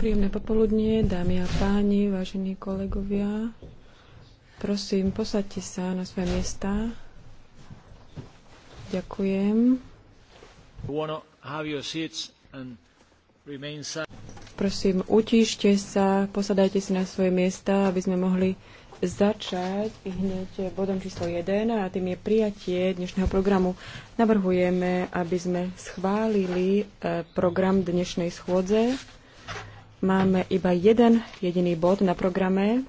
Príjemné popoludnie, dámy a páni, vážení kolegovia. Prosím, posaďte sa na svoje miesta. Ďakujem. Prosím, utíšte sa, posadajte si na svoje miesta, aby sme mohli začať hneď bodom číslo 1 a tým je prijatie dnešného programu. Navrhujeme, aby sme schválili e, program dnešnej schôdze. Máme iba jeden jediný bod na programe.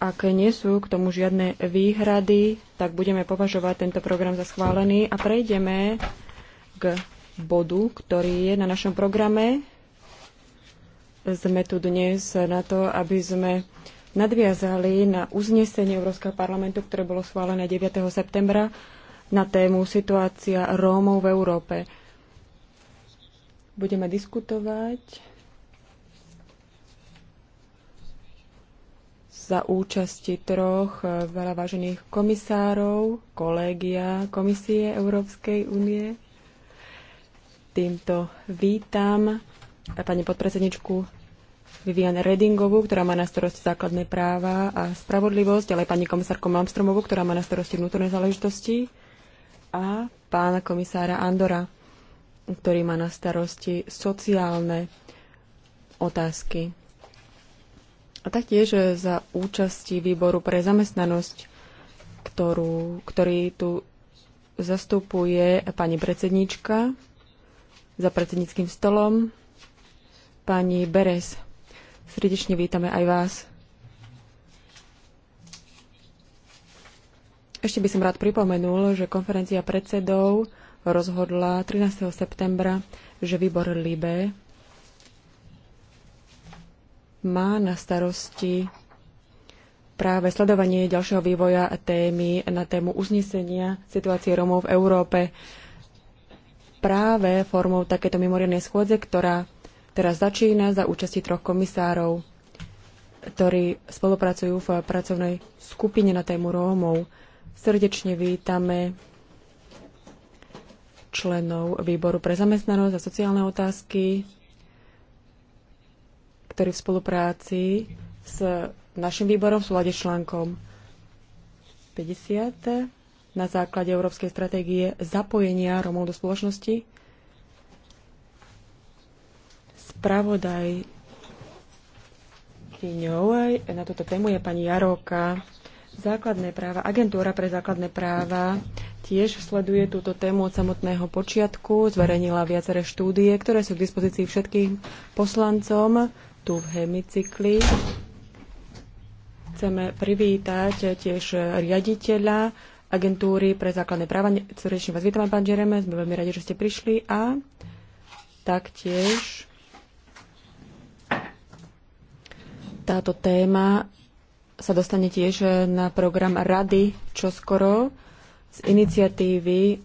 Ak nie sú k tomu žiadne výhrady, tak budeme považovať tento program za schválený a prejdeme k bodu, ktorý je na našom programe sme tu dnes na to, aby sme nadviazali na uznesenie Európskeho parlamentu, ktoré bolo schválené 9. septembra na tému Situácia Rómov v Európe. Budeme diskutovať. za účasti troch e, veľa vážených komisárov, kolégia Komisie Európskej únie. Týmto vítam pani podpredsedničku Viviane Redingovú, ktorá má na starosti základné práva a spravodlivosť, ale aj pani komisárku Malmstromovú, ktorá má na starosti vnútorné záležitosti a pána komisára Andora, ktorý má na starosti sociálne otázky. A taktiež za účasti výboru pre zamestnanosť, ktorú, ktorý tu zastupuje pani predsedníčka za predsedníckým stolom Pani Beres, srdečne vítame aj vás. Ešte by som rád pripomenul, že konferencia predsedov rozhodla 13. septembra, že výbor Libé má na starosti práve sledovanie ďalšieho vývoja a témy na tému uznesenia situácie Romov v Európe práve formou takéto mimoriadnej schôdze, ktorá ktorá začína za účasti troch komisárov, ktorí spolupracujú v pracovnej skupine na tému Rómov. Srdečne vítame členov výboru pre zamestnanosť a sociálne otázky, ktorí v spolupráci s našim výborom v súlade článkom 50 na základe Európskej stratégie zapojenia Romov do spoločnosti Spravodaj Kyňou na túto tému je pani Jaroka. Základné práva, agentúra pre základné práva tiež sleduje túto tému od samotného počiatku, zverejnila viaceré štúdie, ktoré sú k dispozícii všetkým poslancom tu v hemicykli. Chceme privítať tiež riaditeľa agentúry pre základné práva. Srdečne vás vítame, pán Jereme, sme veľmi radi, že ste prišli a taktiež Táto téma sa dostane tiež na program Rady čoskoro. Z iniciatívy eh,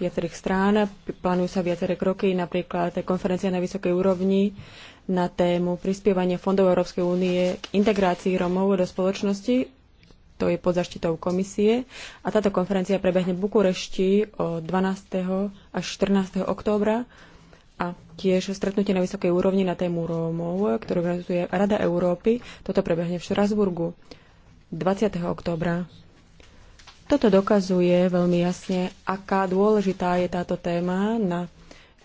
viacerých strán plánujú sa viaceré kroky, napríklad konferencia na vysokej úrovni na tému prispievanie fondov Európskej únie k integrácii Romov do spoločnosti. To je pod zaštitou komisie. A táto konferencia prebehne v Bukurešti od 12. až 14. októbra a tiež stretnutie na vysokej úrovni na tému Rómov, ktoré organizuje Rada Európy. Toto prebehne v Štrasburgu 20. oktobra. Toto dokazuje veľmi jasne, aká dôležitá je táto téma na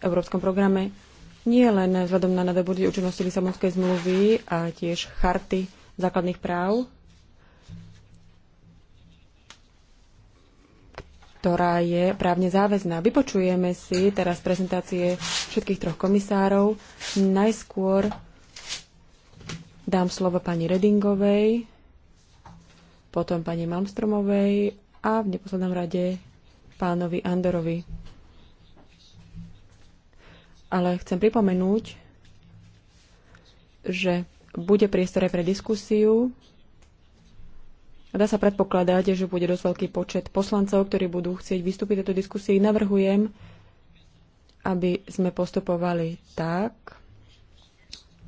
európskom programe, nie len vzhľadom na nadobudnutie účinnosti Lisabonskej zmluvy a tiež charty základných práv ktorá je právne záväzná. Vypočujeme si teraz prezentácie všetkých troch komisárov. Najskôr dám slovo pani Redingovej, potom pani Malmstromovej a v neposlednom rade pánovi Andorovi. Ale chcem pripomenúť, že bude priestore pre diskusiu Dá sa predpokladať, že bude dosť veľký počet poslancov, ktorí budú chcieť vystúpiť tejto diskusii. Navrhujem, aby sme postupovali tak,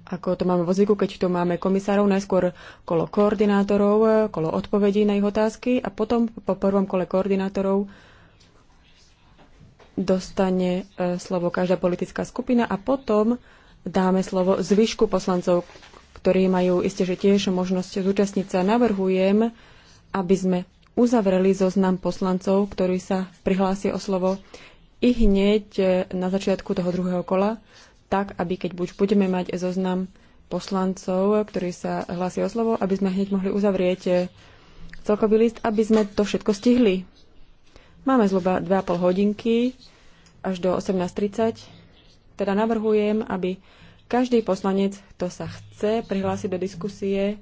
ako to máme vo zvyku, keď tu máme komisárov, najskôr kolo koordinátorov, kolo odpovedí na ich otázky a potom po prvom kole koordinátorov dostane e, slovo každá politická skupina a potom dáme slovo zvyšku poslancov, ktorí majú isté, že tiež možnosť zúčastniť sa. Navrhujem, aby sme uzavreli zoznam poslancov, ktorí sa prihlásia o slovo i hneď e, na začiatku toho druhého kola, tak aby keď buď budeme mať zoznam poslancov, ktorí sa hlásia o slovo, aby sme hneď mohli uzavrieť e, celkový list, aby sme to všetko stihli. Máme zhruba 2,5 hodinky až do 18.30, teda navrhujem, aby každý poslanec, kto sa chce prihlásiť do diskusie,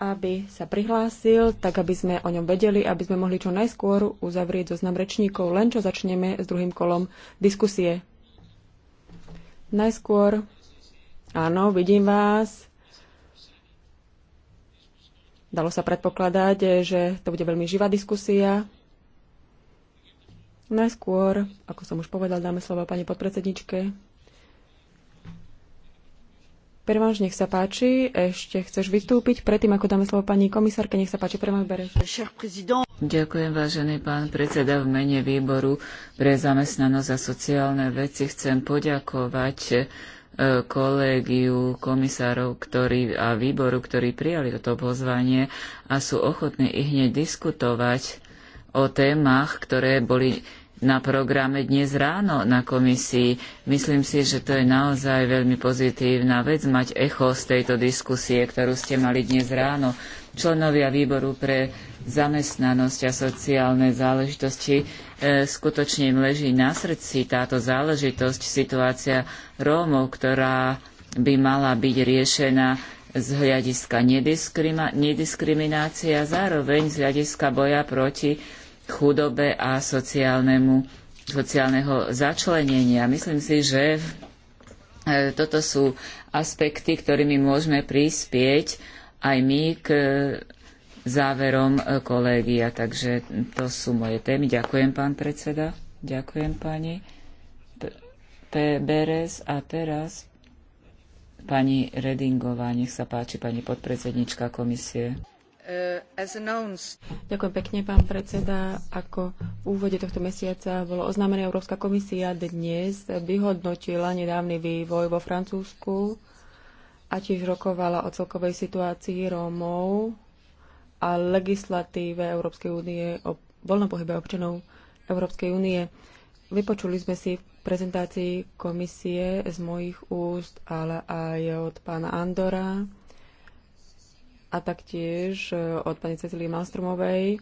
aby sa prihlásil, tak aby sme o ňom vedeli, aby sme mohli čo najskôr uzavrieť zoznam rečníkov, len čo začneme s druhým kolom diskusie. Najskôr, áno, vidím vás. Dalo sa predpokladať, že to bude veľmi živá diskusia. Najskôr, ako som už povedal, dáme slovo pani podpredsedničke. Pervanš, nech sa páči, ešte chceš vystúpiť predtým, ako dáme slovo pani komisárke, nech sa páči, prvom Bereš. Ďakujem, vážený pán predseda, v mene výboru pre zamestnanosť a sociálne veci chcem poďakovať e, kolégiu komisárov ktorý, a výboru, ktorí prijali toto pozvanie a sú ochotní ich hneď diskutovať o témach, ktoré boli na programe dnes ráno na komisii. Myslím si, že to je naozaj veľmi pozitívna vec mať echo z tejto diskusie, ktorú ste mali dnes ráno. Členovia výboru pre zamestnanosť a sociálne záležitosti e, skutočne im leží na srdci táto záležitosť, situácia Rómov, ktorá by mala byť riešená z hľadiska nediskriminácie a zároveň z hľadiska boja proti chudobe a sociálnemu, sociálneho začlenenia. Myslím si, že e, toto sú aspekty, ktorými môžeme prispieť aj my k e, záverom e, kolégia. Takže to sú moje témy. Ďakujem, pán predseda. Ďakujem, pani Berez. A teraz pani Redingová. Nech sa páči, pani podpredsednička komisie. Uh, Ďakujem pekne, pán predseda. Ako v úvode tohto mesiaca bolo oznámené, Európska komisia dnes vyhodnotila nedávny vývoj vo Francúzsku a tiež rokovala o celkovej situácii Rómov a legislatíve Európskej únie o voľnom pohybe občanov Európskej únie. Vypočuli sme si v prezentácii komisie z mojich úst, ale aj od pána Andora a taktiež e, od pani Cecilie Malstromovej.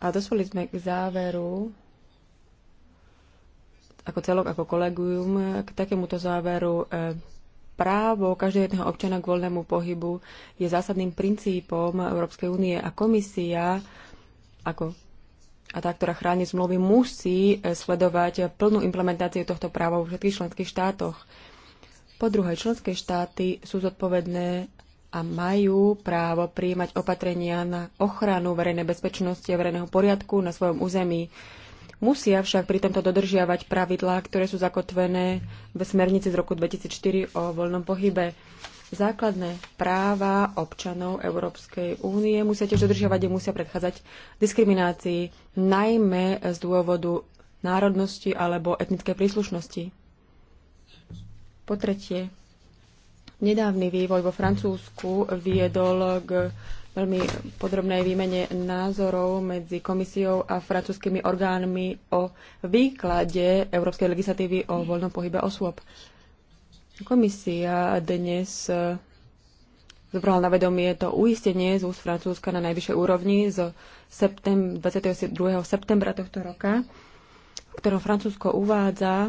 A dospeli sme k záveru, ako celok, ako kolegium, k takémuto záveru. E, právo každého jedného občana k voľnému pohybu je zásadným princípom Európskej únie a komisia ako a tá, ktorá chráni zmluvy, musí e, sledovať plnú implementáciu tohto práva vo všetkých členských štátoch. Po druhé, členské štáty sú zodpovedné a majú právo príjmať opatrenia na ochranu verejnej bezpečnosti a verejného poriadku na svojom území. Musia však pri tomto dodržiavať pravidlá, ktoré sú zakotvené v smernici z roku 2004 o voľnom pohybe. Základné práva občanov Európskej únie musia tiež dodržiavať a musia predchádzať diskriminácii, najmä z dôvodu národnosti alebo etnickej príslušnosti. Po tretie, Nedávny vývoj vo Francúzsku viedol k veľmi podrobnej výmene názorov medzi komisiou a francúzskými orgánmi o výklade európskej legislatívy o voľnom pohybe osôb. Komisia dnes eh, zobrala na vedomie to uistenie z úst Francúzska na najvyššej úrovni z septem, 22. septembra tohto roka, v ktorom Francúzsko uvádza,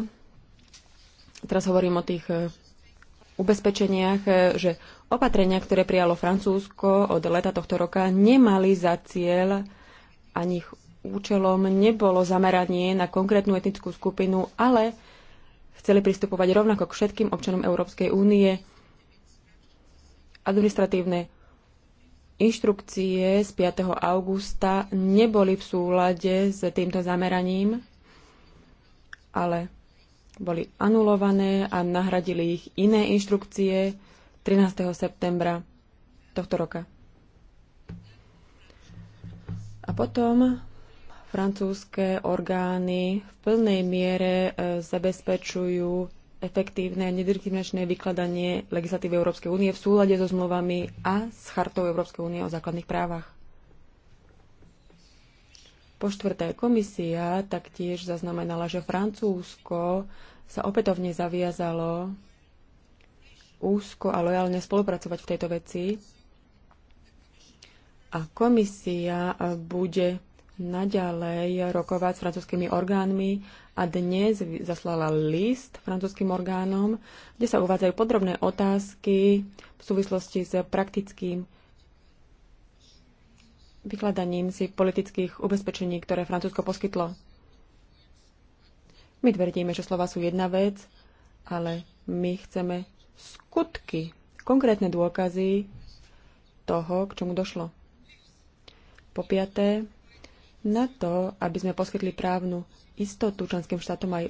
teraz hovorím o tých eh, ubezpečeniach, e, že opatrenia, ktoré prijalo Francúzsko od leta tohto roka, nemali za cieľ ani ich účelom nebolo zameranie na konkrétnu etnickú skupinu, ale chceli pristupovať rovnako k všetkým občanom Európskej únie. Administratívne inštrukcie z 5. augusta neboli v súlade s týmto zameraním, ale boli anulované a nahradili ich iné inštrukcie 13. septembra tohto roka. A potom francúzske orgány v plnej miere e, zabezpečujú efektívne a nediskriminačné vykladanie legislatívy Európskej únie v súlade so zmluvami a s chartou Európskej únie o základných právach. Po štvrté, komisia taktiež zaznamenala, že Francúzsko sa opätovne zaviazalo úzko a lojálne spolupracovať v tejto veci a komisia bude naďalej rokovať s francúzskými orgánmi a dnes zaslala list francúzským orgánom, kde sa uvádzajú podrobné otázky v súvislosti s praktickým vykladaním si politických ubezpečení, ktoré Francúzsko poskytlo. My tvrdíme, že slova sú jedna vec, ale my chceme skutky, konkrétne dôkazy toho, k čomu došlo. Po piaté, na to, aby sme poskytli právnu istotu členským štátom aj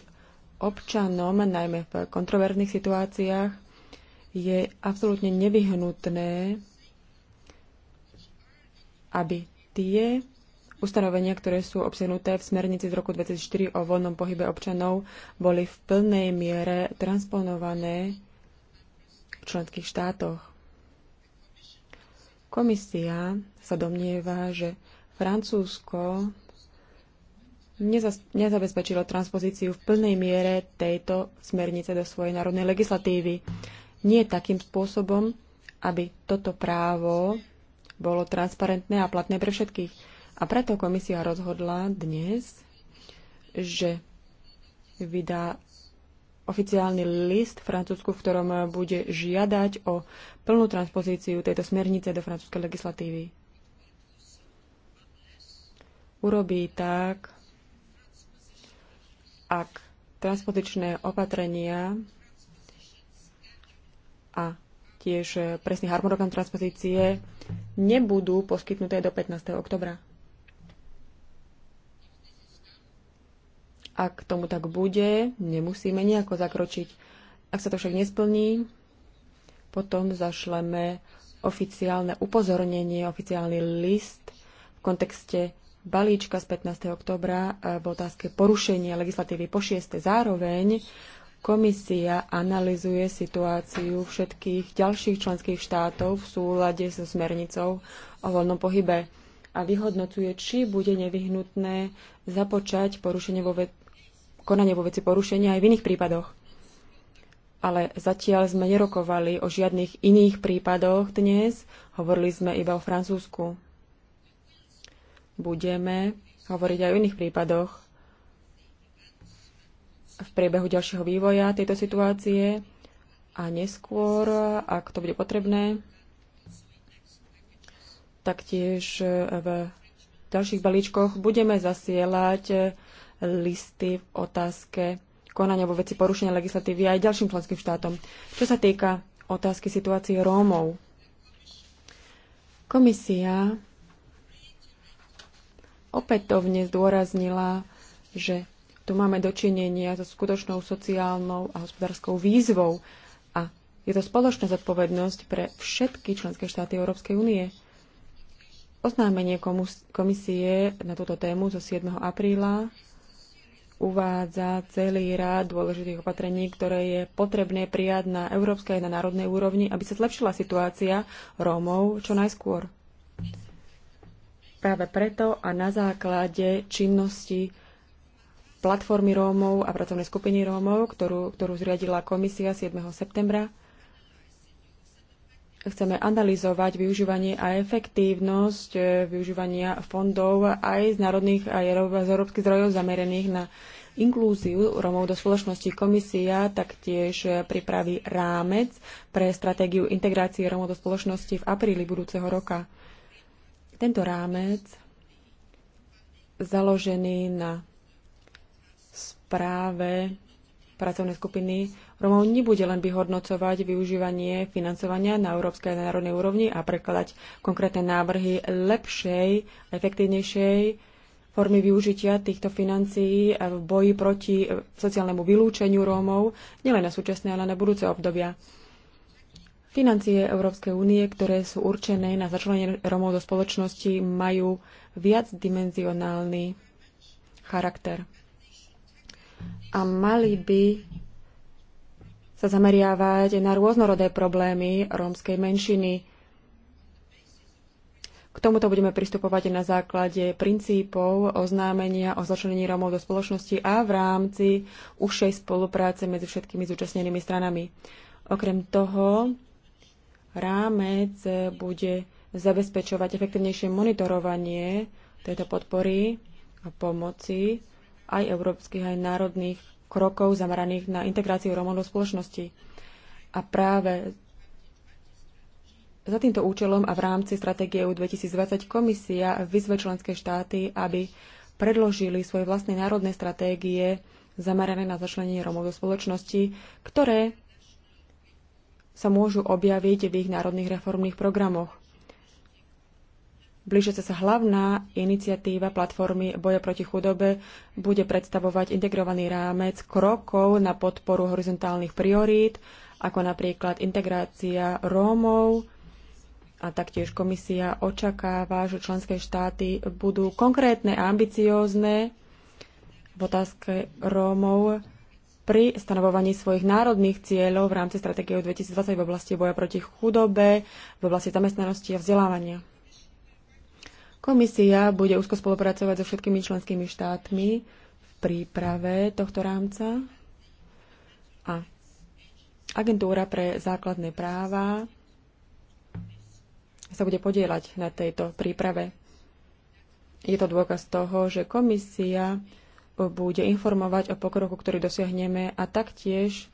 občanom, najmä v kontroverzných situáciách, je absolútne nevyhnutné aby tie ustanovenia, ktoré sú obsiahnuté v smernici z roku 2004 o voľnom pohybe občanov, boli v plnej miere transponované v členských štátoch. Komisia sa domnieva, že Francúzsko nezabezpečilo transpozíciu v plnej miere tejto smernice do svojej národnej legislatívy. Nie takým spôsobom, aby toto právo bolo transparentné a platné pre všetkých. A preto komisia rozhodla dnes, že vydá oficiálny list Francúzsku, v ktorom bude žiadať o plnú transpozíciu tejto smernice do francúzskej legislatívy. Urobí tak, ak transpozičné opatrenia a tiež e, presný harmonogram transpozície nebudú poskytnuté do 15. oktobra. Ak tomu tak bude, nemusíme nejako zakročiť. Ak sa to však nesplní, potom zašleme oficiálne upozornenie, oficiálny list v kontexte balíčka z 15. oktobra e, v otázke porušenia legislatívy po 6. Zároveň Komisia analyzuje situáciu všetkých ďalších členských štátov v súlade so smernicou o voľnom pohybe a vyhodnocuje, či bude nevyhnutné započať porušenie vo ve- konanie vo veci porušenia aj v iných prípadoch. Ale zatiaľ sme nerokovali o žiadnych iných prípadoch dnes, hovorili sme iba o Francúzsku. Budeme hovoriť aj o iných prípadoch v priebehu ďalšieho vývoja tejto situácie a neskôr, ak to bude potrebné, taktiež v ďalších balíčkoch budeme zasielať listy v otázke konania vo veci porušenia legislatívy aj ďalším členským štátom. Čo sa týka otázky situácie Rómov, komisia opätovne zdôraznila, že tu máme dočinenia so skutočnou sociálnou a hospodárskou výzvou a je to spoločná zodpovednosť pre všetky členské štáty Európskej únie. Oznámenie komisie na túto tému zo 7. apríla uvádza celý rád dôležitých opatrení, ktoré je potrebné prijať na európskej a na národnej úrovni, aby sa zlepšila situácia Rómov čo najskôr. Práve preto a na základe činnosti platformy Rómov a pracovnej skupiny Rómov, ktorú, ktorú zriadila komisia 7. septembra. Chceme analyzovať využívanie a efektívnosť e, využívania fondov aj z národných a z európskych zdrojov zameraných na inklúziu Romov do spoločnosti. Komisia taktiež pripraví rámec pre stratégiu integrácie Romov do spoločnosti v apríli budúceho roka. Tento rámec založený na práve pracovnej skupiny Romov nebude len vyhodnocovať využívanie financovania na európskej a národnej úrovni a prekladať konkrétne návrhy lepšej, efektívnejšej formy využitia týchto financií v boji proti sociálnemu vylúčeniu Rómov, nielen na súčasné, ale na budúce obdobia. Financie Európskej únie, ktoré sú určené na začlenie Rómov do spoločnosti, majú viacdimenzionálny charakter a mali by sa zameriavať na rôznorodé problémy rómskej menšiny. K tomuto budeme pristupovať na základe princípov oznámenia o začlenení Rómov do spoločnosti a v rámci užšej spolupráce medzi všetkými zúčastnenými stranami. Okrem toho, rámec bude zabezpečovať efektívnejšie monitorovanie tejto podpory a pomoci aj európskych, aj národných krokov zameraných na integráciu Rómov do spoločnosti. A práve za týmto účelom a v rámci stratégie EU 2020 komisia vyzve členské štáty, aby predložili svoje vlastné národné stratégie zamerané na začlenenie Rómov do spoločnosti, ktoré sa môžu objaviť v ich národných reformných programoch. Blížiaca sa hlavná iniciatíva platformy boja proti chudobe bude predstavovať integrovaný rámec krokov na podporu horizontálnych priorít, ako napríklad integrácia Rómov, a taktiež komisia očakáva, že členské štáty budú konkrétne a ambiciózne v otázke Rómov pri stanovovaní svojich národných cieľov v rámci stratégie 2020 v oblasti boja proti chudobe, v oblasti zamestnanosti a vzdelávania. Komisia bude úzko spolupracovať so všetkými členskými štátmi v príprave tohto rámca a Agentúra pre základné práva sa bude podielať na tejto príprave. Je to dôkaz toho, že komisia bude informovať o pokroku, ktorý dosiahneme a taktiež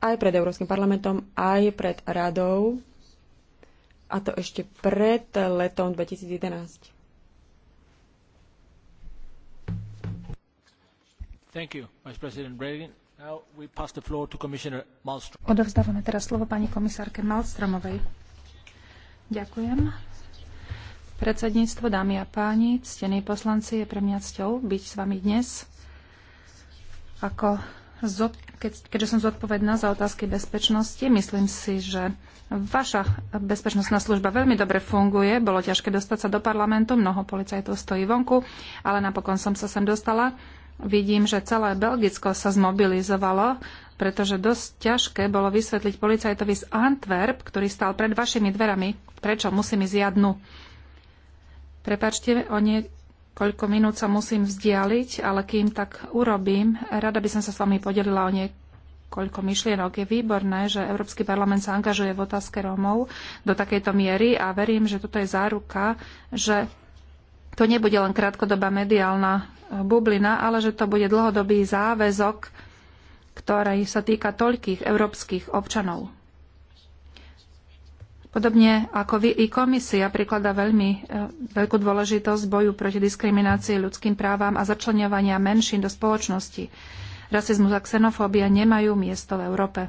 aj pred Európskym parlamentom, aj pred radou a to ešte pred letom 2011. Thank you, Vice President Reagan. Now we pass the floor to Commissioner Malmström. Odovzdávame teraz slovo pani komisárke Malstromovej. Ďakujem. Predsedníctvo, dámy a páni, ctení poslanci, je pre mňa cťou byť s vami dnes ako keďže som zodpovedná za otázky bezpečnosti, myslím si, že vaša bezpečnostná služba veľmi dobre funguje. Bolo ťažké dostať sa do parlamentu, mnoho policajtov stojí vonku, ale napokon som sa sem dostala. Vidím, že celé Belgicko sa zmobilizovalo, pretože dosť ťažké bolo vysvetliť policajtovi z Antwerp, ktorý stal pred vašimi dverami, prečo musím ísť jadnu. Prepačte, o nie, koľko minút sa musím vzdialiť, ale kým tak urobím, rada by som sa s vami podelila o niekoľko myšlienok. Je výborné, že Európsky parlament sa angažuje v otázke Rómov do takejto miery a verím, že toto je záruka, že to nebude len krátkodobá mediálna eh, bublina, ale že to bude dlhodobý záväzok, ktorý sa týka toľkých európskych občanov. Podobne ako vy, i komisia prikladá veľmi e, veľkú dôležitosť boju proti diskriminácii ľudským právam a začlenovania menšín do spoločnosti. Rasizmus a xenofóbia nemajú miesto v Európe.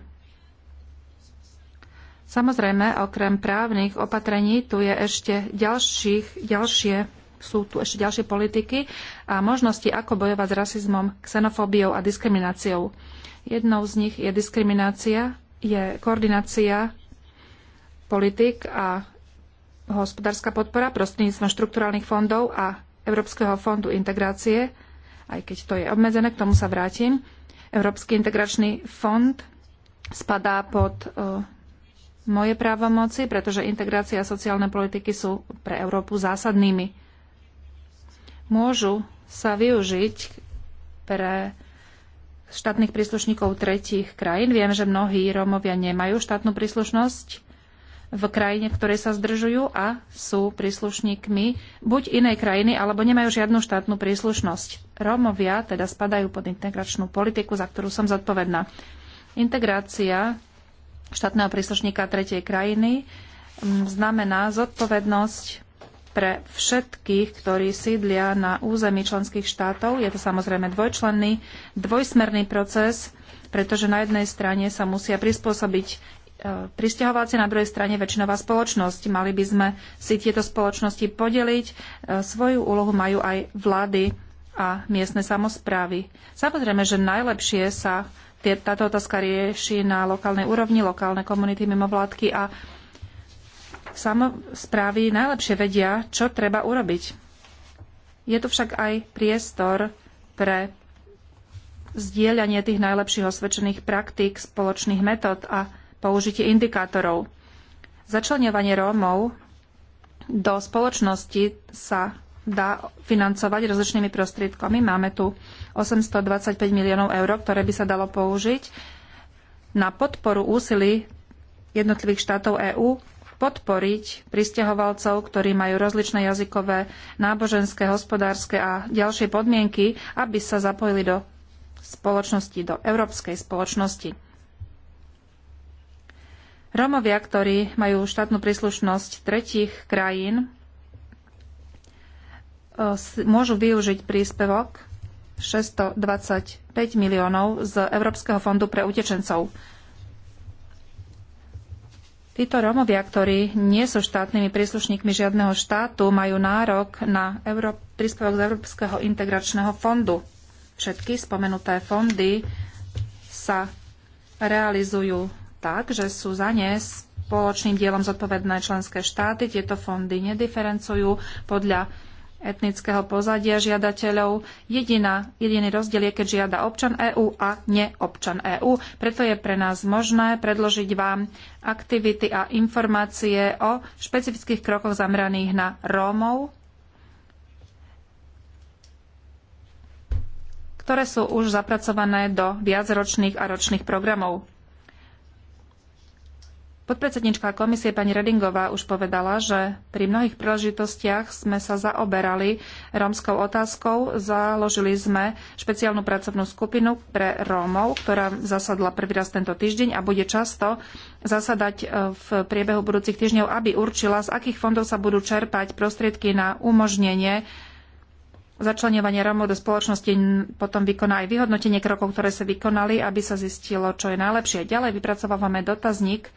Samozrejme, okrem právnych opatrení tu je ešte ďalších, ďalšie, sú tu ešte ďalšie politiky a možnosti, ako bojovať s rasizmom, xenofóbiou a diskrimináciou. Jednou z nich je diskriminácia, je koordinácia politik a hospodárska podpora prostredníctvom štrukturálnych fondov a Európskeho fondu integrácie, aj keď to je obmedzené, k tomu sa vrátim. Európsky integračný fond spadá pod uh, moje právomoci, pretože integrácia a sociálne politiky sú pre Európu zásadnými. Môžu sa využiť pre štátnych príslušníkov tretích krajín. Viem, že mnohí Rómovia nemajú štátnu príslušnosť v krajine, v ktorej sa zdržujú a sú príslušníkmi buď inej krajiny, alebo nemajú žiadnu štátnu príslušnosť. Rómovia teda spadajú pod integračnú politiku, za ktorú som zodpovedná. Integrácia štátneho príslušníka tretej krajiny mm, znamená zodpovednosť pre všetkých, ktorí sídlia na území členských štátov. Je to samozrejme dvojčlenný, dvojsmerný proces, pretože na jednej strane sa musia prispôsobiť pristahovalci, na druhej strane väčšinová spoločnosť. Mali by sme si tieto spoločnosti podeliť. E, svoju úlohu majú aj vlády a miestne samozprávy. Samozrejme, že najlepšie sa táto otázka rieši na lokálnej úrovni, lokálne komunity, mimovládky a samozprávy najlepšie vedia, čo treba urobiť. Je tu však aj priestor pre zdieľanie tých najlepších osvedčených praktík, spoločných metód a použitie indikátorov. Začlenovanie Rómov do spoločnosti sa dá financovať rozličnými prostriedkami. Máme tu 825 miliónov eur, ktoré by sa dalo použiť na podporu úsilí jednotlivých štátov EÚ podporiť pristahovalcov, ktorí majú rozličné jazykové, náboženské, hospodárske a ďalšie podmienky, aby sa zapojili do spoločnosti, do európskej spoločnosti. Rómovia, ktorí majú štátnu príslušnosť tretích krajín, e, môžu využiť príspevok 625 miliónov z Európskeho fondu pre utečencov. Títo Rómovia, ktorí nie sú štátnymi príslušníkmi žiadneho štátu, majú nárok na Euró- príspevok z Európskeho integračného fondu. Všetky spomenuté fondy sa realizujú tak, že sú za ne spoločným dielom zodpovedné členské štáty. Tieto fondy nediferencujú podľa etnického pozadia žiadateľov. Jediná, jediný rozdiel je, keď žiada občan EÚ a neobčan EÚ. Preto je pre nás možné predložiť vám aktivity a informácie o špecifických krokoch zameraných na Rómov, ktoré sú už zapracované do viacročných a ročných programov. Podpredsednička komisie pani Redingová už povedala, že pri mnohých príležitostiach sme sa zaoberali rómskou otázkou. Založili sme špeciálnu pracovnú skupinu pre Rómov, ktorá zasadla prvý raz tento týždeň a bude často zasadať e, v priebehu budúcich týždňov, aby určila, z akých fondov sa budú čerpať prostriedky na umožnenie začlenovanie Rómov do spoločnosti potom vykoná aj vyhodnotenie krokov, ktoré sa vykonali, aby sa zistilo, čo je najlepšie. Ďalej vypracovávame dotazník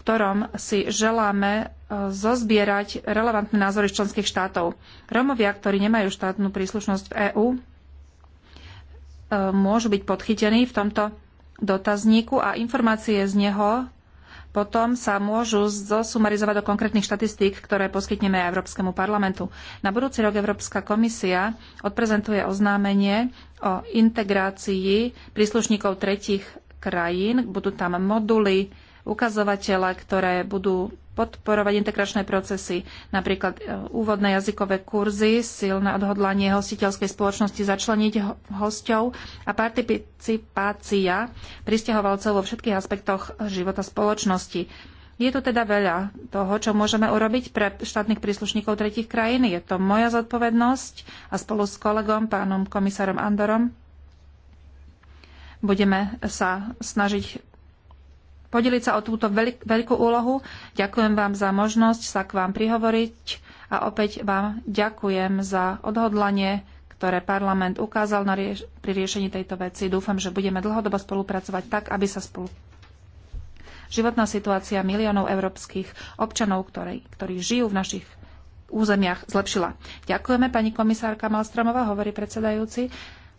ktorom si želáme e, zozbierať relevantné názory z členských štátov. Romovia, ktorí nemajú štátnu príslušnosť v EÚ, e, môžu byť podchytení v tomto dotazníku a informácie z neho potom sa môžu zosumarizovať do konkrétnych štatistík, ktoré poskytneme aj Európskemu parlamentu. Na budúci rok Európska komisia odprezentuje oznámenie o integrácii príslušníkov tretich krajín. Budú tam moduly, ukazovatele, ktoré budú podporovať integračné procesy, napríklad e, úvodné jazykové kurzy, silné odhodlanie hostiteľskej spoločnosti začleniť hostou a participácia pristahovalcov vo všetkých aspektoch života spoločnosti. Je tu teda veľa toho, čo môžeme urobiť pre štátnych príslušníkov tretich krajín. Je to moja zodpovednosť a spolu s kolegom, pánom komisárom Andorom, budeme sa snažiť podeliť sa o túto veľkú úlohu. Ďakujem vám za možnosť sa k vám prihovoriť a opäť vám ďakujem za odhodlanie, ktoré parlament ukázal na rieš- pri riešení tejto veci. Dúfam, že budeme dlhodobo spolupracovať tak, aby sa spolu životná situácia miliónov európskych občanov, ktorí, ktorí žijú v našich územiach, zlepšila. Ďakujeme pani komisárka Malstromová, hovorí predsedajúci.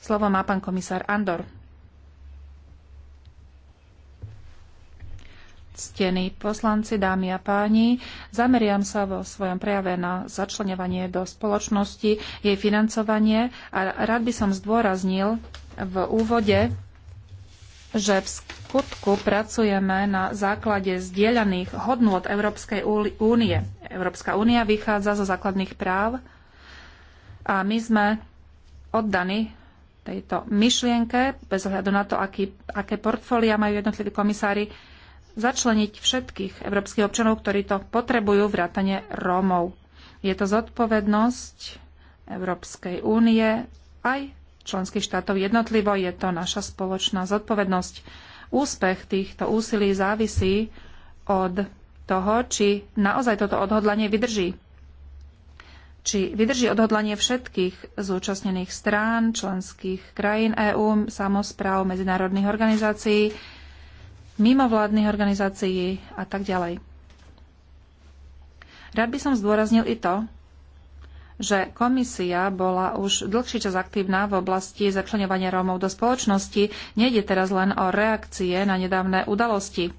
Slovo má pán komisár Andor. Ctení poslanci, dámy a páni, zameriam sa vo svojom prejave na začlenovanie do spoločnosti, jej financovanie a rád by som zdôraznil v úvode, že v skutku pracujeme na základe zdieľaných hodnôt Európskej únie. Európska únia vychádza zo základných práv a my sme oddaní tejto myšlienke, bez ohľadu na to, aký, aké portfólia majú jednotliví komisári začleniť všetkých európskych občanov, ktorí to potrebujú, vrátane Rómov. Je to zodpovednosť Európskej únie aj členských štátov jednotlivo. Je to naša spoločná zodpovednosť. Úspech týchto úsilí závisí od toho, či naozaj toto odhodlanie vydrží. Či vydrží odhodlanie všetkých zúčastnených strán, členských krajín EÚ, samozpráv, medzinárodných organizácií, mimovládnych organizácií a tak ďalej. Rád by som zdôraznil i to, že komisia bola už dlhší čas aktívna v oblasti začlenovania Rómov do spoločnosti. Nejde teraz len o reakcie na nedávne udalosti.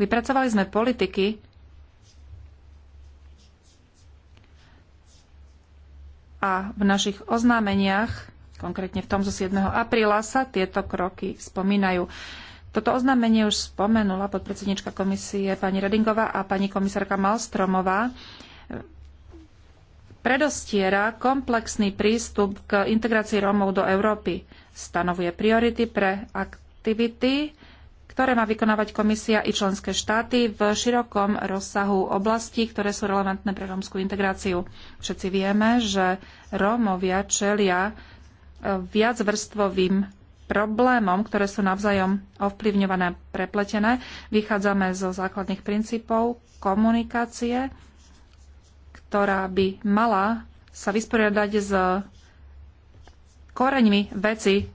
Vypracovali sme politiky, a v našich oznámeniach Konkrétne v tom zo 7. apríla sa tieto kroky spomínajú. Toto oznámenie už spomenula podpredsednička komisie pani Redingová a pani komisárka Malstromová. Predostiera komplexný prístup k integrácii Rómov do Európy. Stanovuje priority pre aktivity, ktoré má vykonávať komisia i členské štáty v širokom rozsahu oblastí, ktoré sú relevantné pre rómskú integráciu. Všetci vieme, že Rómovia čelia viacvrstvovým problémom, ktoré sú navzájom ovplyvňované, a prepletené. Vychádzame zo základných princípov komunikácie, ktorá by mala sa vysporiadať s koreňmi veci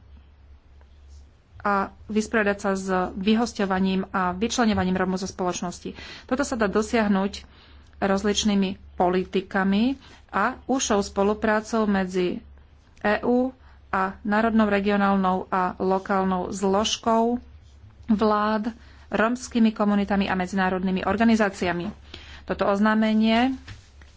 a vysporiadať sa s vyhosťovaním a vyčlenovaním Romov zo spoločnosti. Toto sa dá dosiahnuť rozličnými politikami a ušou spoluprácou medzi EÚ, a národnou, regionálnou a lokálnou zložkou vlád, romskými komunitami a medzinárodnými organizáciami. Toto oznámenie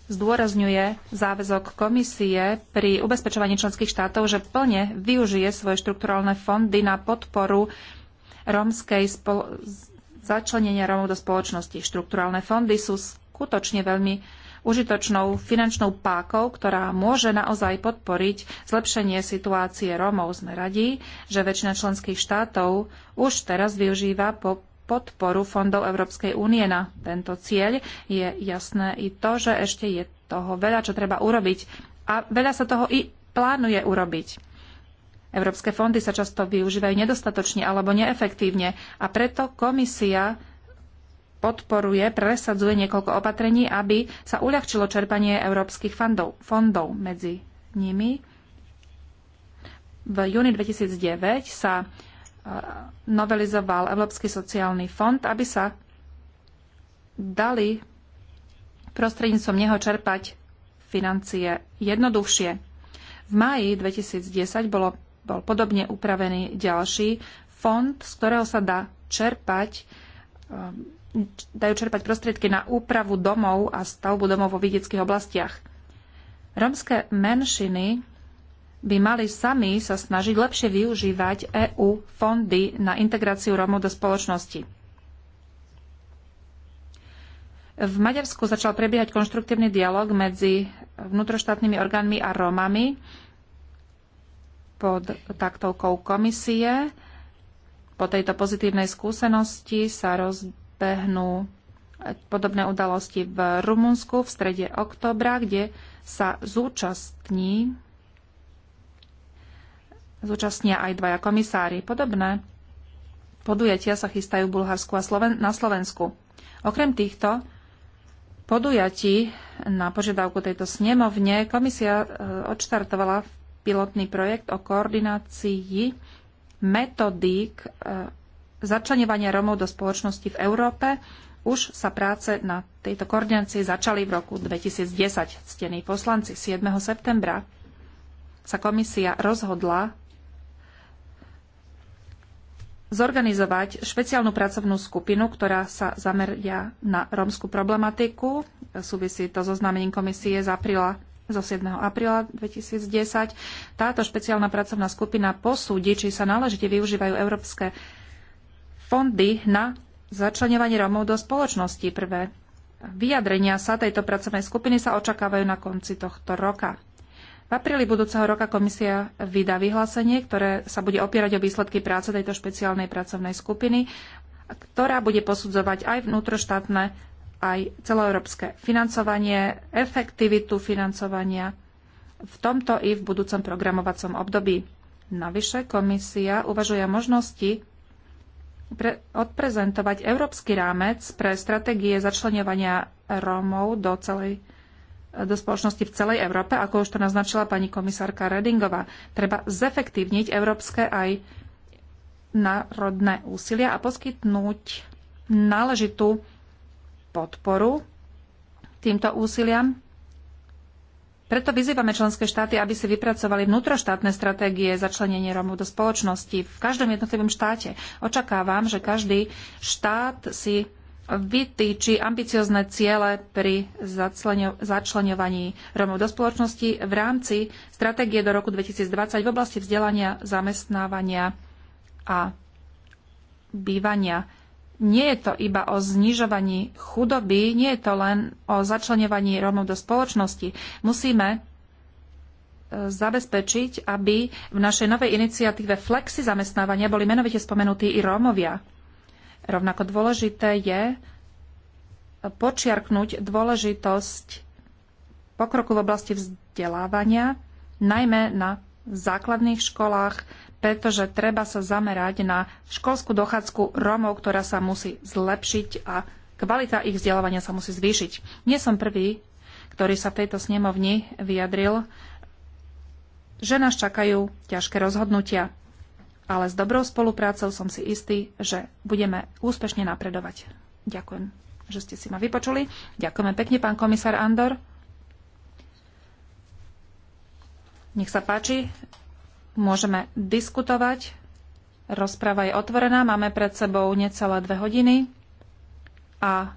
zdôrazňuje záväzok komisie pri ubezpečovaní členských štátov, že plne využije svoje štrukturálne fondy na podporu romskej spolo- začlenenia Rómov do spoločnosti. Štrukturálne fondy sú skutočne veľmi užitočnou finančnou pákou, ktorá môže naozaj podporiť zlepšenie situácie Rómov. Sme radi, že väčšina členských štátov už teraz využíva po podporu fondov Európskej únie na tento cieľ. Je jasné i to, že ešte je toho veľa, čo treba urobiť. A veľa sa toho i plánuje urobiť. Európske fondy sa často využívajú nedostatočne alebo neefektívne a preto komisia podporuje, presadzuje niekoľko opatrení, aby sa uľahčilo čerpanie európskych fondov, fondov medzi nimi. V júni 2009 sa e, novelizoval Európsky sociálny fond, aby sa dali prostredníctvom neho čerpať financie jednoduchšie. V máji 2010 bolo, bol podobne upravený ďalší fond, z ktorého sa dá čerpať um, dajú čerpať prostriedky na úpravu domov a stavbu domov vo vidieckých oblastiach. Romské menšiny by mali sami sa snažiť lepšie využívať EU fondy na integráciu Rómov do spoločnosti. V Maďarsku začal prebiehať konštruktívny dialog medzi vnútroštátnymi orgánmi a Rómami pod taktovkou komisie. Po tejto pozitívnej skúsenosti sa rozbieha prebehnú podobné udalosti v Rumunsku v strede oktobra, kde sa zúčastní zúčastnia aj dvaja komisári. Podobné podujatia sa chystajú v Bulharsku a Sloven- na Slovensku. Okrem týchto podujatí na požiadavku tejto snemovne komisia e, odštartovala pilotný projekt o koordinácii metodík e, začlenovania Romov do spoločnosti v Európe. Už sa práce na tejto koordinácii začali v roku 2010. Ctení poslanci 7. septembra sa komisia rozhodla zorganizovať špeciálnu pracovnú skupinu, ktorá sa zameria na rómsku problematiku. Súvisí to so znamením komisie z apríla zo 7. apríla 2010. Táto špeciálna pracovná skupina posúdi, či sa náležite využívajú európske fondy na začlenovanie Romov do spoločnosti. Prvé vyjadrenia sa tejto pracovnej skupiny sa očakávajú na konci tohto roka. V apríli budúceho roka komisia vydá vyhlásenie, ktoré sa bude opierať o výsledky práce tejto špeciálnej pracovnej skupiny, ktorá bude posudzovať aj vnútroštátne, aj celoeurópske financovanie, efektivitu financovania v tomto i v budúcom programovacom období. Navyše komisia uvažuje možnosti pre, odprezentovať európsky rámec pre stratégie začlenovania Rómov do celej do spoločnosti v celej Európe, ako už to naznačila pani komisárka Redingová. Treba zefektívniť európske aj národné úsilia a poskytnúť náležitú podporu týmto úsiliam preto vyzývame členské štáty, aby si vypracovali vnútroštátne stratégie začlenenie Rómov do spoločnosti v každom jednotlivom štáte. Očakávam, že každý štát si vytýči ambiciozne ciele pri začlenovaní Rómov do spoločnosti v rámci stratégie do roku 2020 v oblasti vzdelania, zamestnávania a bývania nie je to iba o znižovaní chudoby, nie je to len o začlenovaní Rómov do spoločnosti. Musíme e, zabezpečiť, aby v našej novej iniciatíve Flexi zamestnávania boli menovite spomenutí i Rómovia. Rovnako dôležité je počiarknúť dôležitosť pokroku v oblasti vzdelávania, najmä na základných školách, pretože treba sa zamerať na školskú dochádzku Rómov, ktorá sa musí zlepšiť a kvalita ich vzdelávania sa musí zvýšiť. Nie som prvý, ktorý sa v tejto snemovni vyjadril, že nás čakajú ťažké rozhodnutia, ale s dobrou spoluprácou som si istý, že budeme úspešne napredovať. Ďakujem, že ste si ma vypočuli. Ďakujeme pekne, pán komisár Andor. Nech sa páči, Môžeme diskutovať. Rozprava je otvorená. Máme pred sebou necelé dve hodiny. A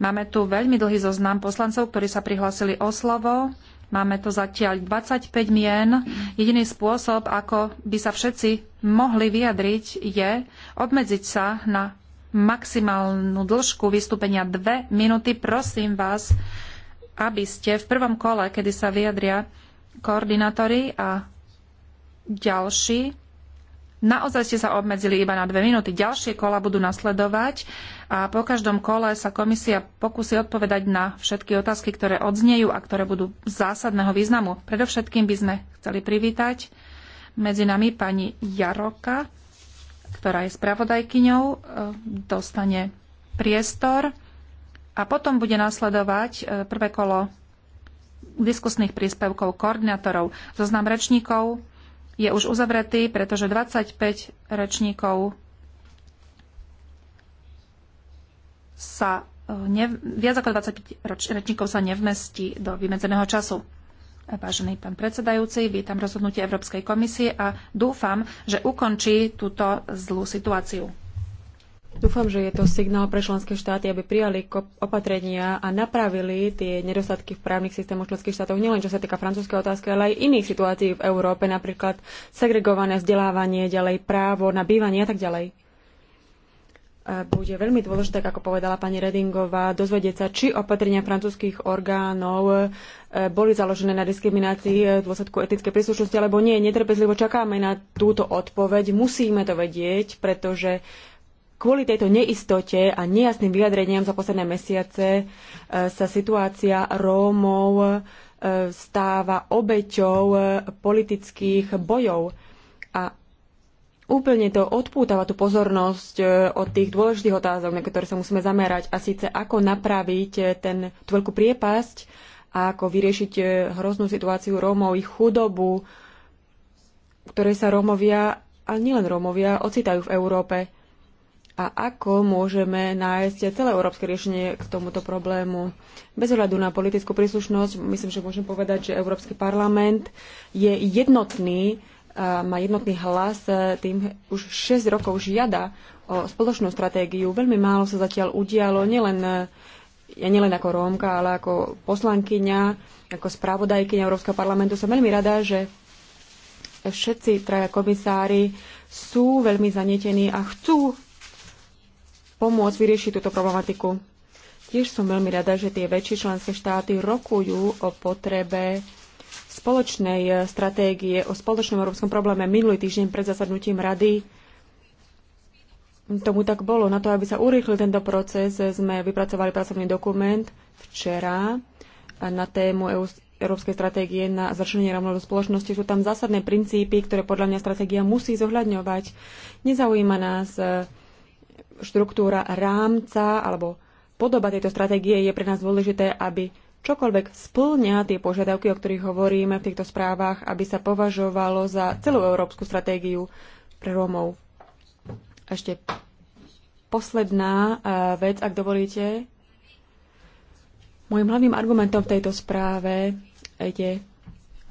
máme tu veľmi dlhý zoznam poslancov, ktorí sa prihlásili o slovo. Máme tu zatiaľ 25 mien. Jediný spôsob, ako by sa všetci mohli vyjadriť, je obmedziť sa na maximálnu dĺžku vystúpenia 2 minúty. Prosím vás, aby ste v prvom kole, kedy sa vyjadria koordinátori a ďalší. Naozaj ste sa obmedzili iba na dve minúty. Ďalšie kola budú nasledovať a po každom kole sa komisia pokusí odpovedať na všetky otázky, ktoré odznejú a ktoré budú zásadného významu. Predovšetkým by sme chceli privítať medzi nami pani Jaroka, ktorá je spravodajkyňou, e, dostane priestor a potom bude nasledovať e, prvé kolo diskusných príspevkov koordinátorov. Zoznam rečníkov je už uzavretý, pretože 25 rečníkov sa e, ne, viac ako 25 rečníkov sa nevmestí do vymedzeného času. Vážený pán predsedajúci, vítam rozhodnutie Európskej komisie a dúfam, že ukončí túto zlú situáciu. Dúfam, že je to signál pre členské štáty, aby prijali opatrenia a napravili tie nedostatky v právnych systémoch členských štátov, nielen čo sa týka francúzskej otázky, ale aj iných situácií v Európe, napríklad segregované vzdelávanie, ďalej právo na bývanie a tak ďalej. Bude veľmi dôležité, ako povedala pani Redingová, dozvedieť sa, či opatrenia francúzských orgánov e, boli založené na diskriminácii v dôsledku etickej príslušnosti, alebo nie. Netrpezlivo čakáme na túto odpoveď. Musíme to vedieť, pretože kvôli tejto neistote a nejasným vyjadreniam za posledné mesiace e, sa situácia Rómov e, stáva obeťou e, politických bojov. A úplne to odpútava tú pozornosť od tých dôležitých otázok, na ktoré sa musíme zamerať, a síce ako napraviť ten, tú veľkú priepasť a ako vyriešiť hroznú situáciu Rómov, ich chudobu, ktorej sa Rómovia, ale nielen Rómovia, ocitajú v Európe a ako môžeme nájsť celé európske riešenie k tomuto problému. Bez ohľadu na politickú príslušnosť, myslím, že môžem povedať, že Európsky parlament je jednotný, má jednotný hlas, tým už 6 rokov žiada o spoločnú stratégiu. Veľmi málo sa zatiaľ udialo, nielen, ja nielen ako Rómka, ale ako poslankyňa, ako spravodajkyňa Európskeho parlamentu. Som veľmi rada, že všetci traja komisári sú veľmi zanietení a chcú pomôcť vyriešiť túto problematiku. Tiež som veľmi rada, že tie väčšie členské štáty rokujú o potrebe spoločnej stratégie, o spoločnom európskom probléme minulý týždeň pred zasadnutím rady tomu tak bolo. Na to, aby sa urýchlil tento proces, sme vypracovali pracovný dokument včera na tému EU, Európskej stratégie na zrušenie rovnodu spoločnosti. Sú tam zásadné princípy, ktoré podľa mňa stratégia musí zohľadňovať. Nezaujíma nás štruktúra rámca alebo podoba tejto stratégie je pre nás dôležité, aby čokoľvek splňa tie požiadavky, o ktorých hovoríme v týchto správach, aby sa považovalo za celú európsku stratégiu pre Rómov. Ešte posledná eh, vec, ak dovolíte. Mojím hlavným argumentom v tejto správe je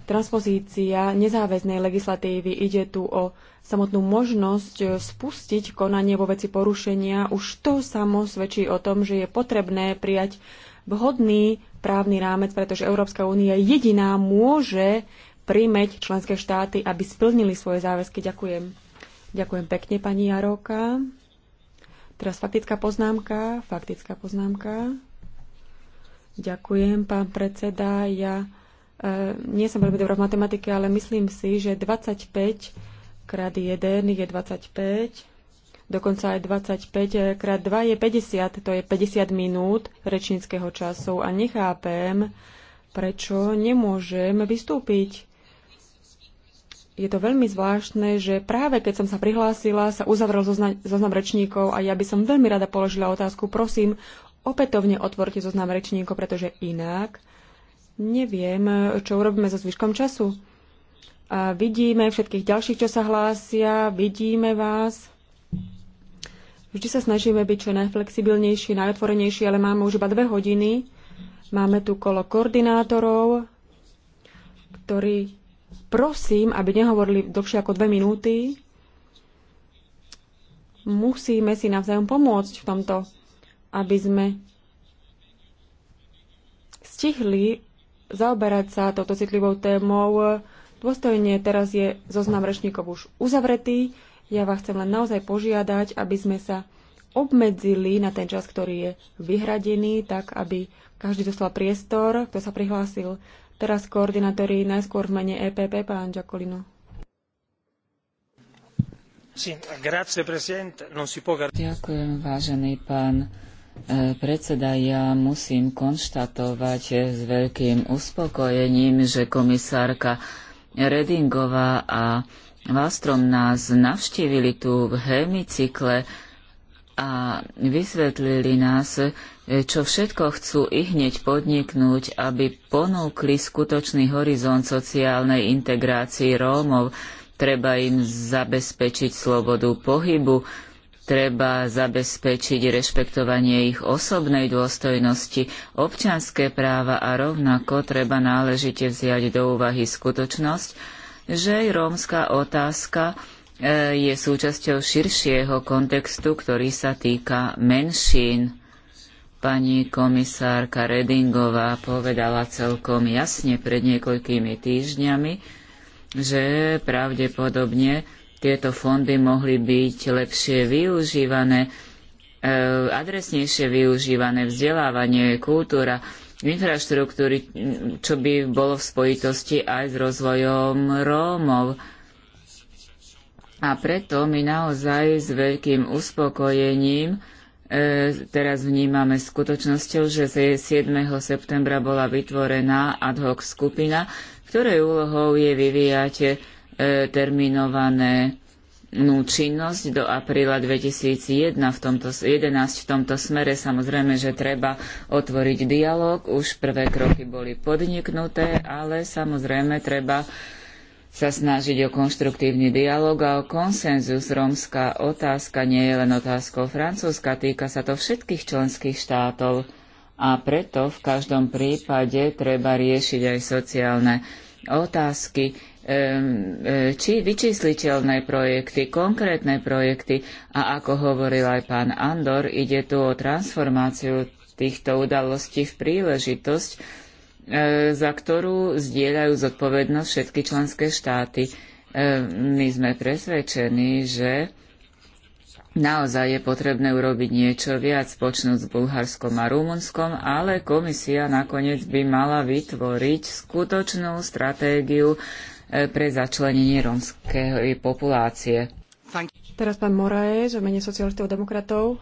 transpozícia nezáväznej legislatívy. Ide tu o samotnú možnosť e, spustiť konanie vo veci porušenia. Už to samo svedčí o tom, že je potrebné prijať vhodný právny rámec, pretože Európska únia jediná môže prímeť členské štáty, aby splnili svoje záväzky. Ďakujem. Ďakujem pekne, pani Jaroka. Teraz faktická poznámka. Faktická poznámka. Ďakujem, pán predseda. Ja E, nie som veľmi dobrá v matematike, ale myslím si, že 25 krát 1 je 25, dokonca aj 25 e, krát 2 je 50, to je 50 minút rečníckého času a nechápem, prečo nemôžem vystúpiť. Je to veľmi zvláštne, že práve keď som sa prihlásila, sa uzavrel zoznam rečníkov a ja by som veľmi rada položila otázku, prosím, opätovne otvorte zoznam rečníkov, pretože inak neviem, čo urobíme so zvyškom času. A vidíme všetkých ďalších, čo sa hlásia, vidíme vás. Vždy sa snažíme byť čo najflexibilnejší, najotvorenejší, ale máme už iba dve hodiny. Máme tu kolo koordinátorov, ktorí prosím, aby nehovorili dlhšie ako dve minúty. Musíme si navzájom pomôcť v tomto, aby sme stihli zaoberať sa touto citlivou témou dôstojne. Teraz je zoznam rečníkov už uzavretý. Ja vás chcem len naozaj požiadať, aby sme sa obmedzili na ten čas, ktorý je vyhradený, tak aby každý dostal priestor, kto sa prihlásil. Teraz koordinátori najskôr v mene EPP, pán Ďakolino. Ďakujem, vážený pán predseda, ja musím konštatovať s veľkým uspokojením, že komisárka Redingová a Vástrom nás navštívili tu v hemicykle a vysvetlili nás, čo všetko chcú i hneď podniknúť, aby ponúkli skutočný horizont sociálnej integrácii Rómov. Treba im zabezpečiť slobodu pohybu, treba zabezpečiť rešpektovanie ich osobnej dôstojnosti, občanské práva a rovnako treba náležite vziať do úvahy skutočnosť, že rómska otázka e, je súčasťou širšieho kontextu, ktorý sa týka menšín. Pani komisárka Redingová povedala celkom jasne pred niekoľkými týždňami, že pravdepodobne tieto fondy mohli byť lepšie využívané, e, adresnejšie využívané, vzdelávanie, kultúra, infraštruktúry, čo by bolo v spojitosti aj s rozvojom Rómov. A preto my naozaj s veľkým uspokojením e, teraz vnímame skutočnosťou, že 7. septembra bola vytvorená ad hoc skupina, ktorej úlohou je vyvíjať terminované nú činnosť do apríla 2011 v tomto, 11 v tomto smere. Samozrejme, že treba otvoriť dialog, už prvé kroky boli podniknuté, ale samozrejme treba sa snažiť o konštruktívny dialog a o konsenzus. Rómska otázka nie je len otázkou francúzska, týka sa to všetkých členských štátov a preto v každom prípade treba riešiť aj sociálne otázky. E, či vyčísliteľné projekty, konkrétne projekty a ako hovoril aj pán Andor, ide tu o transformáciu týchto udalostí v príležitosť, e, za ktorú zdieľajú zodpovednosť všetky členské štáty. E, my sme presvedčení, že naozaj je potrebné urobiť niečo viac, počnúť s Bulharskom a Rumunskom, ale komisia nakoniec by mala vytvoriť skutočnú stratégiu E, pre začlenenie rómskej populácie. Teraz pán Moraes v mene socialistov a demokratov.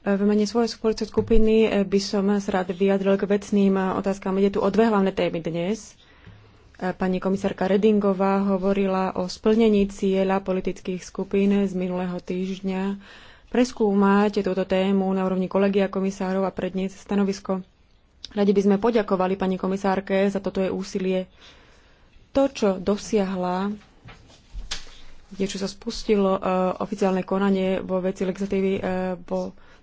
E, v mene svojej spoločnej skupiny e, by som sa rád vyjadril k vecným otázkam. Ide tu o dve hlavné témy dnes. Pani komisárka Redingová hovorila o splnení cieľa politických skupín z minulého týždňa preskúmať túto tému na úrovni kolegia komisárov a predniesť stanovisko. Radi by sme poďakovali pani komisárke za toto jej úsilie. To, čo dosiahla, niečo čo sa spustilo e, oficiálne konanie vo veci legislatívy e,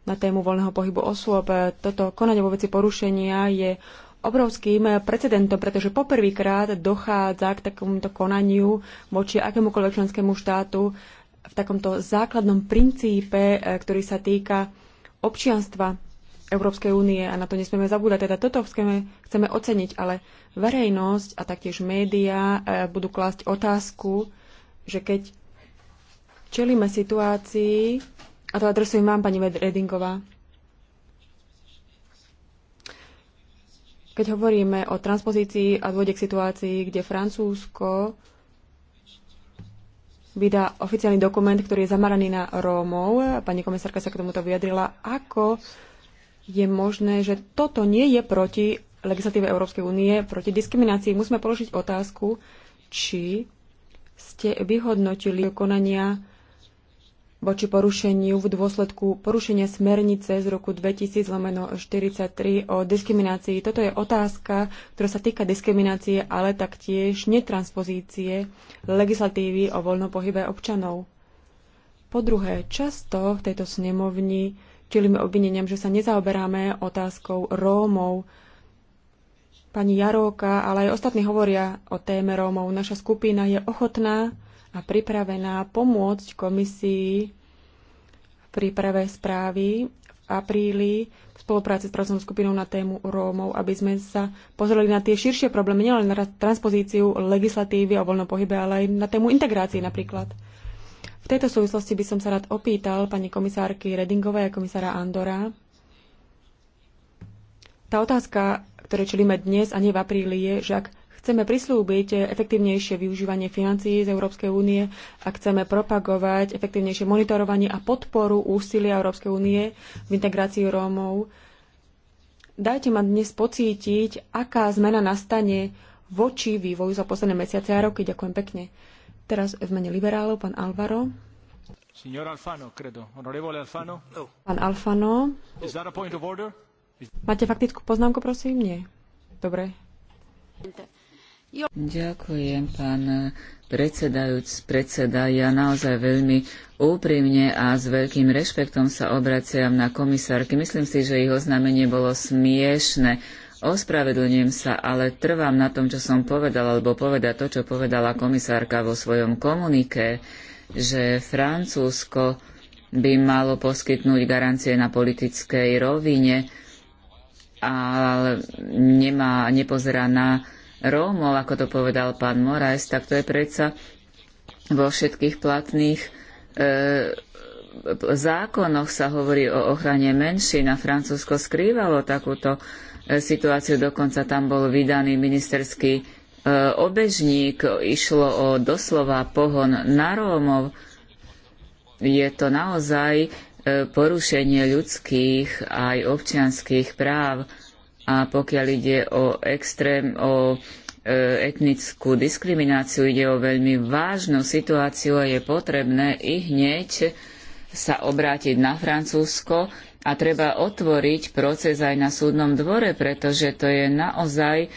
na tému voľného pohybu osôb. E, toto konanie vo veci porušenia je obrovským precedentom, pretože poprvýkrát dochádza k takomuto konaniu voči akémukoľvek členskému štátu v takomto základnom princípe, ktorý sa týka občianstva. Európskej únie a na to nesmieme zabúdať. Teda toto chceme, chceme oceniť, ale verejnosť a taktiež médiá e, budú klásť otázku, že keď čelíme situácii, a to adresujem vám, pani Redingová, keď hovoríme o transpozícii a dôjde k situácii, kde Francúzsko vydá oficiálny dokument, ktorý je zamaraný na Rómov. Pani komisárka sa k tomuto vyjadrila. Ako je možné, že toto nie je proti legislatíve Európskej únie, proti diskriminácii. Musíme položiť otázku, či ste vyhodnotili konania voči porušeniu v dôsledku porušenia smernice z roku 2000 43 o diskriminácii. Toto je otázka, ktorá sa týka diskriminácie, ale taktiež netranspozície legislatívy o voľnom pohybe občanov. Po druhé, často v tejto snemovni čelíme obvineniam, že sa nezaoberáme otázkou Rómov. Pani Jaróka, ale aj ostatní hovoria o téme Rómov. Naša skupina je ochotná a pripravená pomôcť komisii v príprave správy v apríli v spolupráci s pracovnou skupinou na tému Rómov, aby sme sa pozreli na tie širšie problémy, nielen na transpozíciu legislatívy o voľnom pohybe, ale aj na tému integrácie napríklad. V tejto súvislosti by som sa rád opýtal pani komisárky Redingovej a komisára Andora. Tá otázka, ktoré čelíme dnes a nie v apríli, je, že ak chceme prislúbiť efektívnejšie využívanie financií z Európskej únie a chceme propagovať efektívnejšie monitorovanie a podporu úsilia Európskej únie v integrácii Rómov. Dajte ma dnes pocítiť, aká zmena nastane voči vývoju za posledné mesiace a roky. Ďakujem pekne. Teraz v mene liberálov pán Alvaro. Signor Alfano, credo. Alfano. No. Pán Alfano. Is that a point of order? Is... Máte faktickú poznámku, prosím? Nie. Dobre. Ďakujem, pán predsedajúc, predseda. Ja naozaj veľmi úprimne a s veľkým rešpektom sa obraciam na komisárky. Myslím si, že ich oznámenie bolo smiešne Ospravedlňujem sa, ale trvám na tom, čo som povedala, alebo poveda to, čo povedala komisárka vo svojom komunike, že Francúzsko by malo poskytnúť garancie na politickej rovine, ale nemá, nepozerá na Rómov, ako to povedal pán Moraes, tak to je predsa vo všetkých platných e, zákonoch sa hovorí o ochrane menšín a Francúzsko skrývalo takúto situáciu. Dokonca tam bol vydaný ministerský e, obežník. Išlo o doslova pohon na Rómov. Je to naozaj e, porušenie ľudských aj občianských práv. A pokiaľ ide o extrém, o e, etnickú diskrimináciu, ide o veľmi vážnu situáciu a je potrebné i hneď sa obrátiť na Francúzsko, a treba otvoriť proces aj na súdnom dvore, pretože to je naozaj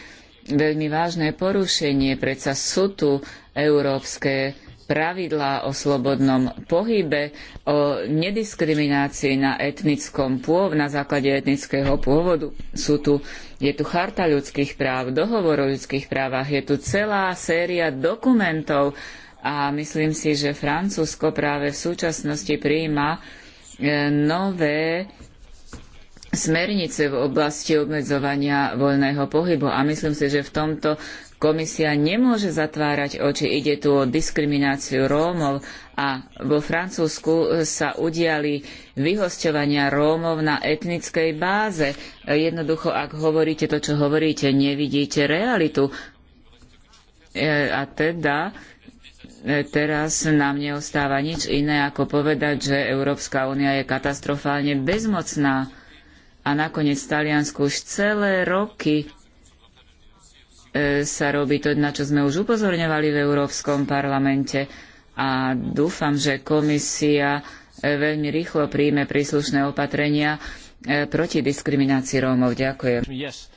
veľmi vážne porušenie. Predsa sú tu európske pravidlá o slobodnom pohybe, o nediskriminácii na etnickom pôv, na základe etnického pôvodu. Sú tu, je tu charta ľudských práv, dohovor o ľudských právach, je tu celá séria dokumentov a myslím si, že Francúzsko práve v súčasnosti prijíma E, nové smernice v oblasti obmedzovania voľného pohybu a myslím si, že v tomto komisia nemôže zatvárať oči. Ide tu o diskrimináciu Rómov a vo Francúzsku sa udiali vyhosťovania Rómov na etnickej báze. Jednoducho, ak hovoríte to, čo hovoríte, nevidíte realitu. E, a teda teraz nám neostáva nič iné, ako povedať, že Európska únia je katastrofálne bezmocná. A nakoniec v Taliansku už celé roky e, sa robí to, na čo sme už upozorňovali v Európskom parlamente. A dúfam, že komisia e, veľmi rýchlo príjme príslušné opatrenia e, proti diskriminácii Rómov. Ďakujem. Yes.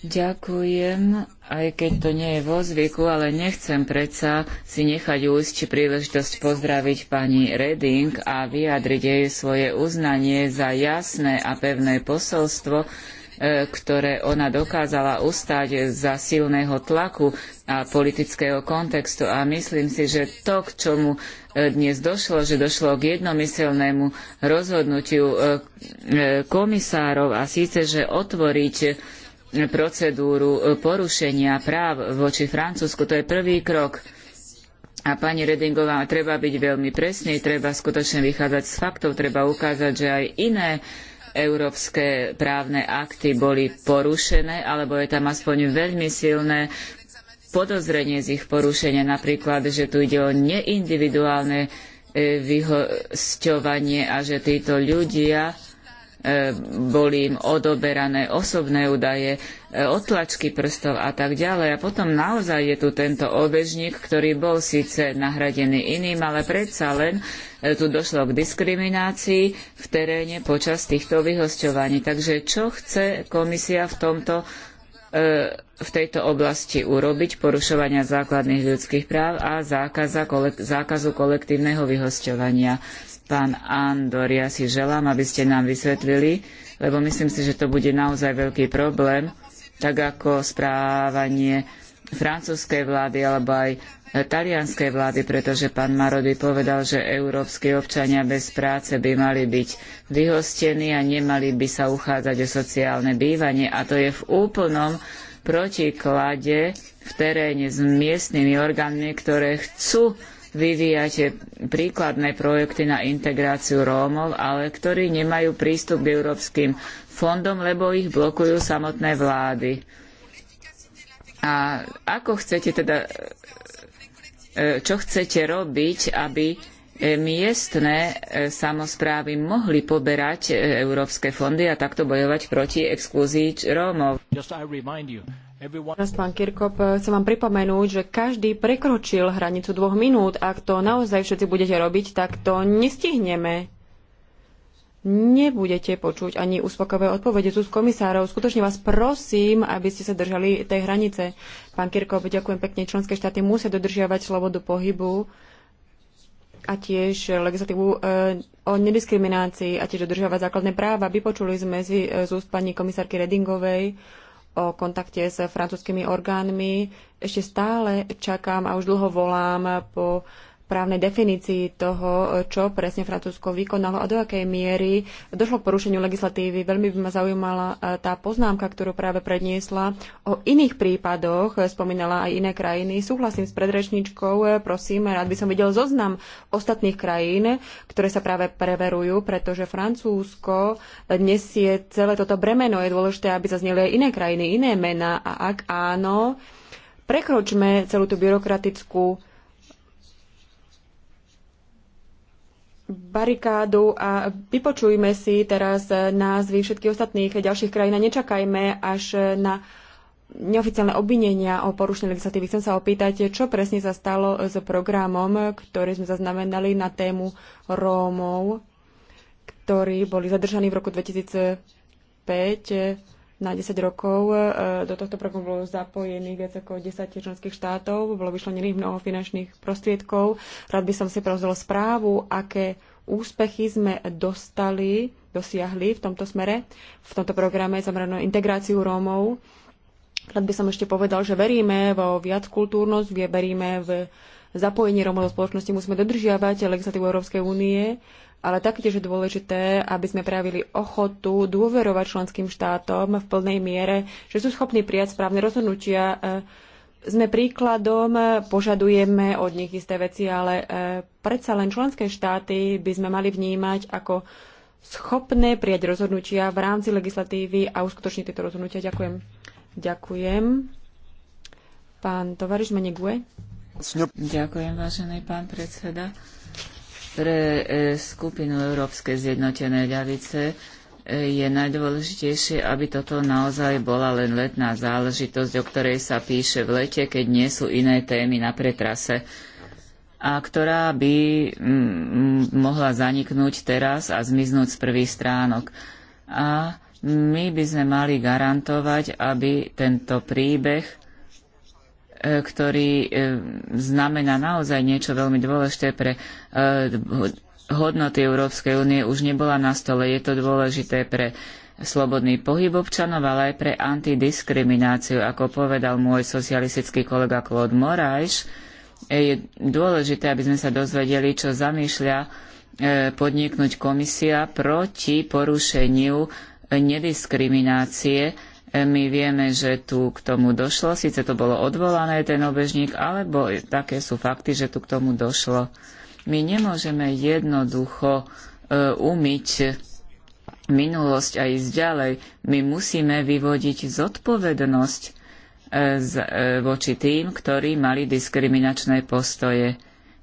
Ďakujem, aj keď to nie je vo zvyku, ale nechcem predsa si nechať újsť príležitosť pozdraviť pani Reding a vyjadriť jej svoje uznanie za jasné a pevné posolstvo, e, ktoré ona dokázala ustáť za silného tlaku a politického kontextu. A myslím si, že to, k čomu e, dnes došlo, že došlo k jednomyselnému rozhodnutiu e, komisárov a síce, že otvoriť procedúru e, porušenia práv voči Francúzsku. To je prvý krok. A pani Redingová, treba byť veľmi presný, treba skutočne vychádzať z faktov, treba ukázať, že aj iné európske právne akty boli porušené, alebo je tam aspoň veľmi silné podozrenie z ich porušenia, napríklad, že tu ide o neindividuálne e, vyhosťovanie a že títo ľudia E, boli im odoberané osobné údaje, e, otlačky prstov a tak ďalej. A potom naozaj je tu tento obežník, ktorý bol síce nahradený iným, ale predsa len e, tu došlo k diskriminácii v teréne počas týchto vyhosťovaní. Takže čo chce komisia v tomto v tejto oblasti urobiť porušovania základných ľudských práv a zákazu kolektívneho vyhosťovania. Pán Andor, ja si želám, aby ste nám vysvetlili, lebo myslím si, že to bude naozaj veľký problém, tak ako správanie francúzskej vlády alebo aj talianskej vlády, pretože pán Marody povedal, že európski občania bez práce by mali byť vyhostení a nemali by sa uchádzať o sociálne bývanie. A to je v úplnom protiklade v teréne s miestnymi orgánmi, ktoré chcú vyvíjať príkladné projekty na integráciu Rómov, ale ktorí nemajú prístup k európskym fondom, lebo ich blokujú samotné vlády. A ako chcete teda, e, čo chcete robiť, aby e, miestne e, samosprávy mohli poberať európske fondy a takto bojovať proti exklúzii Rómov? Teraz, pán Kirkop, chcem vám pripomenúť, že každý prekročil hranicu dvoch minút. Ak to naozaj všetci budete robiť, tak to nestihneme. Nebudete počuť ani uspokojivé odpovede sú z komisárov. Skutočne vás prosím, aby ste sa držali tej hranice. Pán Kirkop, ďakujem pekne. Členské štáty musia dodržiavať slobodu pohybu a tiež legislatívu e, o nediskriminácii a tiež dodržiavať základné práva. Vypočuli sme si e, z úst pani komisárky Redingovej o kontakte s francúzskými orgánmi. Ešte stále čakám a už dlho volám po právnej definícii toho, čo presne Francúzsko vykonalo a do akej miery došlo k porušeniu legislatívy. Veľmi by ma zaujímala e, tá poznámka, ktorú práve predniesla. O iných prípadoch e, spomínala aj iné krajiny. Súhlasím s predrečníčkou, e, prosím, rád by som videl zoznam ostatných krajín, ktoré sa práve preverujú, pretože Francúzsko nesie celé toto bremeno. Je dôležité, aby zazneli aj iné krajiny, iné mená a ak áno, prekročme celú tú byrokratickú barikádu a vypočujme si teraz názvy všetkých ostatných ďalších krajín a nečakajme až na neoficiálne obvinenia o porušení legislatívy. Chcem sa opýtať, čo presne sa stalo s programom, ktorý sme zaznamenali na tému Rómov, ktorí boli zadržaní v roku 2005 na 10 rokov. E, do tohto programu bolo zapojených viac ako 10 členských štátov, bolo vyšlenených mnoho finančných prostriedkov. Rád by som si prevzal správu, aké úspechy sme dostali, dosiahli v tomto smere, v tomto programe zameranú integráciu Rómov. Rád by som ešte povedal, že veríme vo viac kultúrnosť, veríme v zapojenie Rómov do spoločnosti, musíme dodržiavať legislatívu Európskej únie ale taktiež je dôležité, aby sme pravili ochotu dôverovať členským štátom v plnej miere, že sú schopní prijať správne rozhodnutia. E, sme príkladom, požadujeme od nich isté veci, ale e, predsa len členské štáty by sme mali vnímať ako schopné prijať rozhodnutia v rámci legislatívy a uskutočniť tieto rozhodnutia. Ďakujem. Ďakujem. Pán tovariš Menegue. Ďakujem, vážený pán predseda. Pre e, skupinu Európskej zjednotenej ľavice e, je najdôležitejšie, aby toto naozaj bola len letná záležitosť, o ktorej sa píše v lete, keď nie sú iné témy na pretrase a ktorá by mohla zaniknúť teraz a zmiznúť z prvých stránok. A my by sme mali garantovať, aby tento príbeh E, ktorý e, znamená naozaj niečo veľmi dôležité pre e, hodnoty Európskej únie, už nebola na stole. Je to dôležité pre slobodný pohyb občanov, ale aj pre antidiskrimináciu. Ako povedal môj socialistický kolega Claude Moraes, je dôležité, aby sme sa dozvedeli, čo zamýšľa podniknúť komisia proti porušeniu nediskriminácie my vieme, že tu k tomu došlo, síce to bolo odvolané, ten obežník, alebo také sú fakty, že tu k tomu došlo. My nemôžeme jednoducho e, umyť minulosť a ísť ďalej. My musíme vyvodiť zodpovednosť e, z, e, voči tým, ktorí mali diskriminačné postoje.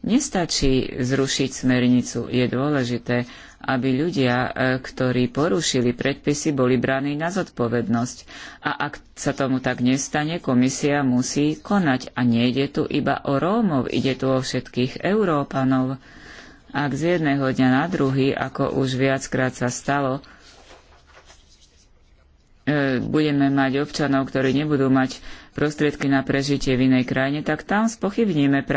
Nestačí zrušiť smernicu, je dôležité, aby ľudia, e, ktorí porušili predpisy, boli braní na zodpovednosť. A ak sa tomu tak nestane, komisia musí konať. A nejde tu iba o Rómov, ide tu o všetkých Európanov. Ak z jedného dňa na druhý, ako už viackrát sa stalo, e, budeme mať občanov, ktorí nebudú mať prostriedky na prežitie v inej krajine, tak tam spochybníme e,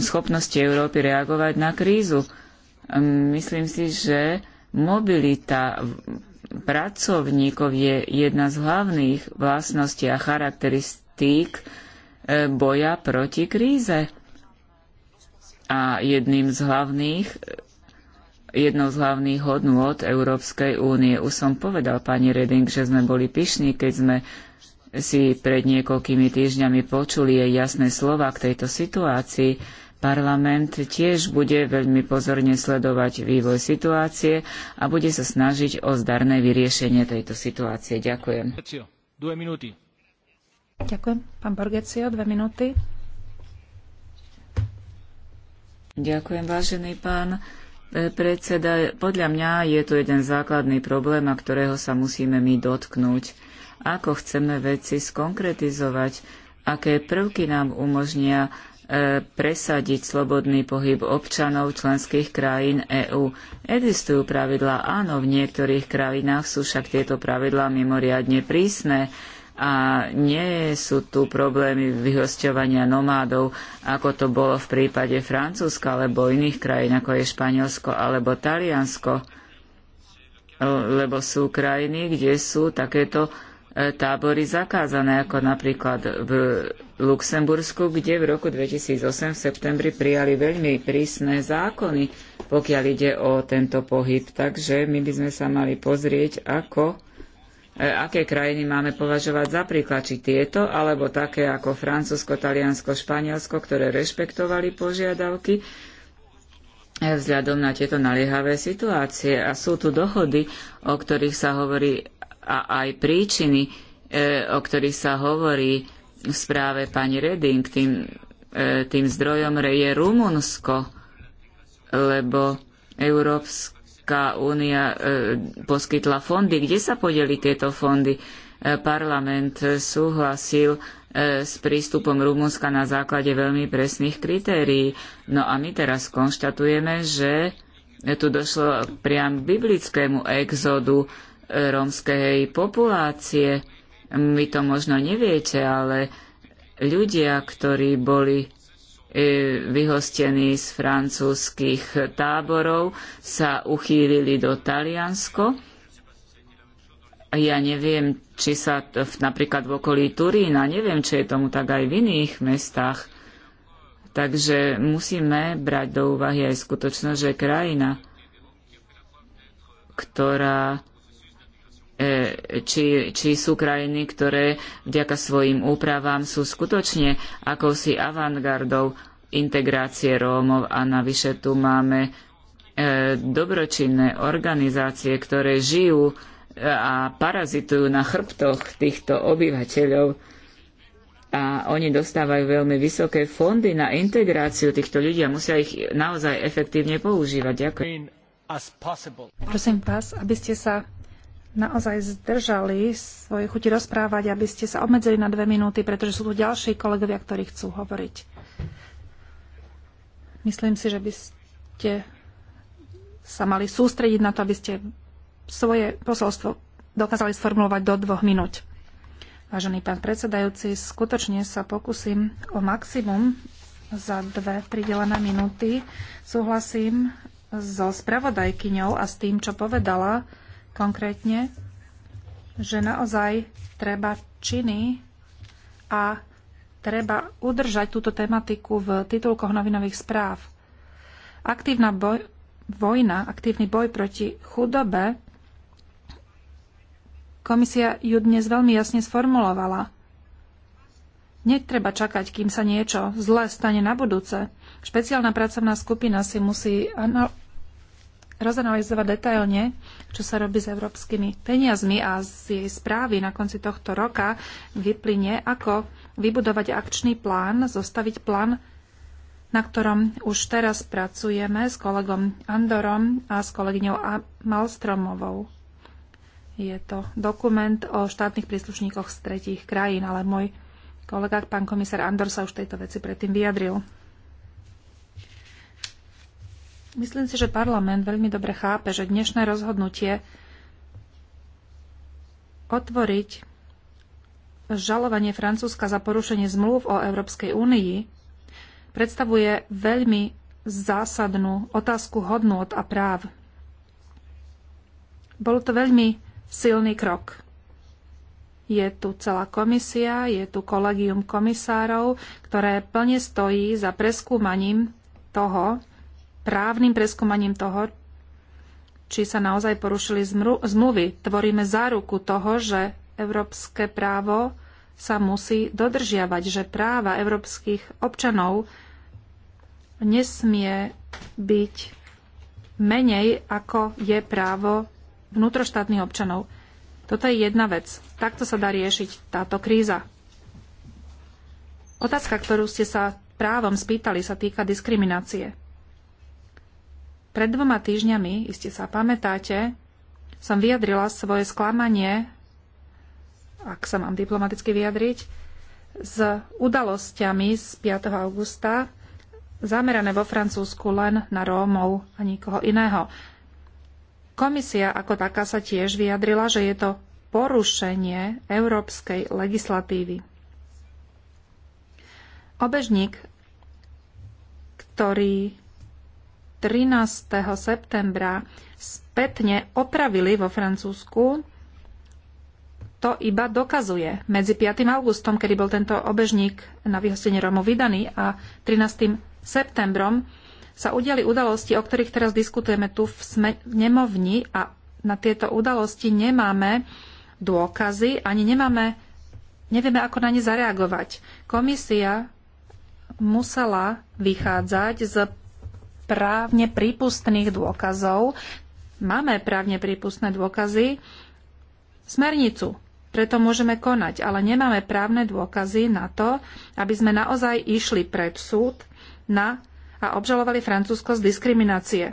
schopnosti Európy reagovať na krízu. Myslím si, že mobilita pracovníkov je jedna z hlavných vlastností a charakteristík e, boja proti kríze. A jedným z hlavných, jednou z hlavných hodnôt Európskej únie. Už som povedal pani Reding, že sme boli pyšní, keď sme si pred niekoľkými týždňami počuli jej jasné slova k tejto situácii Parlament tiež bude veľmi pozorne sledovať vývoj situácie a bude sa snažiť o zdarné vyriešenie tejto situácie. Ďakujem. Ďakujem. Pán Borgecio, dve minúty. Ďakujem, vážený pán e, predseda. Podľa mňa je tu jeden základný problém, a ktorého sa musíme my dotknúť. Ako chceme veci skonkretizovať? Aké prvky nám umožnia E, presadiť slobodný pohyb občanov členských krajín EÚ. Existujú pravidlá, áno, v niektorých krajinách sú však tieto pravidlá mimoriadne prísne a nie sú tu problémy vyhosťovania nomádov, ako to bolo v prípade Francúzska alebo iných krajín, ako je Španielsko alebo Taliansko, e, lebo sú krajiny, kde sú takéto tábory zakázané, ako napríklad v Luxembursku, kde v roku 2008 v septembri prijali veľmi prísne zákony, pokiaľ ide o tento pohyb. Takže my by sme sa mali pozrieť, ako, e, aké krajiny máme považovať za príklad, či tieto, alebo také ako Francúzsko, Taliansko, Španielsko, ktoré rešpektovali požiadavky e, vzhľadom na tieto naliehavé situácie. A sú tu dohody, o ktorých sa hovorí a aj príčiny, e, o ktorých sa hovorí v správe pani Reding, tým, e, tým zdrojom je Rumunsko, lebo Európska únia e, poskytla fondy. Kde sa podeli tieto fondy? Parlament súhlasil s prístupom Rumunska na základe veľmi presných kritérií. No a my teraz konštatujeme, že tu došlo priam k biblickému exodu rómskej populácie. Vy to možno neviete, ale ľudia, ktorí boli e, vyhostení z francúzskych táborov, sa uchýlili do Taliansko. Ja neviem, či sa v, napríklad v okolí Turína, neviem, či je tomu tak aj v iných mestách. Takže musíme brať do úvahy aj skutočnosť, že krajina, ktorá E, či, či sú krajiny, ktoré vďaka svojim úpravám sú skutočne akousi avantgardou integrácie Rómov a navyše tu máme e, dobročinné organizácie, ktoré žijú e, a parazitujú na chrbtoch týchto obyvateľov a oni dostávajú veľmi vysoké fondy na integráciu týchto ľudí a musia ich naozaj efektívne používať. Ďakujem. Prosím vás, aby ste sa naozaj zdržali svoje chuti rozprávať, aby ste sa obmedzili na dve minúty, pretože sú tu ďalší kolegovia, ktorí chcú hovoriť. Myslím si, že by ste sa mali sústrediť na to, aby ste svoje posolstvo dokázali sformulovať do dvoch minút. Vážený pán predsedajúci, skutočne sa pokúsim o maximum za dve pridelené minúty. Súhlasím so spravodajkyňou a s tým, čo povedala konkrétne, že naozaj treba činy a treba udržať túto tematiku v titulkoch novinových správ. Aktívna boj, vojna, aktívny boj proti chudobe, komisia ju dnes veľmi jasne sformulovala. Netreba čakať, kým sa niečo zlé stane na budúce. Špeciálna pracovná skupina si musí rozanalizovať detailne, čo sa robí s európskymi peniazmi a z jej správy na konci tohto roka vyplyne, ako vybudovať akčný plán, zostaviť plán, na ktorom už teraz pracujeme s kolegom Andorom a s kolegyňou Malstromovou. Je to dokument o štátnych príslušníkoch z tretích krajín, ale môj kolega, pán komisár Andor, sa už tejto veci predtým vyjadril. Myslím si, že parlament veľmi dobre chápe, že dnešné rozhodnutie otvoriť žalovanie Francúzska za porušenie zmluv o Európskej únii predstavuje veľmi zásadnú otázku hodnôt a práv. Bol to veľmi silný krok. Je tu celá komisia, je tu kolegium komisárov, ktoré plne stojí za preskúmaním toho, právnym preskúmaním toho, či sa naozaj porušili zmluvy. Tvoríme záruku toho, že európske právo sa musí dodržiavať, že práva európskych občanov nesmie byť menej, ako je právo vnútroštátnych občanov. Toto je jedna vec. Takto sa dá riešiť táto kríza. Otázka, ktorú ste sa právom spýtali, sa týka diskriminácie. Pred dvoma týždňami, iste sa pamätáte, som vyjadrila svoje sklamanie, ak sa mám diplomaticky vyjadriť, s udalosťami z 5. augusta, zamerané vo Francúzsku len na Rómov a nikoho iného. Komisia ako taká sa tiež vyjadrila, že je to porušenie európskej legislatívy. Obežník, ktorý 13. septembra spätne opravili vo Francúzsku, to iba dokazuje. Medzi 5. augustom, kedy bol tento obežník na vyhostenie Romov vydaný a 13. septembrom sa udiali udalosti, o ktorých teraz diskutujeme tu v nemovni a na tieto udalosti nemáme dôkazy, ani nemáme, nevieme, ako na ne zareagovať. Komisia musela vychádzať z právne prípustných dôkazov. Máme právne prípustné dôkazy, smernicu. Preto môžeme konať, ale nemáme právne dôkazy na to, aby sme naozaj išli pred súd na a obžalovali Francúzsko z diskriminácie.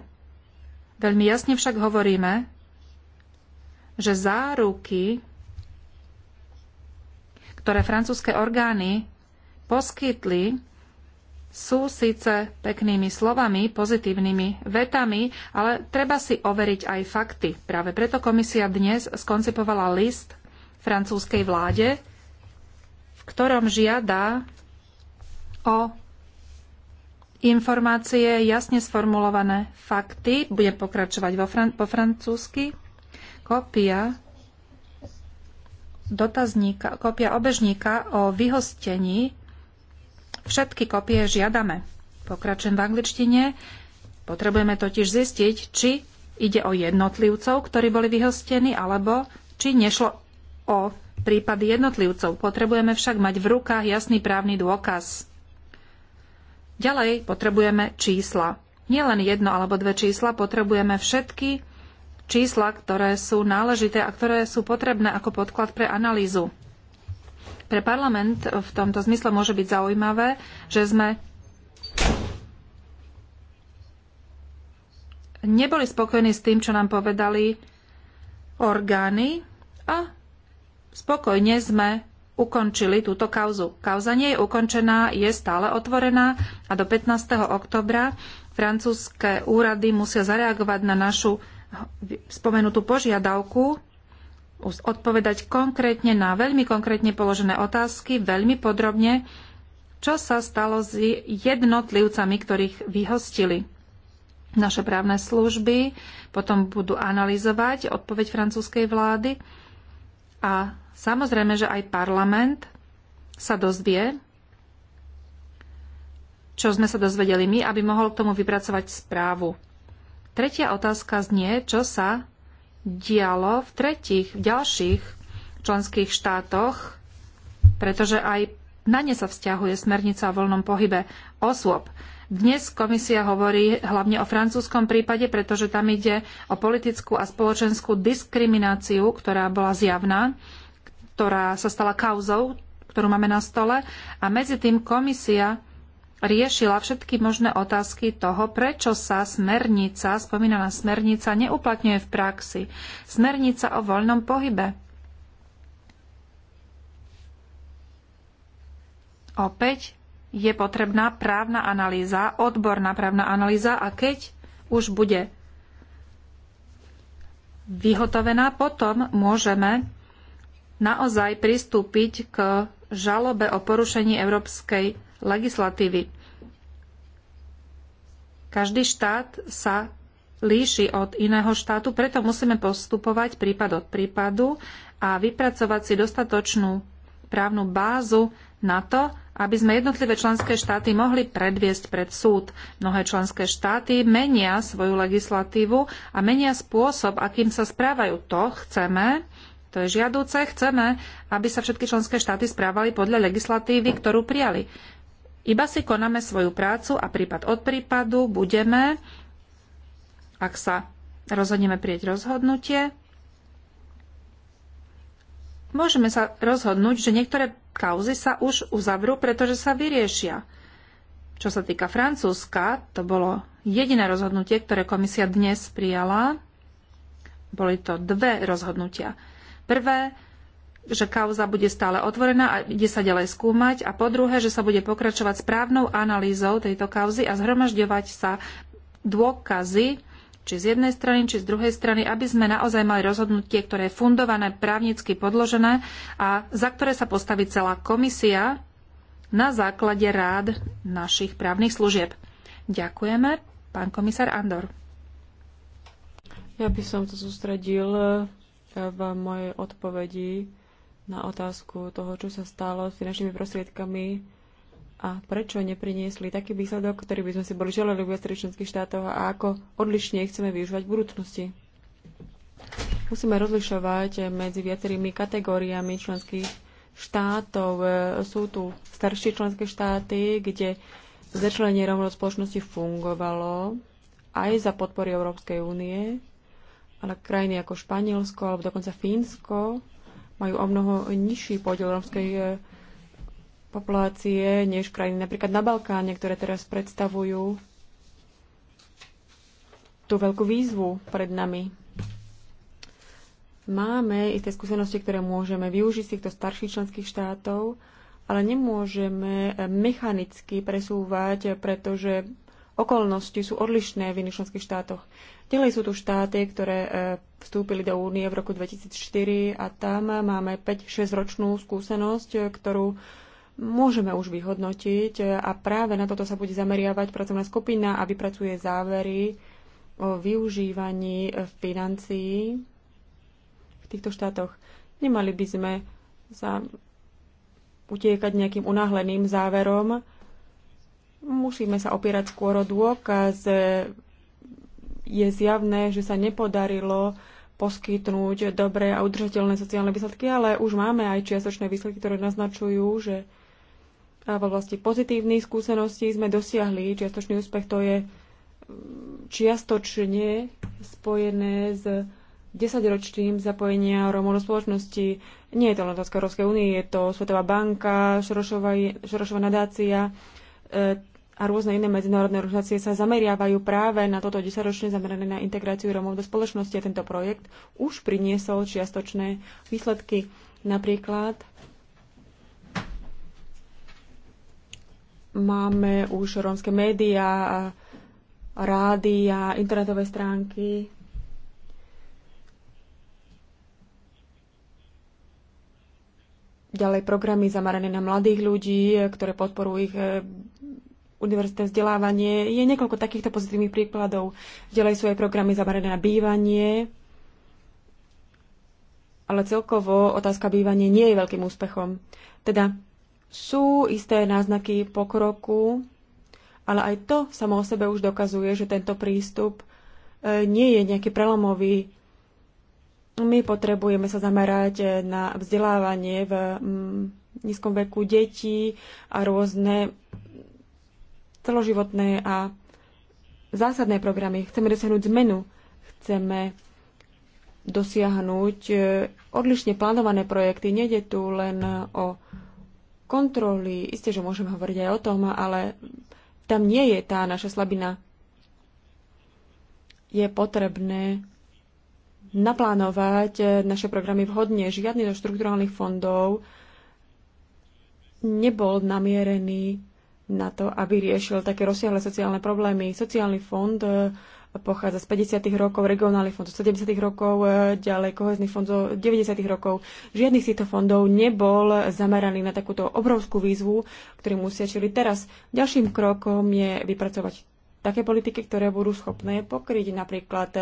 Veľmi jasne však hovoríme, že záruky, ktoré francúzske orgány poskytli sú síce peknými slovami, pozitívnymi vetami, ale treba si overiť aj fakty. Práve preto komisia dnes skoncipovala list francúzskej vláde, v ktorom žiada o informácie, jasne sformulované fakty. Budem pokračovať vo fran- po francúzsky. Kopia dotazníka, kopia obežníka o vyhostení Všetky kopie žiadame. Pokračujem v angličtine. Potrebujeme totiž zistiť, či ide o jednotlivcov, ktorí boli vyhostení, alebo či nešlo o prípady jednotlivcov. Potrebujeme však mať v rukách jasný právny dôkaz. Ďalej potrebujeme čísla. Nielen jedno alebo dve čísla, potrebujeme všetky čísla, ktoré sú náležité a ktoré sú potrebné ako podklad pre analýzu. Pre parlament v tomto zmysle môže byť zaujímavé, že sme neboli spokojní s tým, čo nám povedali orgány a spokojne sme ukončili túto kauzu. Kauza nie je ukončená, je stále otvorená a do 15. oktobra francúzske úrady musia zareagovať na našu spomenutú požiadavku odpovedať konkrétne na veľmi konkrétne položené otázky, veľmi podrobne, čo sa stalo s jednotlivcami, ktorých vyhostili. Naše právne služby potom budú analyzovať odpoveď francúzskej vlády a samozrejme, že aj parlament sa dozvie, čo sme sa dozvedeli my, aby mohol k tomu vypracovať správu. Tretia otázka znie, čo sa dialo v tretích, v ďalších členských štátoch, pretože aj na ne sa vzťahuje smernica o voľnom pohybe osôb. Dnes komisia hovorí hlavne o francúzskom prípade, pretože tam ide o politickú a spoločenskú diskrimináciu, ktorá bola zjavná, ktorá sa stala kauzou, ktorú máme na stole. A medzi tým komisia riešila všetky možné otázky toho, prečo sa smernica, spomínaná smernica, neuplatňuje v praxi. Smernica o voľnom pohybe. Opäť je potrebná právna analýza, odborná právna analýza a keď už bude vyhotovená, potom môžeme naozaj pristúpiť k žalobe o porušení európskej legislatívy. Každý štát sa líši od iného štátu, preto musíme postupovať prípad od prípadu a vypracovať si dostatočnú právnu bázu na to, aby sme jednotlivé členské štáty mohli predviesť pred súd. Mnohé členské štáty menia svoju legislatívu a menia spôsob, akým sa správajú. To chceme, to je žiadúce, chceme, aby sa všetky členské štáty správali podľa legislatívy, ktorú prijali. Iba si konáme svoju prácu a prípad od prípadu budeme, ak sa rozhodneme prieť rozhodnutie, môžeme sa rozhodnúť, že niektoré kauzy sa už uzavrú, pretože sa vyriešia. Čo sa týka Francúzska, to bolo jediné rozhodnutie, ktoré komisia dnes prijala. Boli to dve rozhodnutia. Prvé že kauza bude stále otvorená a ide sa ďalej skúmať a po druhé, že sa bude pokračovať správnou analýzou tejto kauzy a zhromažďovať sa dôkazy, či z jednej strany, či z druhej strany, aby sme naozaj mali rozhodnutie, ktoré je fundované, právnicky podložené a za ktoré sa postaví celá komisia na základe rád našich právnych služieb. Ďakujeme, pán komisár Andor. Ja by som to sústredil eh, v mojej odpovedi na otázku toho, čo sa stalo s finančnými prostriedkami a prečo nepriniesli taký výsledok, ktorý by sme si boli želeli v členských štátoch a ako odlišne ich chceme využívať v budúcnosti. Musíme rozlišovať medzi viacerými kategóriami členských štátov. Sú tu staršie členské štáty, kde začlenie rovno spoločnosti fungovalo aj za podpory Európskej únie, ale krajiny ako Španielsko alebo dokonca Fínsko majú o mnoho nižší podiel romskej e, populácie než krajiny napríklad na Balkáne, ktoré teraz predstavujú tú veľkú výzvu pred nami. Máme isté skúsenosti, ktoré môžeme využiť z týchto starších členských štátov, ale nemôžeme mechanicky presúvať, pretože okolnosti sú odlišné v iných členských štátoch. Ďalej sú tu štáty, ktoré e, vstúpili do únie v roku 2004 a tam máme 5-6 ročnú skúsenosť, ktorú môžeme už vyhodnotiť a práve na toto sa bude zameriavať pracovná skupina a vypracuje závery o využívaní e, financií v týchto štátoch. Nemali by sme sa utiekať nejakým unáhleným záverom. Musíme sa opierať skôr o dôkaz je zjavné, že sa nepodarilo poskytnúť dobré a udržateľné sociálne výsledky, ale už máme aj čiastočné výsledky, ktoré naznačujú, že v oblasti pozitívnych skúseností sme dosiahli čiastočný úspech. To je mm, čiastočne spojené s desaťročným zapojenia Romov do spoločnosti. Nie je to len Európskej únie, je to Svetová banka, Šerošová nadácia, e, a rôzne iné medzinárodné organizácie sa zameriavajú práve na toto desaťročné zamerané na integráciu Rómov do spoločnosti a tento projekt už priniesol čiastočné výsledky. Napríklad máme už rómske médiá, rády a internetové stránky. Ďalej programy zamerané na mladých ľudí, ktoré podporujú ich eh, univerzitné vzdelávanie. Je niekoľko takýchto pozitívnych príkladov. Ďalej sú aj programy zamerané na bývanie, ale celkovo otázka bývanie nie je veľkým úspechom. Teda sú isté náznaky pokroku, ale aj to samo o sebe už dokazuje, že tento prístup e, nie je nejaký prelomový. My potrebujeme sa zamerať e, na vzdelávanie v mm, nízkom veku detí a rôzne celoživotné a zásadné programy. Chceme dosiahnuť zmenu. Chceme dosiahnuť e, odlišne plánované projekty. Nede tu len o kontroly. Isté, že môžeme hovoriť aj o tom, ale tam nie je tá naša slabina. Je potrebné naplánovať e, naše programy vhodne. Žiadny zo štrukturálnych fondov nebol namierený na to, aby riešil také rozsiahle sociálne problémy. Sociálny fond e, pochádza z 50. rokov, regionálny fond z 70. rokov, e, ďalej kohezný fond zo 90. rokov. Žiadny z týchto fondov nebol zameraný na takúto obrovskú výzvu, ktorú musia čili teraz. Ďalším krokom je vypracovať také politiky, ktoré budú schopné pokryť napríklad e,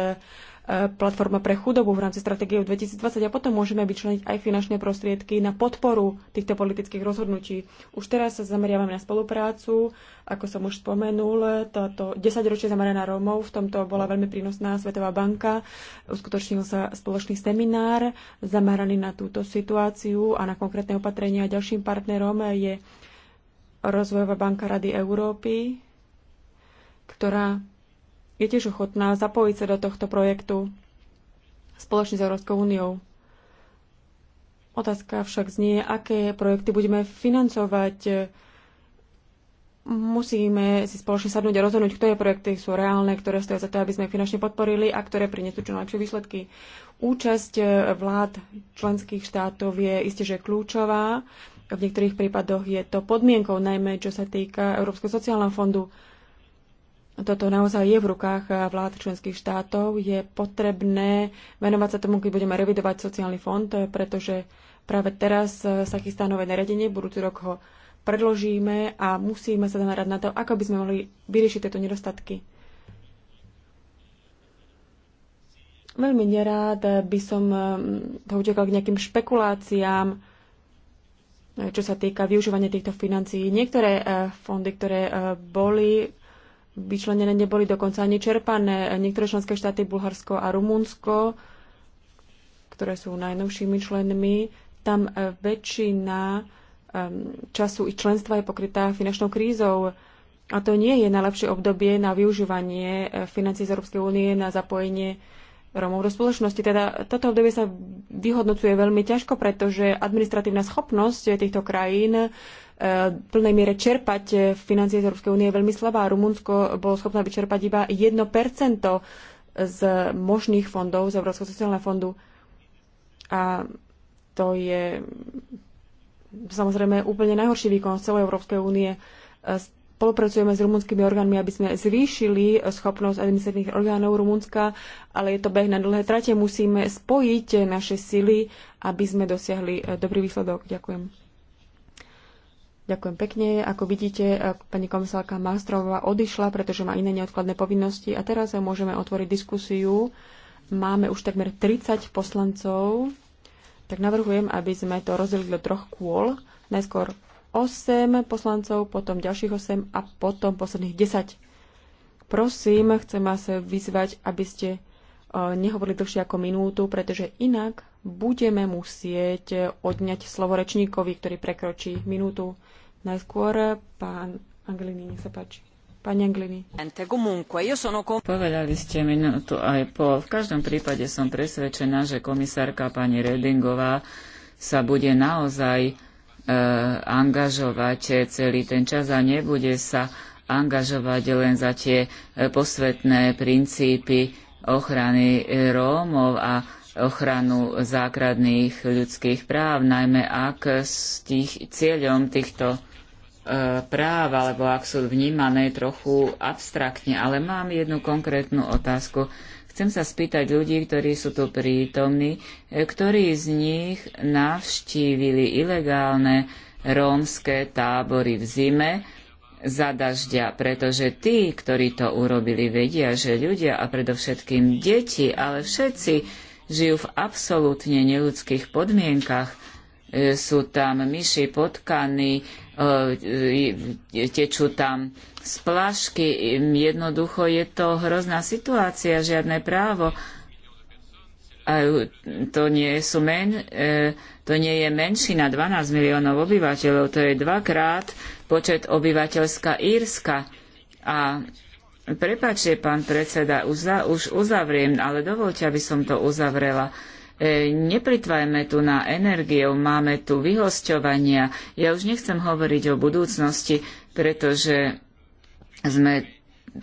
E, platforma pre chudobu v rámci stratégie 2020 a potom môžeme vyčleniť aj finančné prostriedky na podporu týchto politických rozhodnutí. Už teraz sa zameriavame na spoluprácu, ako som už spomenul, táto 10 ročie zameraná Rómov, v tomto bola veľmi prínosná Svetová banka, uskutočnil sa spoločný seminár zameraný na túto situáciu a na konkrétne opatrenia. Ďalším partnerom je Rozvojová banka Rady Európy, ktorá je tiež ochotná zapojiť sa do tohto projektu spoločne s Európskou úniou. Otázka však znie, aké projekty budeme financovať. Musíme si spoločne sadnúť a rozhodnúť, ktoré projekty sú reálne, ktoré stojí za to, aby sme finančne podporili a ktoré prinesú čo najlepšie výsledky. Účasť vlád členských štátov je isté, že kľúčová. V niektorých prípadoch je to podmienkou, najmä čo sa týka Európskeho sociálneho fondu toto naozaj je v rukách eh, vlád členských štátov. Je potrebné venovať sa tomu, keď budeme revidovať sociálny fond, eh, pretože práve teraz eh, sa chystá nové naredenie, budúci rok ho predložíme a musíme sa zamerať na to, ako by sme mohli vyriešiť tieto nedostatky. Veľmi nerád by som to utekal k nejakým špekuláciám, čo sa týka využívania týchto financií. Niektoré fondy, ktoré boli vyčlenené neboli dokonca ani čerpané. Niektoré členské štáty, Bulharsko a Rumunsko, ktoré sú najnovšími členmi, tam eh, väčšina ehm, času i členstva je pokrytá finančnou krízou. A to nie je najlepšie obdobie na využívanie eh, financí z Európskej únie na zapojenie romov do spoločnosti. Teda toto obdobie sa vyhodnocuje veľmi ťažko, pretože administratívna schopnosť týchto krajín v e, plnej miere čerpať e, financie z Európskej únie je veľmi slabá. Rumunsko bolo schopné vyčerpať iba 1% z možných fondov z Európskeho sociálneho fondu. A to je samozrejme úplne najhorší výkon z celej Európskej únie. E, spolupracujeme s rumunskými orgánmi, aby sme zvýšili schopnosť administratívnych orgánov Rumunska, ale je to beh na dlhé trate. Musíme spojiť naše sily, aby sme dosiahli dobrý výsledok. Ďakujem. Ďakujem pekne. Ako vidíte, e, pani komisárka Mastrová odišla, pretože má iné neodkladné povinnosti a teraz môžeme otvoriť diskusiu. Máme už takmer 30 poslancov, tak navrhujem, aby sme to rozdelili do troch kôl. Najskôr 8 poslancov, potom ďalších 8 a potom posledných 10. Prosím, chcem vás vyzvať, aby ste e, nehovorili dlhšie ako minútu, pretože inak budeme musieť e, odňať slovo rečníkovi, ktorý prekročí minútu. Najskôr pán Anglini, nech sa páči. Pani Anglini. Povedali ste mi no, tu aj po. V každom prípade som presvedčená, že komisárka pani Redingová sa bude naozaj e, angažovať celý ten čas a nebude sa angažovať len za tie e, posvetné princípy ochrany e, Rómov a ochranu základných ľudských práv, najmä ak s tých, cieľom týchto E, práv, alebo ak sú vnímané trochu abstraktne. Ale mám jednu konkrétnu otázku. Chcem sa spýtať ľudí, ktorí sú tu prítomní, e, ktorí z nich navštívili ilegálne rómske tábory v zime za dažďa, pretože tí, ktorí to urobili, vedia, že ľudia a predovšetkým deti, ale všetci žijú v absolútne neľudských podmienkach. E, sú tam myši, potkany, E, e, tečú tam splašky, jednoducho je to hrozná situácia, žiadne právo. A to nie, sú men, e, to nie je menšina 12 miliónov obyvateľov, to je dvakrát počet obyvateľská Írska. A prepačte, pán predseda, už uzavriem, ale dovolte, aby som to uzavrela. E, nepritvajme tu na energiou, máme tu vyhosťovania. Ja už nechcem hovoriť o budúcnosti, pretože sme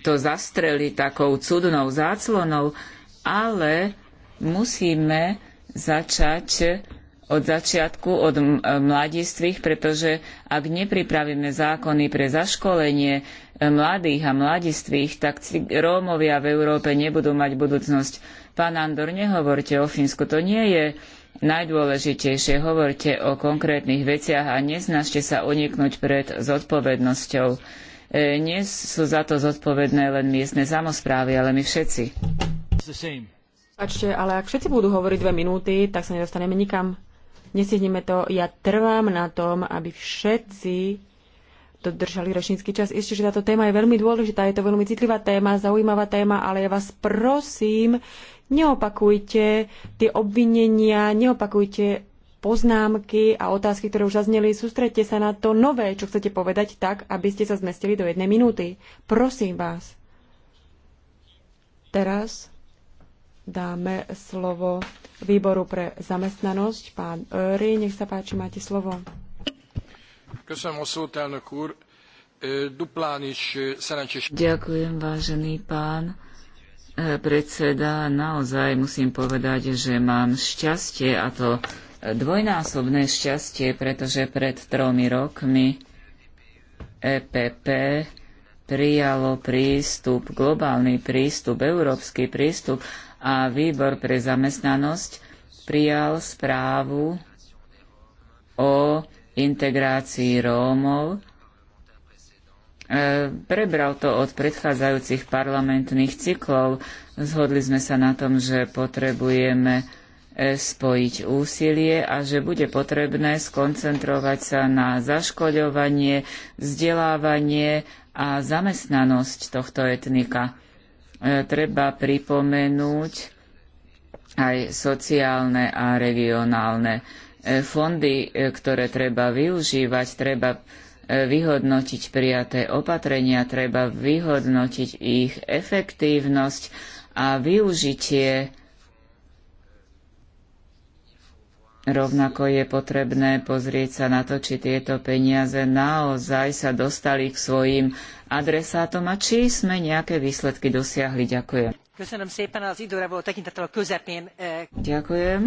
to zastreli takou cudnou záclonou, ale musíme začať od začiatku, od e, mladistvých, pretože ak nepripravíme zákony pre zaškolenie e, mladých a mladistvých, tak Rómovia v Európe nebudú mať budúcnosť. Pán Andor, nehovorte o Fínsku, to nie je najdôležitejšie. Hovorte o konkrétnych veciach a nesnažte sa uniknúť pred zodpovednosťou. E, nie sú za to zodpovedné len miestne samozprávy, ale my všetci. Pačte, ale ak všetci budú hovoriť dve minúty, tak sa nedostaneme nikam. Nesiednime to. Ja trvám na tom, aby všetci dodržali rečnícky čas. Ešte, že táto téma je veľmi dôležitá, je to veľmi citlivá téma, zaujímavá téma, ale ja vás prosím, Neopakujte tie obvinenia, neopakujte poznámky a otázky, ktoré už zazneli. Sústredte sa na to nové, čo chcete povedať, tak, aby ste sa zmestili do jednej minúty. Prosím vás. Teraz dáme slovo výboru pre zamestnanosť. Pán Öry, nech sa páči, máte slovo. Ďakujem, vážený pán Eh, predseda, naozaj musím povedať, že mám šťastie a to eh, dvojnásobné šťastie, pretože pred tromi rokmi EPP prijalo prístup, globálny prístup, európsky prístup a výbor pre zamestnanosť prijal správu o integrácii Rómov E, prebral to od predchádzajúcich parlamentných cyklov. Zhodli sme sa na tom, že potrebujeme e, spojiť úsilie a že bude potrebné skoncentrovať sa na zaškoľovanie, vzdelávanie a zamestnanosť tohto etnika. E, treba pripomenúť aj sociálne a regionálne fondy, ktoré treba využívať, treba vyhodnotiť prijaté opatrenia, treba vyhodnotiť ich efektívnosť a využitie. Rovnako je potrebné pozrieť sa na to, či tieto peniaze naozaj sa dostali k svojim adresátom a či sme nejaké výsledky dosiahli. Ďakujem. Eh, Ďakujem.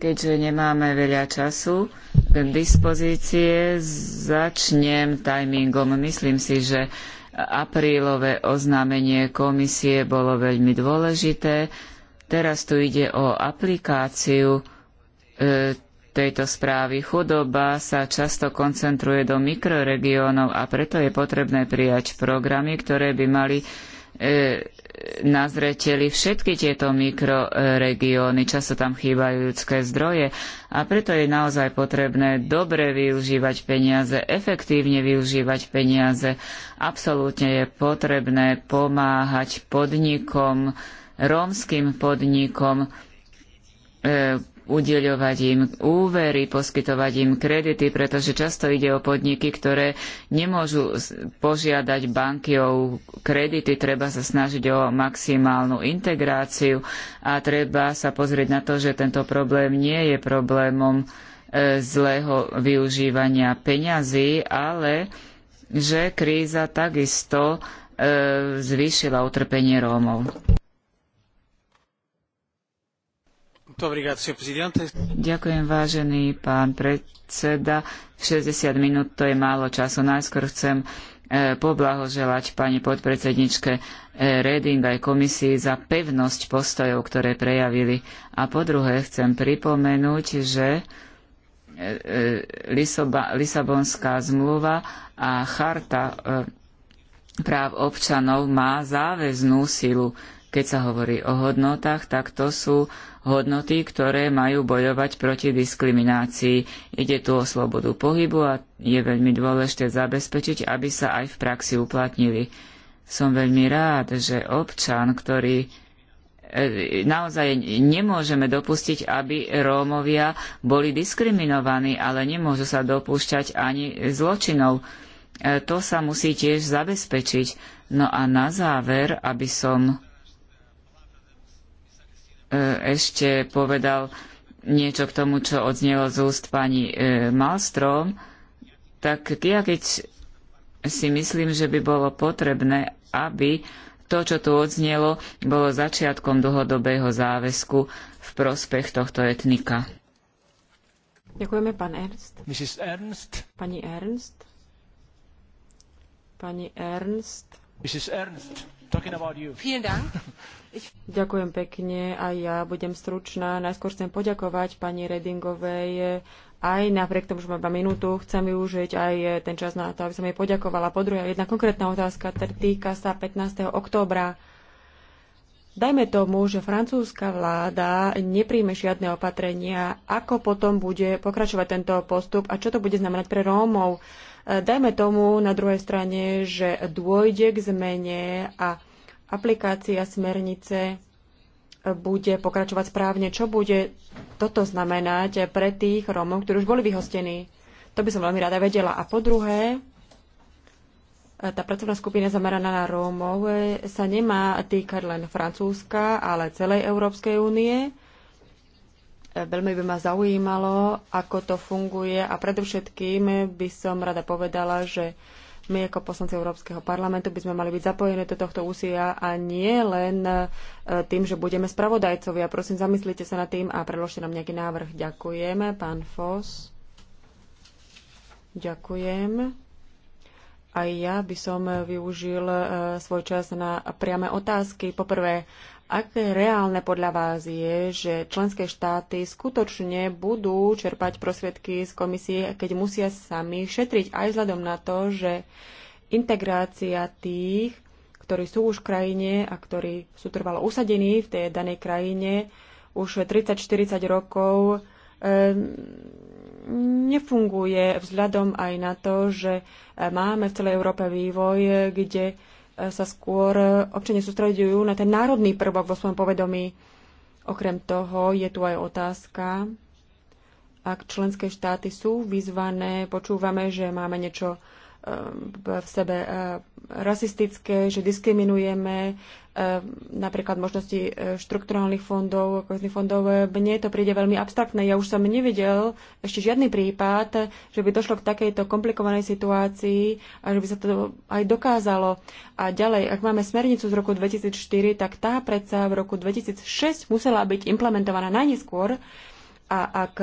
Keďže nemáme veľa času k dispozície, začnem timingom. Myslím si, že aprílové oznámenie komisie bolo veľmi dôležité. Teraz tu ide o aplikáciu e, tejto správy. Chudoba sa často koncentruje do mikroregiónov a preto je potrebné prijať programy, ktoré by mali e, na zreteli všetky tieto mikroregióny, často tam chýbajú ľudské zdroje a preto je naozaj potrebné dobre využívať peniaze, efektívne využívať peniaze. Absolútne je potrebné pomáhať podnikom, rómskym podnikom, eh, udeľovať im úvery, poskytovať im kredity, pretože často ide o podniky, ktoré nemôžu požiadať banky o kredity, treba sa snažiť o maximálnu integráciu a treba sa pozrieť na to, že tento problém nie je problémom e, zlého využívania peňazí, ale že kríza takisto e, zvýšila utrpenie Rómov. Ďakujem, vážený pán predseda. 60 minút to je málo času. Najskôr chcem e, poblahoželať pani podpredsedničke e, Reding aj komisii za pevnosť postojov, ktoré prejavili. A po druhé chcem pripomenúť, že e, Lisabonská zmluva a charta práv občanov má záväznú silu. Keď sa hovorí o hodnotách, tak to sú hodnoty, ktoré majú bojovať proti diskriminácii. Ide tu o slobodu pohybu a je veľmi dôležité zabezpečiť, aby sa aj v praxi uplatnili. Som veľmi rád, že občan, ktorý e, naozaj nemôžeme dopustiť, aby Rómovia boli diskriminovaní, ale nemôžu sa dopúšťať ani zločinov. E, to sa musí tiež zabezpečiť. No a na záver, aby som E, ešte povedal niečo k tomu, čo odznelo z úst pani e, Malstrom, tak ja keď si myslím, že by bolo potrebné, aby to, čo tu odznelo, bolo začiatkom dlhodobého záväzku v prospech tohto etnika. Ďakujeme, pán Ernst. Mrs. Ernst. Pani Ernst. Pani Ernst. Mrs. Ernst. Ďakujem pekne a ja budem stručná. Najskôr chcem poďakovať pani Redingovej. Aj napriek tomu, že mám iba minútu, chcem využiť aj ten čas na to, aby som jej poďakovala. Po druhé, jedna konkrétna otázka týka sa 15. októbra. Dajme tomu, že francúzska vláda nepríjme žiadne opatrenia. Ako potom bude pokračovať tento postup a čo to bude znamenať pre Rómov? E, dajme tomu na druhej strane, že dôjde k zmene a aplikácia smernice e, bude pokračovať správne. Čo bude toto znamenať pre tých Rómov, ktorí už boli vyhostení? To by som veľmi rada vedela. A po druhé, e, tá pracovná skupina zameraná na Rómov sa nemá týkať len Francúzska, ale celej Európskej únie Veľmi by ma zaujímalo, ako to funguje a predovšetkým by som rada povedala, že my ako poslanci Európskeho parlamentu by sme mali byť zapojení do tohto úsia a nie len e, tým, že budeme spravodajcovia. Prosím, zamyslite sa nad tým a predložte nám nejaký návrh. Ďakujeme, pán Fos. Ďakujem. Aj ja by som využil e, svoj čas na priame otázky. Poprvé, Aké reálne podľa vás je, že členské štáty skutočne budú čerpať prosvedky z komisie, keď musia sami šetriť aj vzhľadom na to, že integrácia tých, ktorí sú už v krajine a ktorí sú trvalo usadení v tej danej krajine už 30-40 rokov, e, nefunguje vzhľadom aj na to, že máme v celej Európe vývoj, kde E, sa skôr e, občania sústredujú na ten národný prvok vo svojom povedomí. Okrem toho je tu aj otázka, ak členské štáty sú vyzvané, počúvame, že máme niečo e, v sebe rasistické, že diskriminujeme, Ehm, napríklad možnosti e, štrukturálnych fondov, kohezných fondov, e, mne to príde veľmi abstraktné. Ja už som nevidel ešte žiadny prípad, že by došlo k takejto komplikovanej situácii a že by sa to aj dokázalo. A ďalej, ak máme smernicu z roku 2004, tak tá predsa v roku 2006 musela byť implementovaná najneskôr. A ak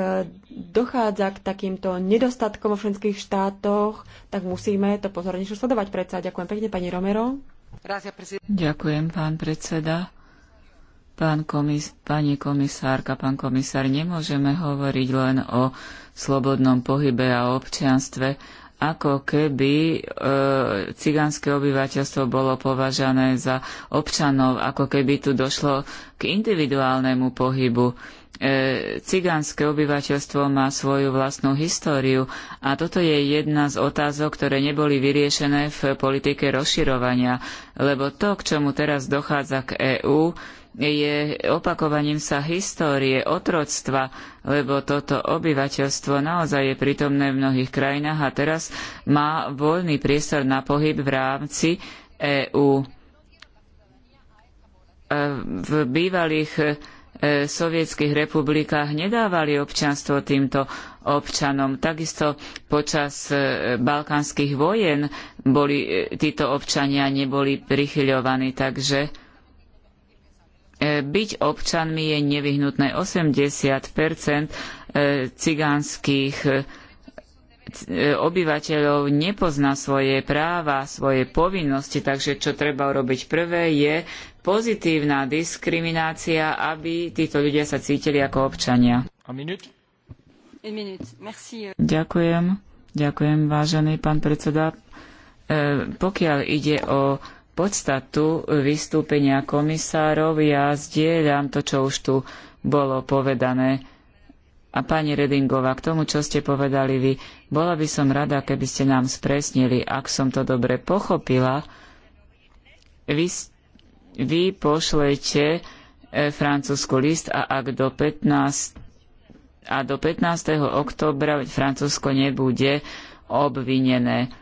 dochádza k takýmto nedostatkom vo všetkých štátoch, tak musíme to pozornejšie sledovať predsa. Ďakujem pekne, pani Romero. Ďakujem, pán predseda. Pán komis- pani komisárka, pán komisár, nemôžeme hovoriť len o slobodnom pohybe a občianstve, ako keby e, cigánske obyvateľstvo bolo považané za občanov, ako keby tu došlo k individuálnemu pohybu. E, cigánske obyvateľstvo má svoju vlastnú históriu a toto je jedna z otázok, ktoré neboli vyriešené v politike rozširovania, lebo to, k čomu teraz dochádza k EÚ, je opakovaním sa histórie otroctva, lebo toto obyvateľstvo naozaj je prítomné v mnohých krajinách a teraz má voľný priestor na pohyb v rámci EÚ. E, v bývalých E, sovietských republikách nedávali občianstvo týmto občanom. Takisto počas e, balkánskych vojen boli, e, títo občania neboli prichyľovaní, takže byť občanmi je nevyhnutné 80 cigánskych obyvateľov nepozná svoje práva, svoje povinnosti, takže čo treba urobiť prvé je pozitívna diskriminácia, aby títo ľudia sa cítili ako občania. Ďakujem. Ďakujem, vážený pán predseda. E, pokiaľ ide o podstatu vystúpenia komisárov, ja zdieľam to, čo už tu bolo povedané. A pani Redingová, k tomu, čo ste povedali vy, bola by som rada, keby ste nám spresnili, ak som to dobre pochopila, vy, vy pošlete e, francúzsku list a ak do 15 a do 15. oktobra Francúzsko nebude obvinené.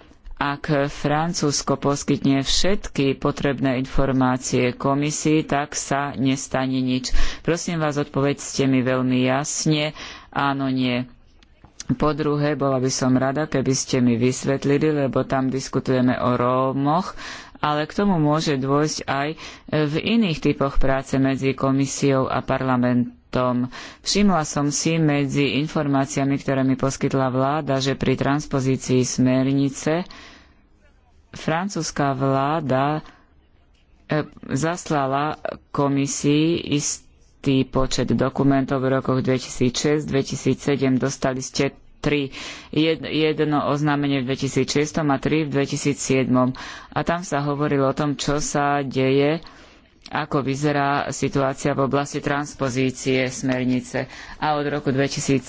Ak Francúzsko poskytne všetky potrebné informácie komisii, tak sa nestane nič. Prosím vás, odpovedzte mi veľmi jasne, áno, nie. Po druhé, bola by som rada, keby ste mi vysvetlili, lebo tam diskutujeme o Rómoch, ale k tomu môže dôjsť aj v iných typoch práce medzi komisiou a parlamentom tom. Všimla som si medzi informáciami, ktoré mi poskytla vláda, že pri transpozícii smernice francúzska vláda e, zaslala komisii istý počet dokumentov v rokoch 2006-2007. Dostali ste tri. Jedno oznámenie v 2006 a tri v 2007. A tam sa hovorilo o tom, čo sa deje ako vyzerá situácia v oblasti transpozície smernice. A od roku 2007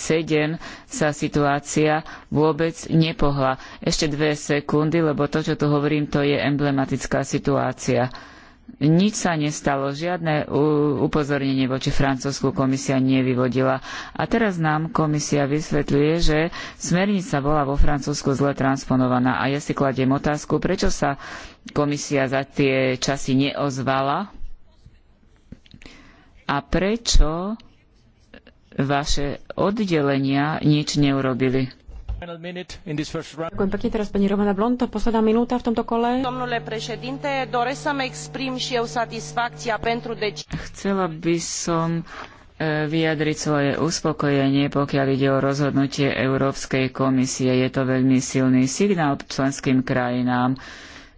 sa situácia vôbec nepohla. Ešte dve sekundy, lebo to, čo tu hovorím, to je emblematická situácia. Nič sa nestalo, žiadne upozornenie voči Francúzsku komisia nevyvodila. A teraz nám komisia vysvetľuje, že smernica bola vo Francúzsku zle transponovaná. A ja si kladiem otázku, prečo sa komisia za tie časy neozvala a prečo vaše oddelenia nič neurobili. Ďakujem pekne teraz pani Romana Blonto, posledná minúta v tomto kole. Chcela by som e, vyjadriť svoje uspokojenie, pokiaľ ide o rozhodnutie Európskej komisie. Je to veľmi silný signál členským krajinám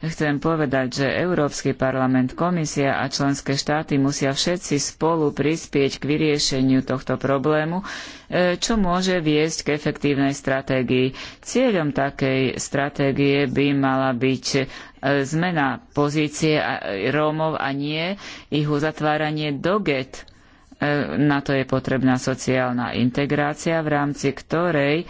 Chcem povedať, že Európsky parlament, komisia a členské štáty musia všetci spolu prispieť k vyriešeniu tohto problému, e, čo môže viesť k efektívnej stratégii. Cieľom takej stratégie by mala byť e, zmena pozície e, Rómov a nie ich uzatváranie do get. Na to je potrebná sociálna integrácia, v rámci ktorej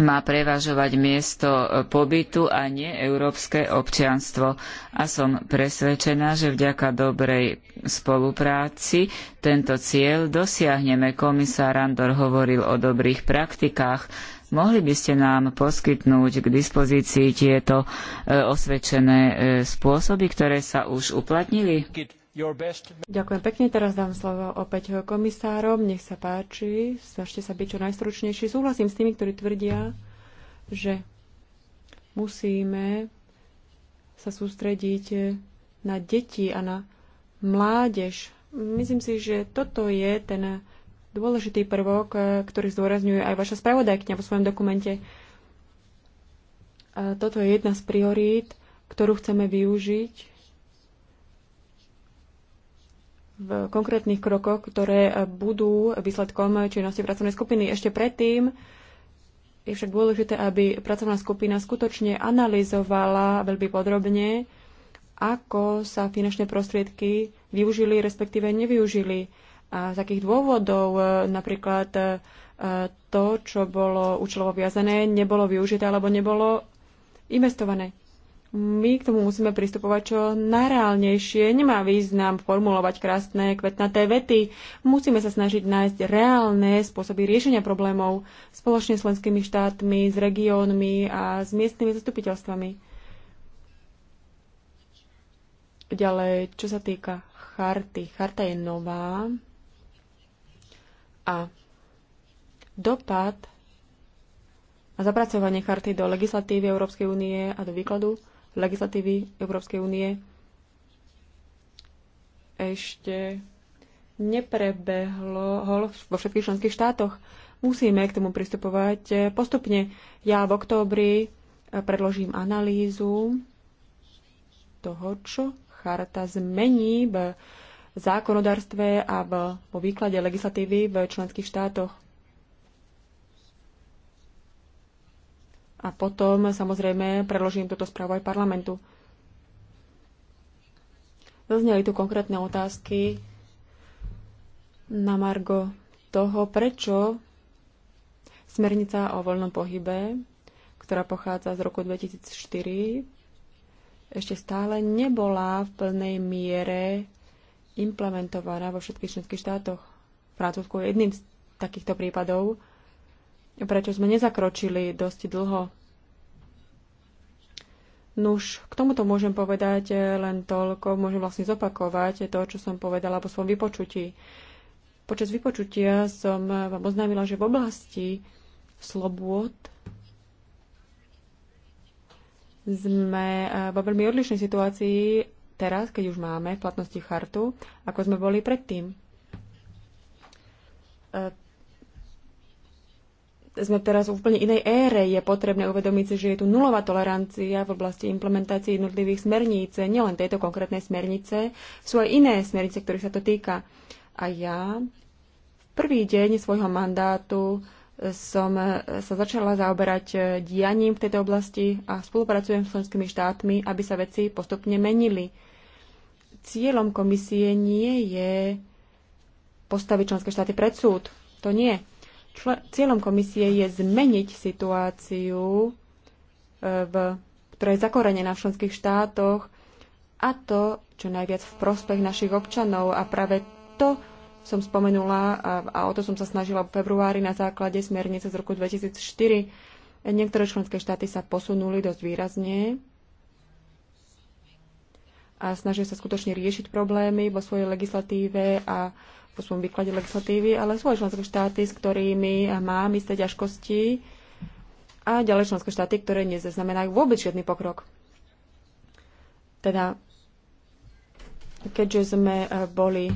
má prevažovať miesto pobytu a nie európske občianstvo. A som presvedčená, že vďaka dobrej spolupráci tento cieľ dosiahneme. Komisár Andor hovoril o dobrých praktikách. Mohli by ste nám poskytnúť k dispozícii tieto e, osvedčené e, spôsoby, ktoré sa už uplatnili? Best... Ďakujem pekne. Teraz dám slovo opäť komisárom. Nech sa páči. Snažte sa byť čo najstručnejší. Súhlasím s tými, ktorí tvrdia, že musíme sa sústrediť na deti a na mládež. Myslím si, že toto je ten dôležitý prvok, ktorý zdôrazňuje aj vaša spravodajkňa vo svojom dokumente. A toto je jedna z priorít, ktorú chceme využiť v konkrétnych krokoch, ktoré budú výsledkom činnosti pracovnej skupiny. Ešte predtým je však dôležité, aby pracovná skupina skutočne analyzovala veľmi podrobne, ako sa finančné prostriedky využili, respektíve nevyužili. A z akých dôvodov e, napríklad e, to, čo bolo účelovo viazané, nebolo využité alebo nebolo investované my k tomu musíme pristupovať čo najreálnejšie. Nemá význam formulovať krásne kvetnaté vety. Musíme sa snažiť nájsť reálne spôsoby riešenia problémov spoločne s lenskými štátmi, s regiónmi a s miestnymi zastupiteľstvami. Ďalej, čo sa týka charty. Charta je nová a dopad a zapracovanie charty do legislatívy Európskej únie a do výkladu legislatívy Európskej únie ešte neprebehlo vo všetkých členských štátoch. Musíme k tomu pristupovať eh, postupne. Ja v októbri eh, predložím analýzu toho, čo charta zmení v zákonodárstve a v, vo výklade legislatívy v členských štátoch. a potom samozrejme predložím túto správu aj parlamentu. Zazneli tu konkrétne otázky na Margo toho, prečo smernica o voľnom pohybe, ktorá pochádza z roku 2004, ešte stále nebola v plnej miere implementovaná vo všetkých členských štátoch. Francúzsko je jedným z takýchto prípadov prečo sme nezakročili dosť dlho. Nuž, k tomuto môžem povedať eh, len toľko, môžem vlastne zopakovať to, čo som povedala po svojom vypočutí. Počas vypočutia som eh, vám oznámila, že v oblasti slobôd sme eh, vo veľmi odlišnej situácii teraz, keď už máme v platnosti chartu, ako sme boli predtým sme teraz v úplne inej ére. Je potrebné uvedomiť si, že je tu nulová tolerancia v oblasti implementácie jednotlivých smerníc, nielen tejto konkrétnej smernice. Sú aj iné smernice, ktorých sa to týka. A ja v prvý deň svojho mandátu som sa začala zaoberať dianím v tejto oblasti a spolupracujem s členskými štátmi, aby sa veci postupne menili. Cieľom komisie nie je postaviť členské štáty pred súd. To nie. Cieľom komisie je zmeniť situáciu, e, v, ktorá je zakorenená v členských štátoch a to čo najviac v prospech našich občanov. A práve to som spomenula a, a o to som sa snažila v februári na základe smernice z roku 2004. Niektoré členské štáty sa posunuli dosť výrazne a snažia sa skutočne riešiť problémy vo svojej legislatíve a po svojom výklade legislatívy, ale sú aj členské štáty, s ktorými eh, má isté ťažkosti a ďalej členské štáty, ktoré nezaznamenajú vôbec žiadny pokrok. Teda, keďže sme eh, boli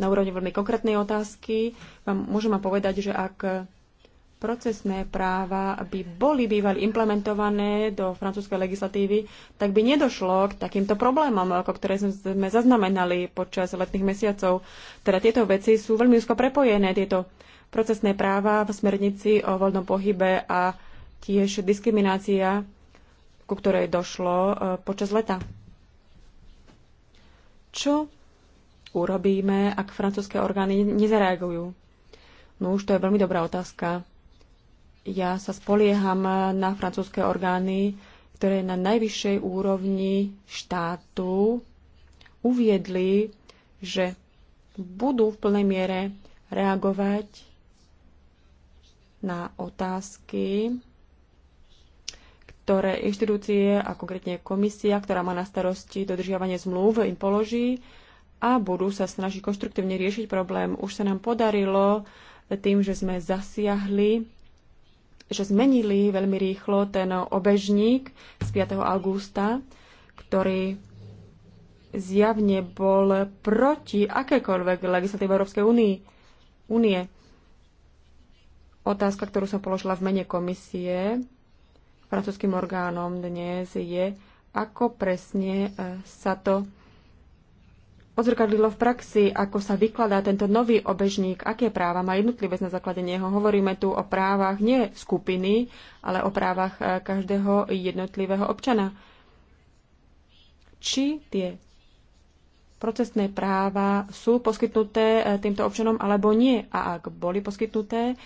na úrovni veľmi konkrétnej otázky, vám môžem vám povedať, že ak procesné práva by boli bývali implementované do francúzskej legislatívy, tak by nedošlo k takýmto problémom, ako ktoré sme zaznamenali počas letných mesiacov. Teda tieto veci sú veľmi úzko prepojené, tieto procesné práva v smernici o voľnom pohybe a tiež diskriminácia, ku ktorej došlo e, počas leta. Čo urobíme, ak francúzske orgány nezareagujú? No už to je veľmi dobrá otázka. Ja sa spolieham na francúzske orgány, ktoré na najvyššej úrovni štátu uviedli, že budú v plnej miere reagovať na otázky, ktoré inštitúcie a konkrétne komisia, ktorá má na starosti dodržiavanie zmluv, im položí a budú sa snažiť konštruktívne riešiť problém. Už sa nám podarilo tým, že sme zasiahli že zmenili veľmi rýchlo ten obežník z 5. augusta, ktorý zjavne bol proti akékoľvek legislatíve Európskej únie. únie. Otázka, ktorú som položila v mene komisie francúzským orgánom dnes je, ako presne eh, sa to odzrkadlilo v praxi, ako sa vykladá tento nový obežník, aké práva má jednotlivé na základe neho. Hovoríme tu o právach nie skupiny, ale o právach eh, každého jednotlivého občana. Či tie procesné práva sú poskytnuté eh, týmto občanom alebo nie. A ak boli poskytnuté,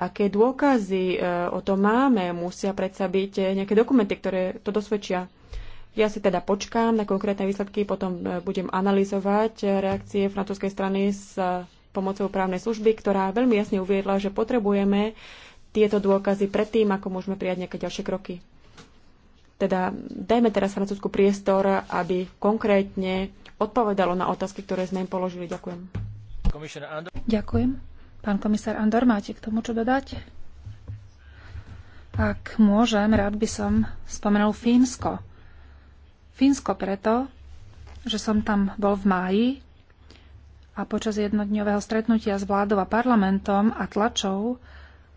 aké dôkazy eh, o tom máme, musia predsa byť nejaké dokumenty, ktoré to dosvedčia. Ja si teda počkám na konkrétne výsledky, potom e, budem analyzovať e, reakcie francúzskej strany s e, pomocou právnej služby, ktorá veľmi jasne uviedla, že potrebujeme tieto dôkazy predtým, ako môžeme prijať nejaké ďalšie kroky. Teda dajme teraz Francúzsku priestor, aby konkrétne odpovedalo na otázky, ktoré sme im položili. Ďakujem. Ďakujem. Pán komisár Andor, máte k tomu čo dodať? Ak môžem, rád by som spomenul Fínsko. Fínsko preto, že som tam bol v máji a počas jednodňového stretnutia s vládou a parlamentom a tlačou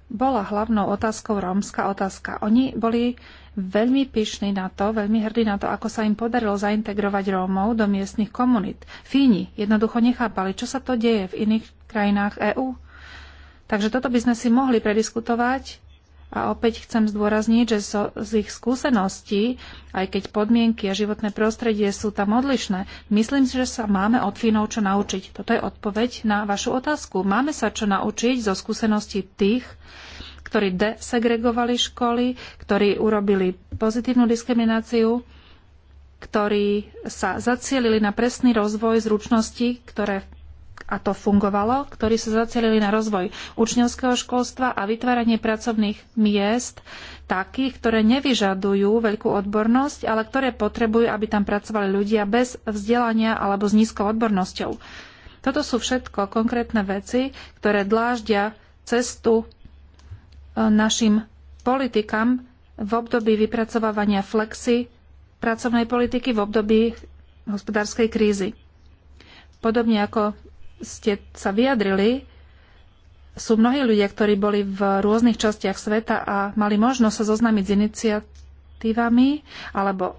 bola hlavnou otázkou rómska otázka. Oni boli veľmi pyšní na to, veľmi hrdí na to, ako sa im podarilo zaintegrovať Rómov do miestnych komunít. Fíni jednoducho nechápali, čo sa to deje v iných krajinách EÚ. Takže toto by sme si mohli prediskutovať a opäť chcem zdôrazniť, že so, z ich skúseností, aj keď podmienky a životné prostredie sú tam odlišné, myslím si, že sa máme od Fínov čo naučiť. Toto je odpoveď na vašu otázku. Máme sa čo naučiť zo skúseností tých, ktorí desegregovali školy, ktorí urobili pozitívnu diskrimináciu, ktorí sa zacielili na presný rozvoj zručností, ktoré a to fungovalo, ktorí sa zacelili na rozvoj učňovského školstva a vytváranie pracovných miest, takých, ktoré nevyžadujú veľkú odbornosť, ale ktoré potrebujú, aby tam pracovali ľudia bez vzdelania alebo s nízkou odbornosťou. Toto sú všetko konkrétne veci, ktoré dláždia cestu e, našim politikám v období vypracovávania flexy pracovnej politiky v období hospodárskej krízy. Podobne ako ste sa vyjadrili, sú mnohí ľudia, ktorí boli v rôznych častiach sveta a mali možnosť sa zoznámiť s iniciatívami alebo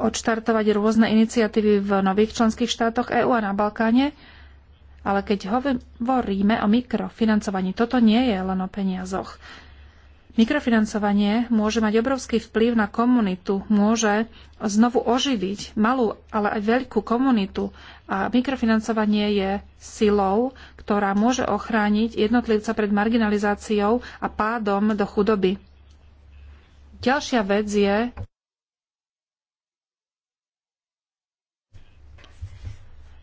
odštartovať rôzne iniciatívy v nových členských štátoch EÚ a na Balkáne. Ale keď hovoríme o mikrofinancovaní, toto nie je len o peniazoch. Mikrofinancovanie môže mať obrovský vplyv na komunitu, môže znovu oživiť malú, ale aj veľkú komunitu a mikrofinancovanie je silou, ktorá môže ochrániť jednotlivca pred marginalizáciou a pádom do chudoby. Ďalšia vec je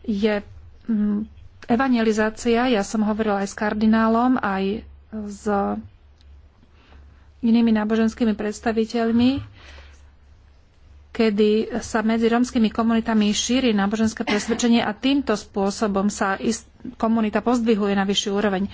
je mm, evangelizácia. Ja som hovorila aj s kardinálom, aj s inými náboženskými predstaviteľmi, kedy sa medzi romskými komunitami šíri náboženské presvedčenie a týmto spôsobom sa komunita pozdvihuje na vyšší úroveň.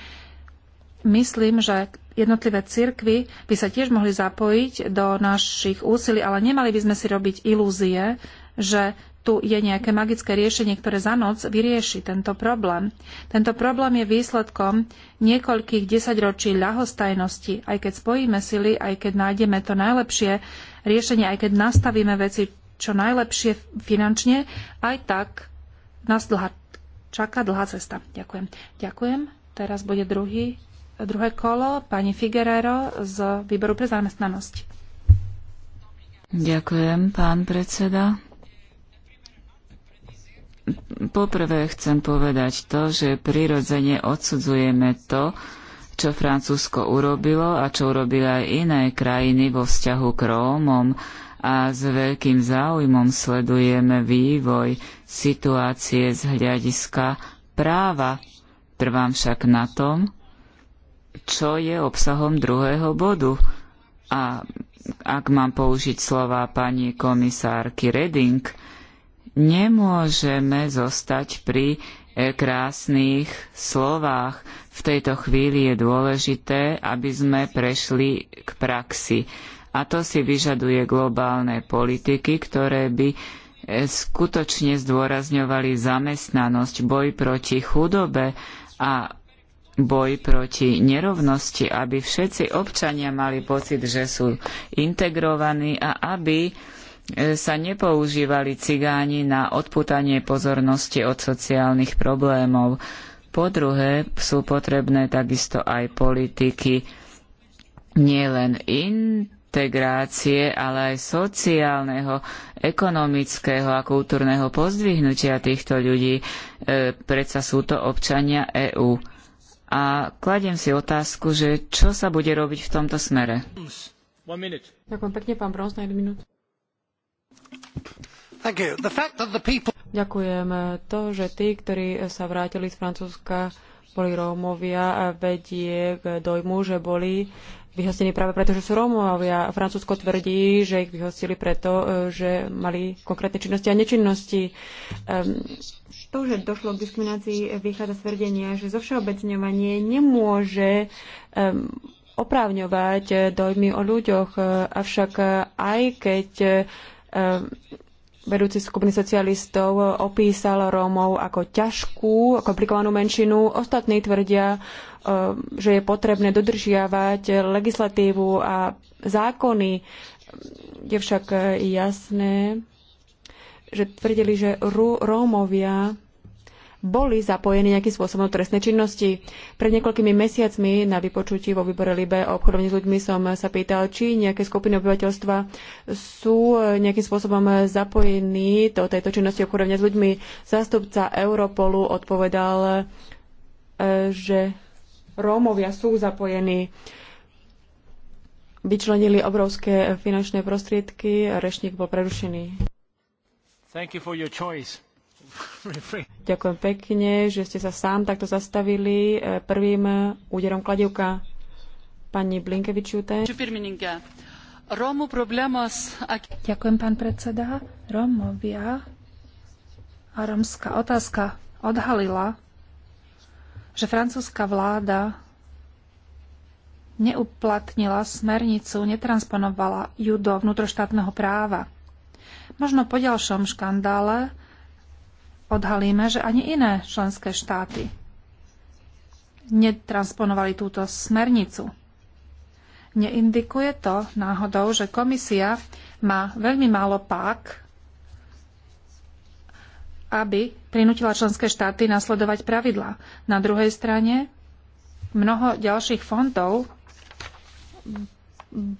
Myslím, že jednotlivé cirkvy by sa tiež mohli zapojiť do našich úsilí, ale nemali by sme si robiť ilúzie, že tu je nejaké magické riešenie, ktoré za noc vyrieši tento problém. Tento problém je výsledkom niekoľkých desaťročí ľahostajnosti. Aj keď spojíme sily, aj keď nájdeme to najlepšie riešenie, aj keď nastavíme veci čo najlepšie finančne, aj tak nás dlhá, čaká dlhá cesta. Ďakujem. Ďakujem. Teraz bude druhý, druhé kolo. Pani Figuerero z Výboru pre zamestnanosť. Ďakujem, pán predseda. Poprvé chcem povedať to, že prirodzene odsudzujeme to, čo Francúzsko urobilo a čo urobili aj iné krajiny vo vzťahu k Rómom a s veľkým záujmom sledujeme vývoj situácie z hľadiska práva. Trvám však na tom, čo je obsahom druhého bodu. A ak mám použiť slova pani komisárky Reding, Nemôžeme zostať pri e, krásnych slovách. V tejto chvíli je dôležité, aby sme prešli k praxi. A to si vyžaduje globálne politiky, ktoré by e, skutočne zdôrazňovali zamestnanosť, boj proti chudobe a boj proti nerovnosti, aby všetci občania mali pocit, že sú integrovaní a aby E, sa nepoužívali cigáni na odputanie pozornosti od sociálnych problémov. Po druhé, sú potrebné takisto aj politiky nielen integrácie, ale aj sociálneho, ekonomického a kultúrneho pozdvihnutia týchto ľudí. E, predsa sú to občania EÚ. A kladiem si otázku, že čo sa bude robiť v tomto smere. Ďakujem pekne, pán Ďakujem. To, že tí, ktorí sa vrátili z Francúzska, boli Rómovia, vedie k dojmu, že boli vyhostení práve preto, že sú Rómovia. Francúzsko tvrdí, že ich vyhostili preto, že mali konkrétne činnosti a nečinnosti. Ehm, to, že došlo k diskriminácii, vychádza z tvrdenia, že zo všeobecňovanie nemôže ehm, oprávňovať dojmy o ľuďoch. Avšak aj keď Ehm, vedúci skupiny socialistov opísal Rómov ako ťažkú, komplikovanú menšinu. Ostatní tvrdia, ehm, že je potrebné dodržiavať legislatívu a zákony. Je však jasné, že tvrdili, že Rómovia boli zapojení nejakým spôsobom do trestnej činnosti. Pred niekoľkými mesiacmi na vypočutí vo výbore Libe o obchodovaní s ľuďmi som sa pýtal, či nejaké skupiny obyvateľstva sú nejakým spôsobom zapojení do tejto činnosti obchodovania s ľuďmi. Zástupca Europolu odpovedal, e, že Rómovia sú zapojení vyčlenili obrovské finančné prostriedky a bol prerušený. Thank you for your choice. Ďakujem pekne, že ste sa sám takto zastavili e, prvým e, úderom kladivka. Pani Blinkevičiute. Ďakujem, pán predseda. Rómovia a rómska otázka odhalila, že francúzska vláda neuplatnila smernicu, netransponovala ju do vnútroštátneho práva. Možno po ďalšom škandále odhalíme, že ani iné členské štáty netransponovali túto smernicu. Neindikuje to náhodou, že komisia má veľmi málo pák, aby prinútila členské štáty nasledovať pravidlá. Na druhej strane mnoho ďalších fondov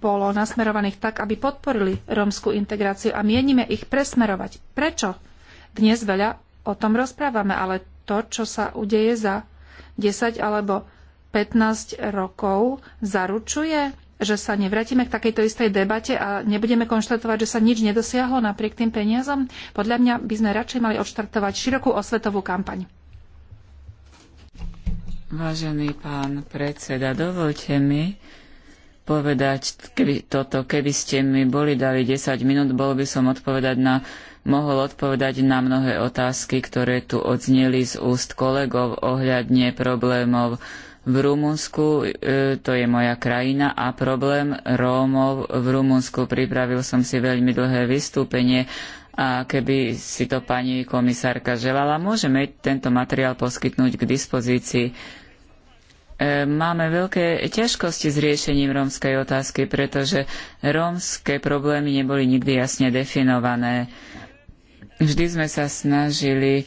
bolo nasmerovaných tak, aby podporili rómskú integráciu a mienime ich presmerovať. Prečo? Dnes veľa o tom rozprávame, ale to, čo sa udeje za 10 alebo 15 rokov, zaručuje, že sa nevrátime k takejto istej debate a nebudeme konštatovať, že sa nič nedosiahlo napriek tým peniazom. Podľa mňa by sme radšej mali odštartovať širokú osvetovú kampaň. Vážený pán predseda, dovolte mi povedať keby, toto. Keby ste mi boli dali 10 minút, bol by som odpovedať na mohol odpovedať na mnohé otázky, ktoré tu odzneli z úst kolegov ohľadne problémov v Rumunsku, e, to je moja krajina, a problém Rómov v Rumunsku. Pripravil som si veľmi dlhé vystúpenie a keby si to pani komisárka želala, môžeme tento materiál poskytnúť k dispozícii. E, máme veľké ťažkosti s riešením rómskej otázky, pretože rómske problémy neboli nikdy jasne definované. Vždy sme sa snažili e,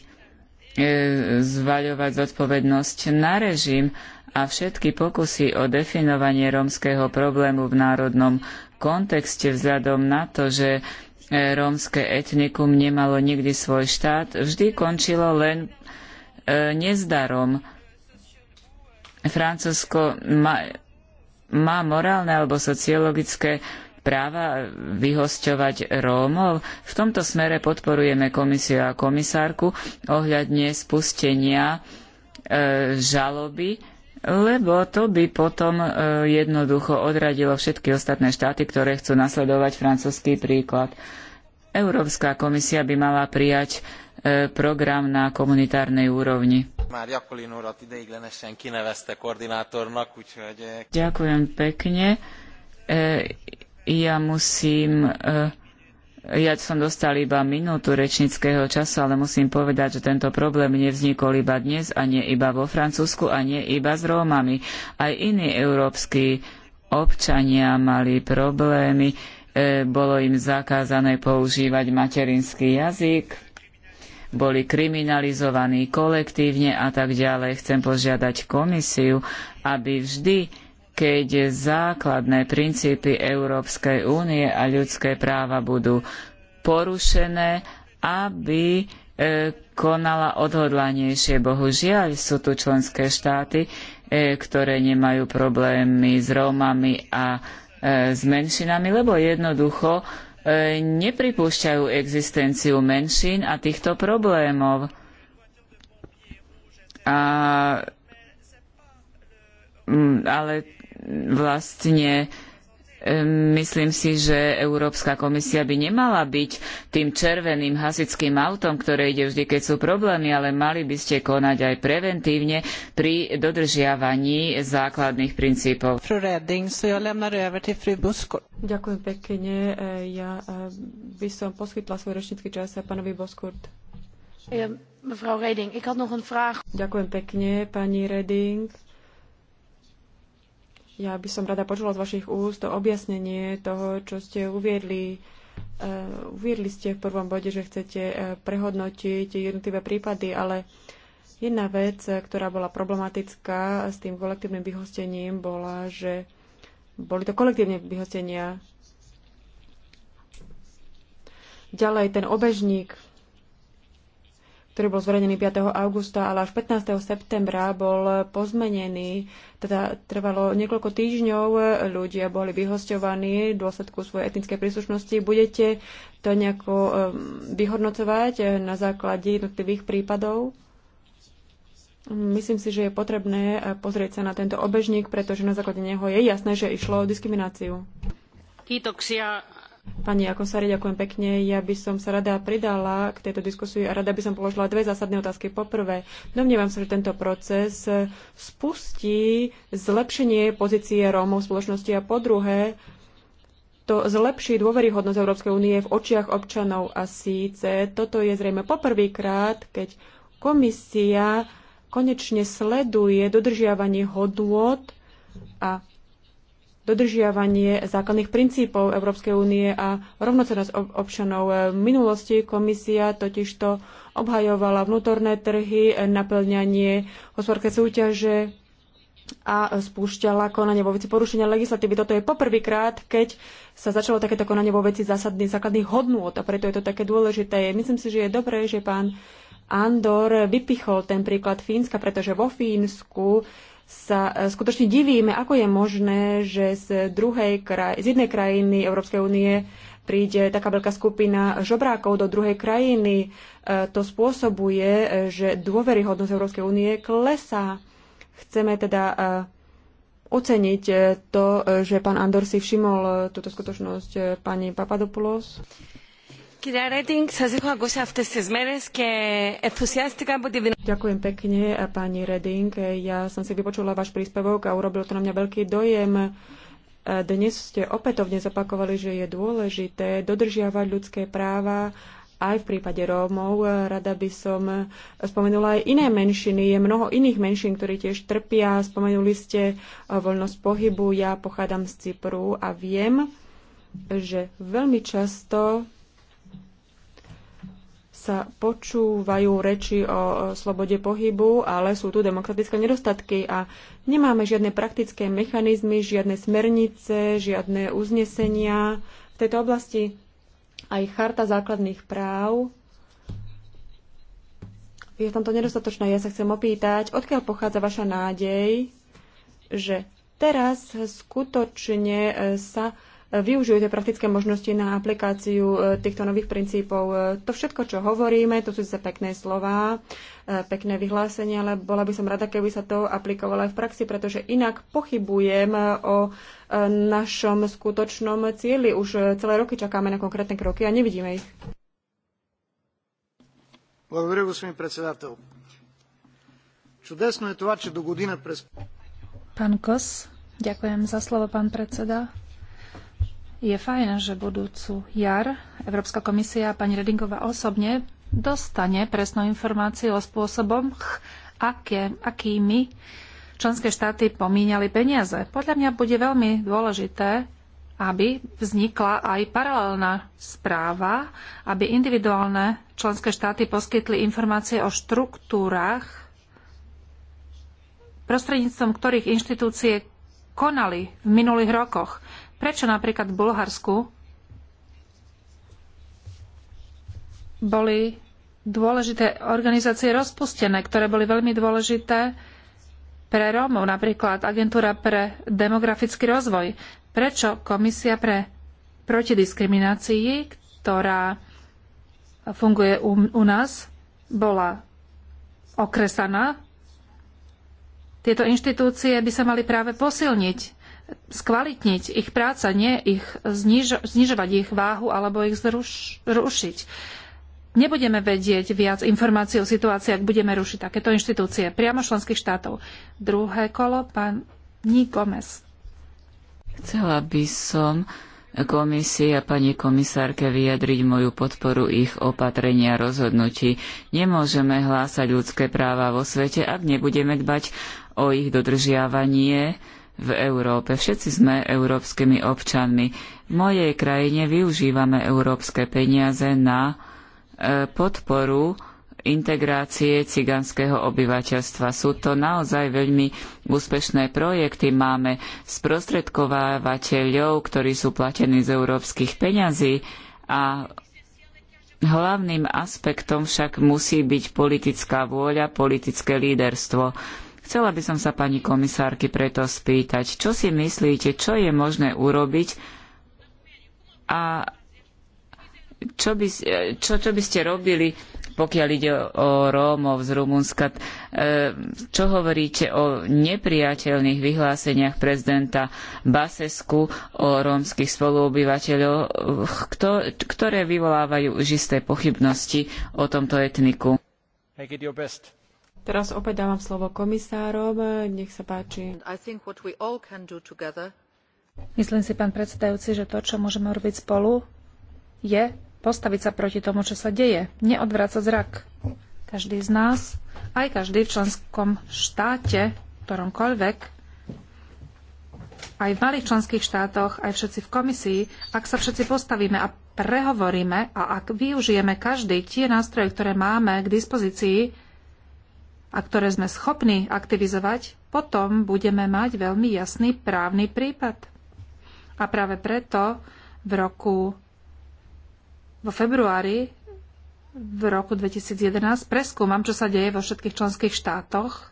zvaľovať zodpovednosť na režim a všetky pokusy o definovanie rómskeho problému v národnom kontexte vzhľadom na to, že e, rómske etnikum nemalo nikdy svoj štát, vždy končilo len e, nezdarom. Francúzsko má, má morálne alebo sociologické práva vyhosťovať Rómov. V tomto smere podporujeme komisiu a komisárku ohľadne spustenia e, žaloby, lebo to by potom e, jednoducho odradilo všetky ostatné štáty, ktoré chcú nasledovať francúzsky príklad. Európska komisia by mala prijať e, program na komunitárnej úrovni. Ďakujem pekne e, ja musím... Eh, ja som dostal iba minútu rečnického času, ale musím povedať, že tento problém nevznikol iba dnes a nie iba vo Francúzsku a nie iba s Rómami. Aj iní európski občania mali problémy. Eh, bolo im zakázané používať materinský jazyk, boli kriminalizovaní kolektívne a tak ďalej. Chcem požiadať komisiu, aby vždy keď základné princípy Európskej únie a ľudské práva budú porušené, aby e, konala odhodlanejšie. Bohužiaľ sú tu členské štáty, e, ktoré nemajú problémy s Rómami a e, s menšinami, lebo jednoducho nepripúšťajú existenciu menšín a týchto problémov. A, ale vlastne myslím si, že Európska komisia by nemala byť tým červeným hasickým autom, ktoré ide vždy, keď sú problémy, ale mali by ste konať aj preventívne pri dodržiavaní základných princípov. Ďakujem pekne. E, ja e, by som poskytla svoj rečnícky čas pánovi Boskurt. Ďakujem pekne, pani Reding. Ja by som rada počula z vašich úst to objasnenie toho, čo ste uviedli. E, uviedli ste v prvom bode, že chcete e, prehodnotiť jednotlivé prípady, ale jedna vec, e, ktorá bola problematická s tým kolektívnym vyhostením, bola, že boli to kolektívne vyhostenia. Ďalej ten obežník, ktorý bol zverejnený 5. augusta, ale až 15. septembra bol pozmenený. Teda trvalo niekoľko týždňov, ľudia boli vyhosťovaní v dôsledku svojej etnickej príslušnosti. Budete to nejako um, vyhodnocovať na základe jednotlivých prípadov? Myslím si, že je potrebné pozrieť sa na tento obežník, pretože na základe neho je jasné, že išlo o diskrimináciu. Pani Akosari, ďakujem pekne. Ja by som sa rada pridala k tejto diskusii a rada by som položila dve zásadné otázky. Poprvé, domnievam sa, že tento proces spustí zlepšenie pozície Rómov v spoločnosti a po druhé, to zlepší dôveryhodnosť Európskej únie v očiach občanov a síce toto je zrejme poprvýkrát, keď komisia konečne sleduje dodržiavanie hodnôt a dodržiavanie základných princípov Európskej únie a rovnocenosť občanov. V minulosti komisia totižto obhajovala vnútorné trhy, naplňanie hospodárskej súťaže a spúšťala konanie vo veci porušenia legislatívy. Toto je poprvýkrát, keď sa začalo takéto konanie vo veci zásadných, základných hodnôt a preto je to také dôležité. Myslím si, že je dobré, že pán Andor vypichol ten príklad Fínska, pretože vo Fínsku sa e, skutočne divíme, ako je možné, že z, druhej kraj- z jednej krajiny Európskej únie príde taká veľká skupina žobrákov do druhej krajiny. E, to spôsobuje, e, že dôveryhodnosť Európskej únie klesá. Chceme teda oceniť to, že pán Andor si všimol túto skutočnosť pani Papadopoulos. Κυρία Ρέτινγκ, έχω ακούσει και ενθουσιάστηκα από τη δυνατότητα. Ďakujem pekne, pani Reding. Ja som si vypočula váš príspevok a urobil to na mňa veľký dojem. Dnes ste opätovne zapakovali, že je dôležité dodržiavať ľudské práva aj v prípade Rómov. Rada by som spomenula aj iné menšiny. Je mnoho iných menšín, ktorí tiež trpia. Spomenuli ste voľnosť pohybu. Ja pochádzam z Cypru a viem, že veľmi často sa počúvajú reči o slobode pohybu, ale sú tu demokratické nedostatky a nemáme žiadne praktické mechanizmy, žiadne smernice, žiadne uznesenia v tejto oblasti. Aj charta základných práv je tam to nedostatočná. Ja sa chcem opýtať, odkiaľ pochádza vaša nádej, že teraz skutočne e, sa Využijete praktické možnosti na aplikáciu e, týchto nových princípov. E, to všetko, čo hovoríme, to sú zase pekné slova, e, pekné vyhlásenia, ale bola by som rada, keby sa to aplikovalo aj v praxi, pretože inak pochybujem o našom skutočnom cieli. Už celé roky čakáme na konkrétne kroky a nevidíme ich. Благодаря, господин председател. Чудесно е това, че до година през... Пан Кос, ďakujem za slovo, pán predseda. Je fajn, že budúcu jar Európska komisia a pani Redingová osobne dostane presnú informáciu o spôsobom, aké, akými členské štáty pomíňali peniaze. Podľa mňa bude veľmi dôležité, aby vznikla aj paralelná správa, aby individuálne členské štáty poskytli informácie o štruktúrach, prostredníctvom ktorých inštitúcie konali v minulých rokoch. Prečo napríklad v Bulharsku boli dôležité organizácie rozpustené, ktoré boli veľmi dôležité pre Rómov, napríklad Agentúra pre demografický rozvoj. Prečo Komisia pre protidiskriminácii, ktorá funguje u, u nás, bola okresaná? Tieto inštitúcie by sa mali práve posilniť skvalitniť ich práca, nie ich znižovať ich váhu alebo ich zruš- Nebudeme vedieť viac informácií o situácii, ak budeme rušiť takéto inštitúcie priamo členských štátov. Druhé kolo, pán Ní Gomez. Chcela by som komisii a pani komisárke vyjadriť moju podporu ich opatrenia a rozhodnutí. Nemôžeme hlásať ľudské práva vo svete, ak nebudeme dbať o ich dodržiavanie v Európe. Všetci sme európskymi občanmi. V mojej krajine využívame európske peniaze na e, podporu integrácie cigánskeho obyvateľstva. Sú to naozaj veľmi úspešné projekty. Máme sprostredkovávateľov, ktorí sú platení z európskych peňazí a hlavným aspektom však musí byť politická vôľa, politické líderstvo. Chcela by som sa pani komisárky preto spýtať, čo si myslíte, čo je možné urobiť a čo by, e, čo, čo by ste robili, pokiaľ ide o Rómov z Rumunska? E, čo hovoríte o nepriateľných vyhláseniach prezidenta Basesku o rómskych spoluobyvateľoch, ktoré vyvolávajú už isté pochybnosti o tomto etniku? Make it your best. Teraz opäť dávam slovo komisárom. Nech sa páči. Myslím si, pán predsedajúci, že to, čo môžeme robiť spolu, je postaviť sa proti tomu, čo sa deje. Neodvrácať zrak. Každý z nás, aj každý v členskom štáte, ktoromkoľvek, aj v malých členských štátoch, aj všetci v komisii, ak sa všetci postavíme a prehovoríme a ak využijeme každý tie nástroje, ktoré máme k dispozícii, a ktoré sme schopní aktivizovať, potom budeme mať veľmi jasný právny prípad. A práve preto v roku vo februári v roku 2011 preskúmam, čo sa deje vo všetkých členských štátoch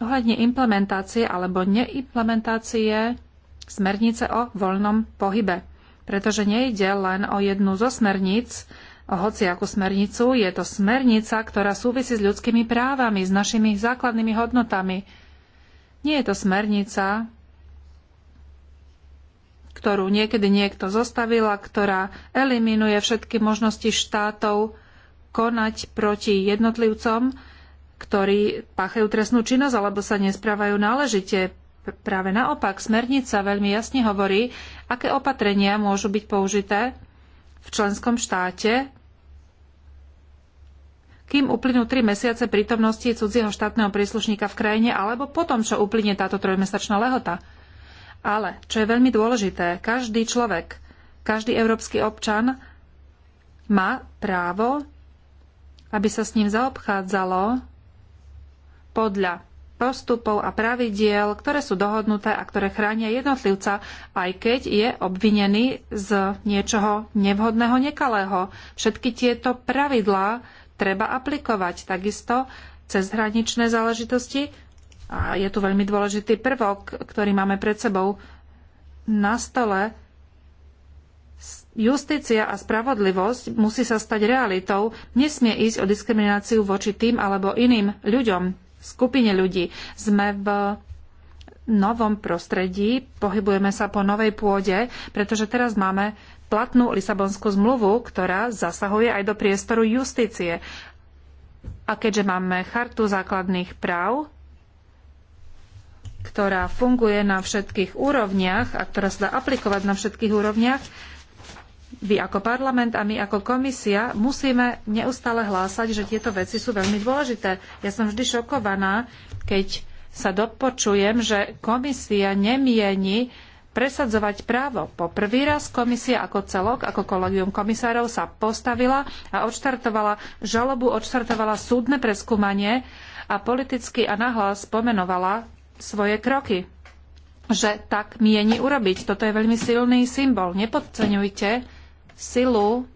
ohľadne implementácie alebo neimplementácie smernice o voľnom pohybe. Pretože nejde len o jednu zo smerníc, hoci ako smernicu. Je to smernica, ktorá súvisí s ľudskými právami, s našimi základnými hodnotami. Nie je to smernica, ktorú niekedy niekto zostavila, ktorá eliminuje všetky možnosti štátov konať proti jednotlivcom, ktorí páchajú trestnú činnosť alebo sa nesprávajú náležite. Práve naopak, smernica veľmi jasne hovorí, aké opatrenia môžu byť použité v členskom štáte kým uplynú 3 mesiace prítomnosti cudzieho štátneho príslušníka v krajine alebo potom, čo uplynie táto trojmesačná lehota. Ale, čo je veľmi dôležité, každý človek, každý európsky občan má právo, aby sa s ním zaobchádzalo podľa postupov a pravidiel, ktoré sú dohodnuté a ktoré chránia jednotlivca, aj keď je obvinený z niečoho nevhodného, nekalého. Všetky tieto pravidlá treba aplikovať. Takisto cezhraničné záležitosti. A je tu veľmi dôležitý prvok, ktorý máme pred sebou na stole. Justícia a spravodlivosť musí sa stať realitou. Nesmie ísť o diskrimináciu voči tým alebo iným ľuďom, skupine ľudí. Sme v novom prostredí, pohybujeme sa po novej pôde, pretože teraz máme platnú Lisabonskú zmluvu, ktorá zasahuje aj do priestoru justície. A keďže máme chartu základných práv, ktorá funguje na všetkých úrovniach a ktorá sa dá aplikovať na všetkých úrovniach, vy ako parlament a my ako komisia musíme neustále hlásať, že tieto veci sú veľmi dôležité. Ja som vždy šokovaná, keď sa dopočujem, že komisia nemieni presadzovať právo. Po prvý raz komisia ako celok, ako kolegium komisárov sa postavila a odštartovala žalobu, odštartovala súdne preskúmanie a politicky a nahlas pomenovala svoje kroky že tak mieni urobiť. Toto je veľmi silný symbol. Nepodceňujte silu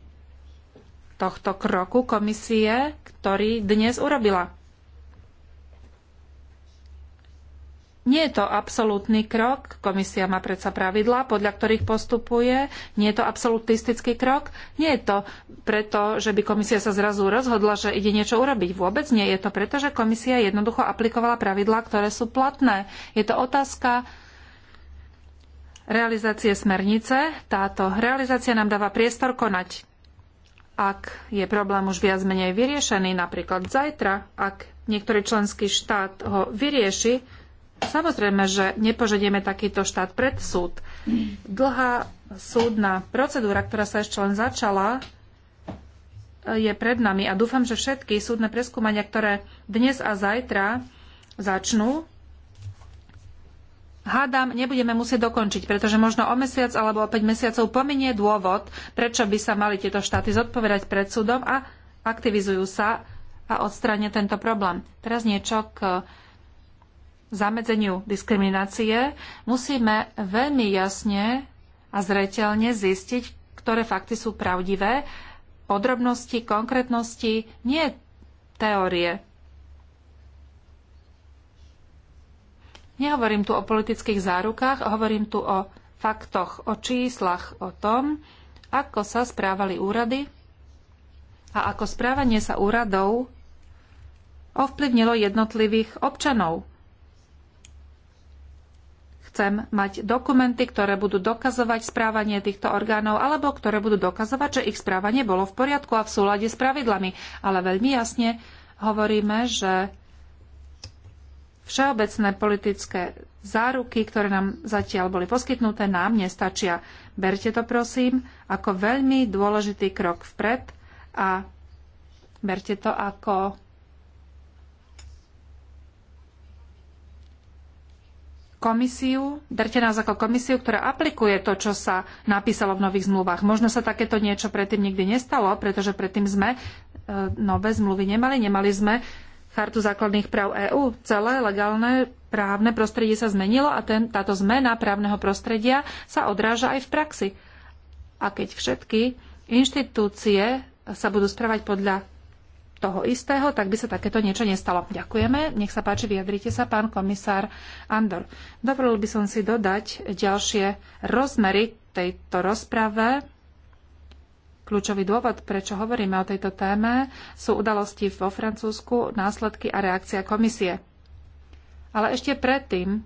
tohto kroku komisie, ktorý dnes urobila. Nie je to absolútny krok, komisia má predsa pravidlá, podľa ktorých postupuje, nie je to absolutistický krok, nie je to preto, že by komisia sa zrazu rozhodla, že ide niečo urobiť. Vôbec nie je to preto, že komisia jednoducho aplikovala pravidlá, ktoré sú platné. Je to otázka realizácie smernice. Táto realizácia nám dáva priestor konať. Ak je problém už viac menej vyriešený, napríklad zajtra, ak niektorý členský štát ho vyrieši, Samozrejme, že nepožedieme takýto štát pred súd. Dlhá súdna procedúra, ktorá sa ešte len začala, je pred nami a dúfam, že všetky súdne preskúmania, ktoré dnes a zajtra začnú, hádam, nebudeme musieť dokončiť, pretože možno o mesiac alebo o 5 mesiacov pominie dôvod, prečo by sa mali tieto štáty zodpovedať pred súdom a aktivizujú sa a odstrania tento problém. Teraz niečo k zamedzeniu diskriminácie musíme veľmi jasne a zreteľne zistiť, ktoré fakty sú pravdivé, podrobnosti, konkrétnosti, nie teórie. Nehovorím tu o politických zárukách, hovorím tu o faktoch, o číslach, o tom, ako sa správali úrady a ako správanie sa úradov ovplyvnilo jednotlivých občanov chcem mať dokumenty, ktoré budú dokazovať správanie týchto orgánov alebo ktoré budú dokazovať, že ich správanie bolo v poriadku a v súlade s pravidlami. Ale veľmi jasne hovoríme, že všeobecné politické záruky, ktoré nám zatiaľ boli poskytnuté, nám nestačia. Berte to prosím ako veľmi dôležitý krok vpred a berte to ako komisiu, berte nás ako komisiu, ktorá aplikuje to, čo sa napísalo v nových zmluvách. Možno sa takéto niečo predtým nikdy nestalo, pretože predtým sme e, nové zmluvy nemali. Nemali sme chartu základných práv EÚ. Celé legálne právne prostredie sa zmenilo a ten, táto zmena právneho prostredia sa odráža aj v praxi. A keď všetky inštitúcie sa budú správať podľa toho istého, tak by sa takéto niečo nestalo. Ďakujeme. Nech sa páči, vyjadrite sa, pán komisár Andor. Dovolil by som si dodať ďalšie rozmery tejto rozprave. Kľúčový dôvod, prečo hovoríme o tejto téme, sú udalosti vo Francúzsku, následky a reakcia komisie. Ale ešte predtým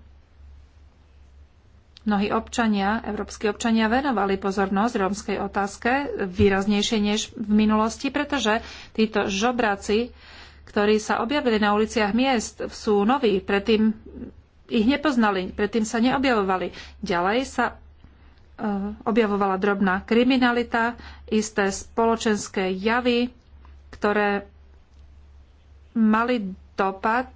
mnohí občania, európsky občania venovali pozornosť rómskej otázke výraznejšie než v minulosti, pretože títo žobraci, ktorí sa objavili na uliciach miest, sú noví, predtým ich nepoznali, predtým sa neobjavovali. Ďalej sa e, objavovala drobná kriminalita, isté spoločenské javy, ktoré mali dopad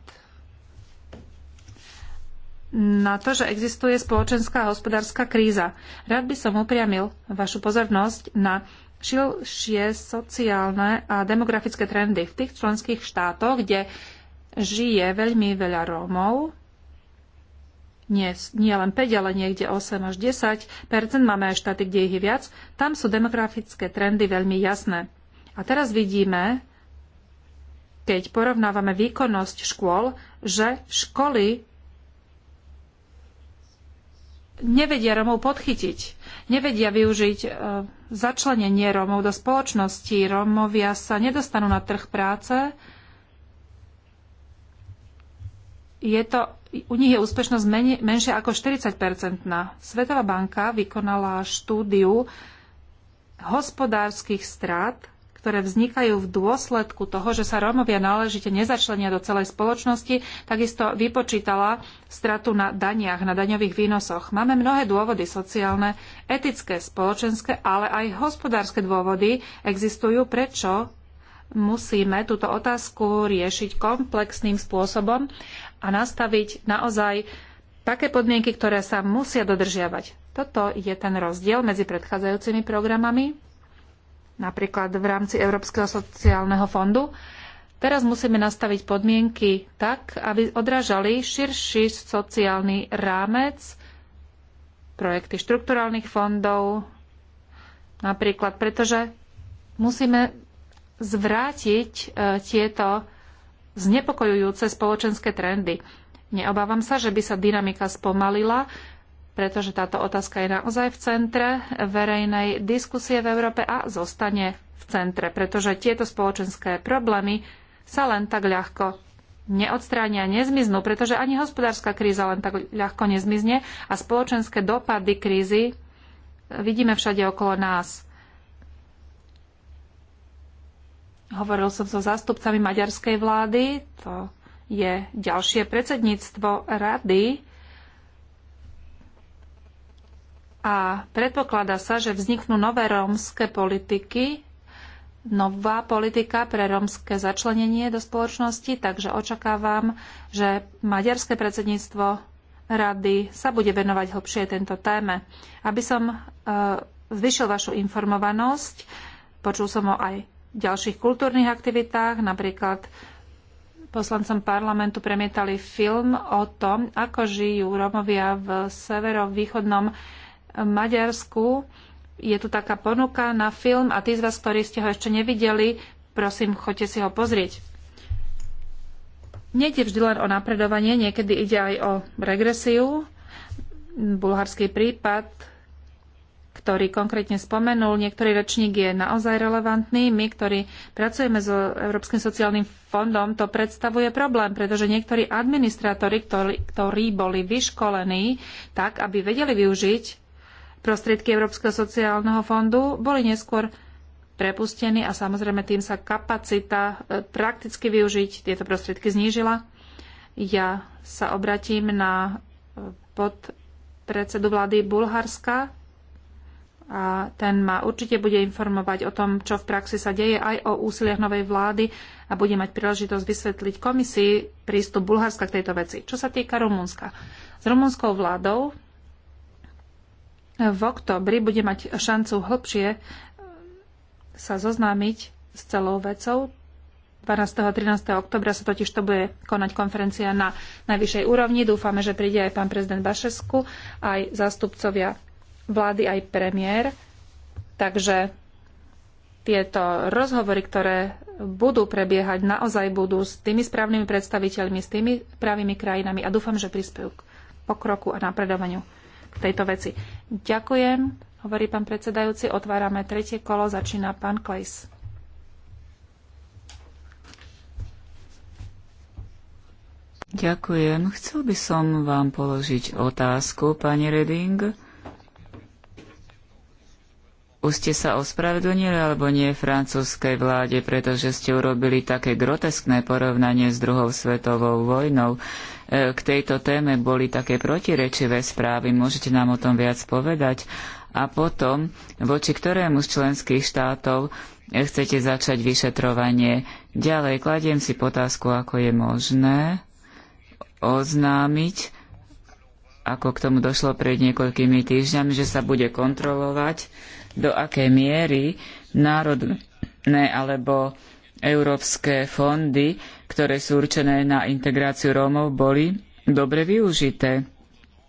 na to, že existuje spoločenská a hospodárska kríza. Rád by som upriamil vašu pozornosť na širšie sociálne a demografické trendy v tých členských štátoch, kde žije veľmi veľa Rómov, nie, nie len 5, ale niekde 8 až 10 máme aj štáty, kde ich je viac, tam sú demografické trendy veľmi jasné. A teraz vidíme, keď porovnávame výkonnosť škôl, že školy nevedia Romov podchytiť, nevedia využiť e, začlenenie Romov do spoločnosti. Romovia sa nedostanú na trh práce. Je to, u nich je úspešnosť men, menšia ako 40-percentná. Svetová banka vykonala štúdiu hospodárskych strát ktoré vznikajú v dôsledku toho, že sa Rómovia náležite nezačlenia do celej spoločnosti, takisto vypočítala stratu na daniach, na daňových výnosoch. Máme mnohé dôvody sociálne, etické, spoločenské, ale aj hospodárske dôvody existujú, prečo musíme túto otázku riešiť komplexným spôsobom a nastaviť naozaj také podmienky, ktoré sa musia dodržiavať. Toto je ten rozdiel medzi predchádzajúcimi programami napríklad v rámci Európskeho sociálneho fondu. Teraz musíme nastaviť podmienky tak, aby odrážali širší sociálny rámec, projekty štrukturálnych fondov, napríklad, pretože musíme zvrátiť e, tieto znepokojujúce spoločenské trendy. Neobávam sa, že by sa dynamika spomalila, pretože táto otázka je naozaj v centre verejnej diskusie v Európe a zostane v centre, pretože tieto spoločenské problémy sa len tak ľahko neodstránia, nezmiznú, pretože ani hospodárska kríza len tak ľahko nezmizne a spoločenské dopady krízy vidíme všade okolo nás. Hovoril som so zástupcami maďarskej vlády, to je ďalšie predsedníctvo rady, a predpokladá sa, že vzniknú nové rómske politiky, nová politika pre rómske začlenenie do spoločnosti, takže očakávam, že maďarské predsedníctvo rady sa bude venovať hlbšie tento téme. Aby som e, zvyšil vašu informovanosť, počul som ho aj ďalších kultúrnych aktivitách, napríklad poslancom parlamentu premietali film o tom, ako žijú Romovia v severovýchodnom východnom Maďarsku. Je tu taká ponuka na film a tí z vás, ktorí ste ho ešte nevideli, prosím, choďte si ho pozrieť. Nejde vždy len o napredovanie, niekedy ide aj o regresiu. Bulharský prípad, ktorý konkrétne spomenul, niektorý rečník je naozaj relevantný. My, ktorí pracujeme s Európskym sociálnym fondom, to predstavuje problém, pretože niektorí administrátori, ktorí, ktorí boli vyškolení tak, aby vedeli využiť prostriedky Európskeho sociálneho fondu boli neskôr prepustení a samozrejme tým sa kapacita e, prakticky využiť tieto prostriedky znížila. Ja sa obratím na e, podpredsedu vlády Bulharska a ten ma určite bude informovať o tom, čo v praxi sa deje, aj o úsiliach novej vlády a bude mať príležitosť vysvetliť komisii prístup Bulharska k tejto veci. Čo sa týka Rumunska. S rumunskou vládou v oktobri bude mať šancu hlbšie sa zoznámiť s celou vecou. 12. a 13. oktobra sa totiž to bude konať konferencia na najvyššej úrovni. Dúfame, že príde aj pán prezident Bašesku, aj zástupcovia vlády, aj premiér. Takže tieto rozhovory, ktoré budú prebiehať, naozaj budú s tými správnymi predstaviteľmi, s tými pravými krajinami a dúfam, že prispiejú k pokroku a napredovaniu tejto veci. Ďakujem, hovorí pán predsedajúci. Otvárame tretie kolo, začína pán Klejs. Ďakujem. Chcel by som vám položiť otázku, pani Reding. Už ste sa ospravedlnili alebo nie francúzskej vláde, pretože ste urobili také groteskné porovnanie s druhou svetovou vojnou. E, k tejto téme boli také protirečivé správy. Môžete nám o tom viac povedať? A potom, voči ktorému z členských štátov chcete začať vyšetrovanie? Ďalej, kladiem si otázku, ako je možné oznámiť, ako k tomu došlo pred niekoľkými týždňami, že sa bude kontrolovať do akej miery národné alebo európske fondy, ktoré sú určené na integráciu Rómov, boli dobre využité.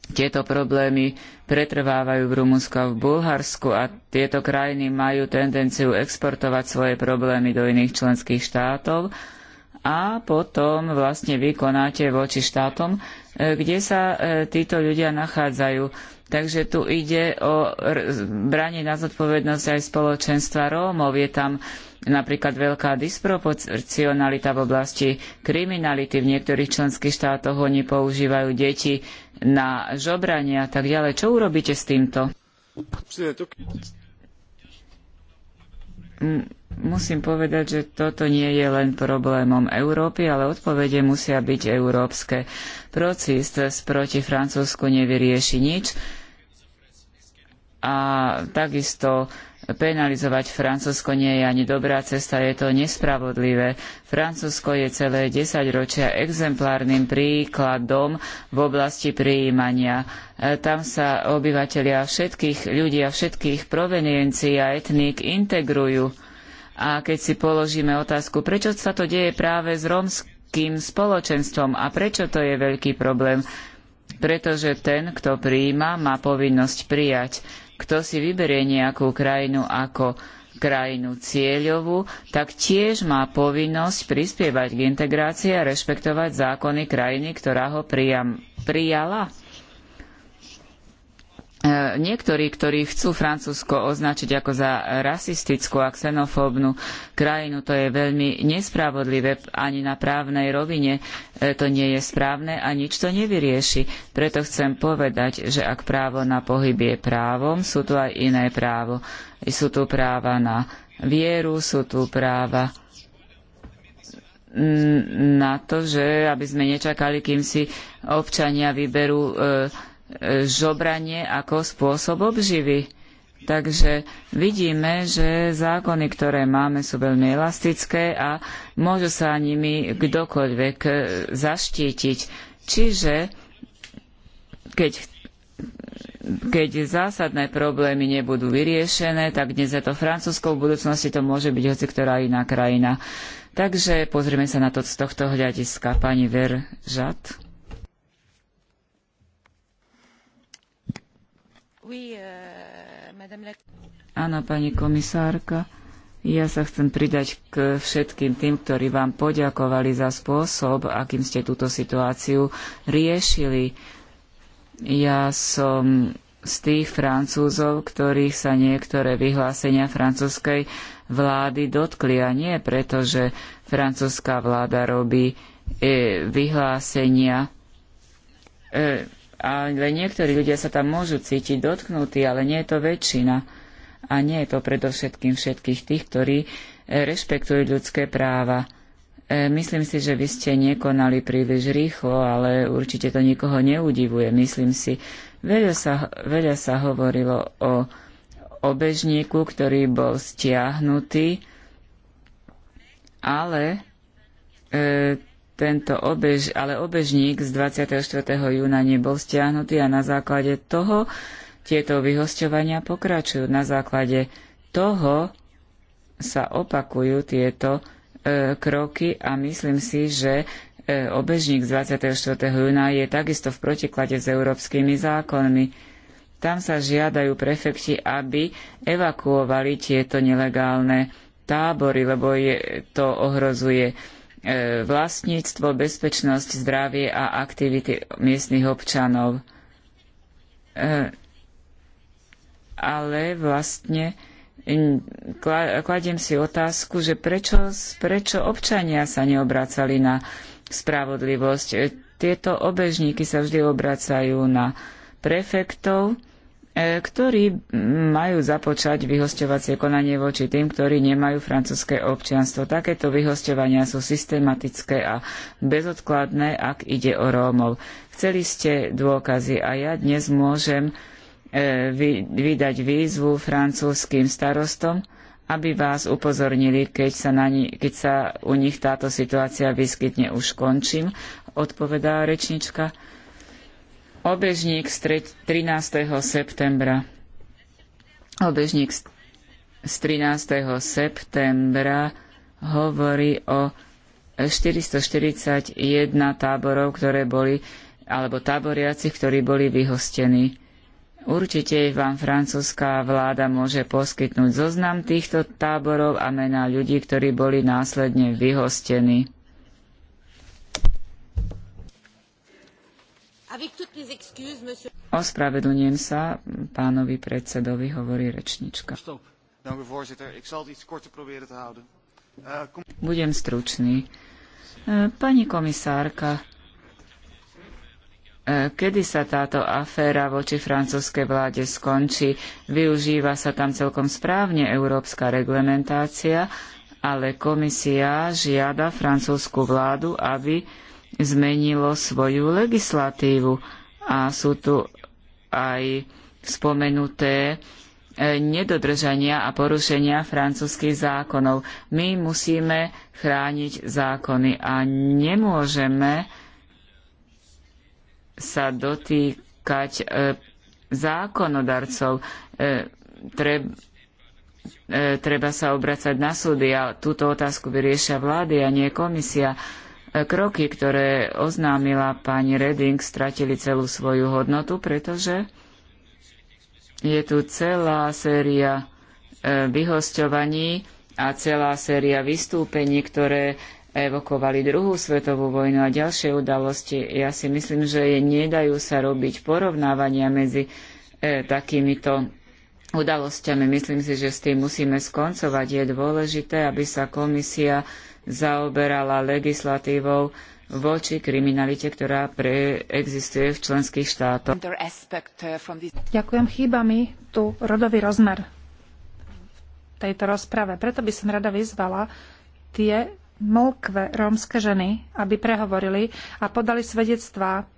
Tieto problémy pretrvávajú v Rumunsku a v Bulharsku a tieto krajiny majú tendenciu exportovať svoje problémy do iných členských štátov a potom vlastne vykonáte voči štátom, eh, kde sa eh, títo ľudia nachádzajú. Takže tu ide o branie na zodpovednosť aj spoločenstva Rómov. Je tam napríklad veľká disproporcionalita v oblasti kriminality. V niektorých členských štátoch oni používajú deti na žobranie a tak ďalej. Čo urobíte s týmto? musím povedať, že toto nie je len problémom Európy, ale odpovede musia byť európske. Proces proti Francúzsku nevyrieši nič a takisto penalizovať Francúzsko nie je ani dobrá cesta, je to nespravodlivé. Francúzsko je celé desaťročia exemplárnym príkladom v oblasti prijímania. E, tam sa obyvatelia všetkých ľudí a všetkých proveniencií a etník integrujú. A keď si položíme otázku, prečo sa to deje práve s rómskym spoločenstvom a prečo to je veľký problém, pretože ten, kto prijíma, má povinnosť prijať kto si vyberie nejakú krajinu ako krajinu cieľovú, tak tiež má povinnosť prispievať k integrácii a rešpektovať zákony krajiny, ktorá ho prijam, prijala niektorí, ktorí chcú Francúzsko označiť ako za rasistickú a xenofóbnu krajinu, to je veľmi nespravodlivé ani na právnej rovine. E, to nie je správne a nič to nevyrieši. Preto chcem povedať, že ak právo na pohyb je právom, sú tu aj iné právo. Sú tu práva na vieru, sú tu práva na to, že aby sme nečakali, kým si občania vyberú e, žobranie ako spôsob obživy. Takže vidíme, že zákony, ktoré máme, sú veľmi elastické a môžu sa nimi kdokoľvek e, zaštítiť. Čiže keď, keď zásadné problémy nebudú vyriešené, tak dnes je to Francúzsko, v budúcnosti to môže byť hoci ktorá iná krajina. Takže pozrieme sa na to z tohto hľadiska. Pani Veržat. Euh, Áno, pani komisárka, ja sa chcem pridať k všetkým tým, ktorí vám poďakovali za spôsob, akým ste túto situáciu riešili. Ja som z tých Francúzov, ktorých sa niektoré vyhlásenia francúzskej vlády dotkli a nie preto, že francúzska vláda robí e, vyhlásenia e, ale niektorí ľudia sa tam môžu cítiť dotknutí, ale nie je to väčšina. A nie je to predovšetkým všetkých tých, ktorí e, rešpektujú ľudské práva. E, myslím si, že vy ste nekonali príliš rýchlo, ale určite to nikoho neudivuje. Myslím si, veľa sa, veľa sa hovorilo o obežníku, ktorý bol stiahnutý, ale e, tento obež, ale obežník z 24. júna nebol stiahnutý a na základe toho tieto vyhosťovania pokračujú. Na základe toho sa opakujú tieto e, kroky a myslím si, že e, obežník z 24. júna je takisto v protiklade s európskymi zákonmi. Tam sa žiadajú prefekti, aby evakuovali tieto nelegálne tábory, lebo je, to ohrozuje E, vlastníctvo, bezpečnosť, zdravie a aktivity miestnych občanov. E, ale vlastne kladiem si otázku, že prečo, prečo občania sa neobracali na spravodlivosť. E, tieto obežníky sa vždy obracajú na prefektov, E, ktorí mm, majú započať vyhosťovacie konanie voči tým, ktorí nemajú francúzske občianstvo. Takéto vyhosťovania sú systematické a bezodkladné, ak ide o Rómov. Chceli ste dôkazy a ja dnes môžem e, vydať výzvu francúzským starostom, aby vás upozornili, keď sa, ni, keď sa u nich táto situácia vyskytne. Už končím, odpovedá rečnička obežník z 13. septembra. Obežník z 13. septembra hovorí o 441 táborov, ktoré boli, alebo táboriaci, ktorí boli vyhostení. Určite vám francúzska vláda môže poskytnúť zoznam týchto táborov a mená ľudí, ktorí boli následne vyhostení. Ospravedlňujem sa, pánovi predsedovi hovorí rečnička. Eh, Budem stručný. Eh, pani komisárka, eh, kedy sa táto aféra voči francúzskej vláde skončí? Využíva sa tam celkom správne európska reglementácia, ale komisia žiada francúzsku vládu, aby zmenilo svoju legislatívu a sú tu aj spomenuté e, nedodržania a porušenia francúzskych zákonov. My musíme chrániť zákony a nemôžeme sa dotýkať e, zákonodarcov. E, treba sa obracať na súdy a túto otázku vyriešia vlády a nie komisia kroky, ktoré oznámila pani Reding, stratili celú svoju hodnotu, pretože je tu celá séria e, vyhosťovaní a celá séria vystúpení, ktoré evokovali druhú svetovú vojnu a ďalšie udalosti. Ja si myslím, že nedajú sa robiť porovnávania medzi e, takýmito udalosťami. Myslím si, že s tým musíme skoncovať. Je dôležité, aby sa komisia zaoberala legislatívou voči kriminalite, ktorá preexistuje v členských štátoch. Uh, Ďakujem, chýba mi tu rodový rozmer v tejto rozprave. Preto by som rada vyzvala tie molkve rómske ženy, aby prehovorili a podali svedectvá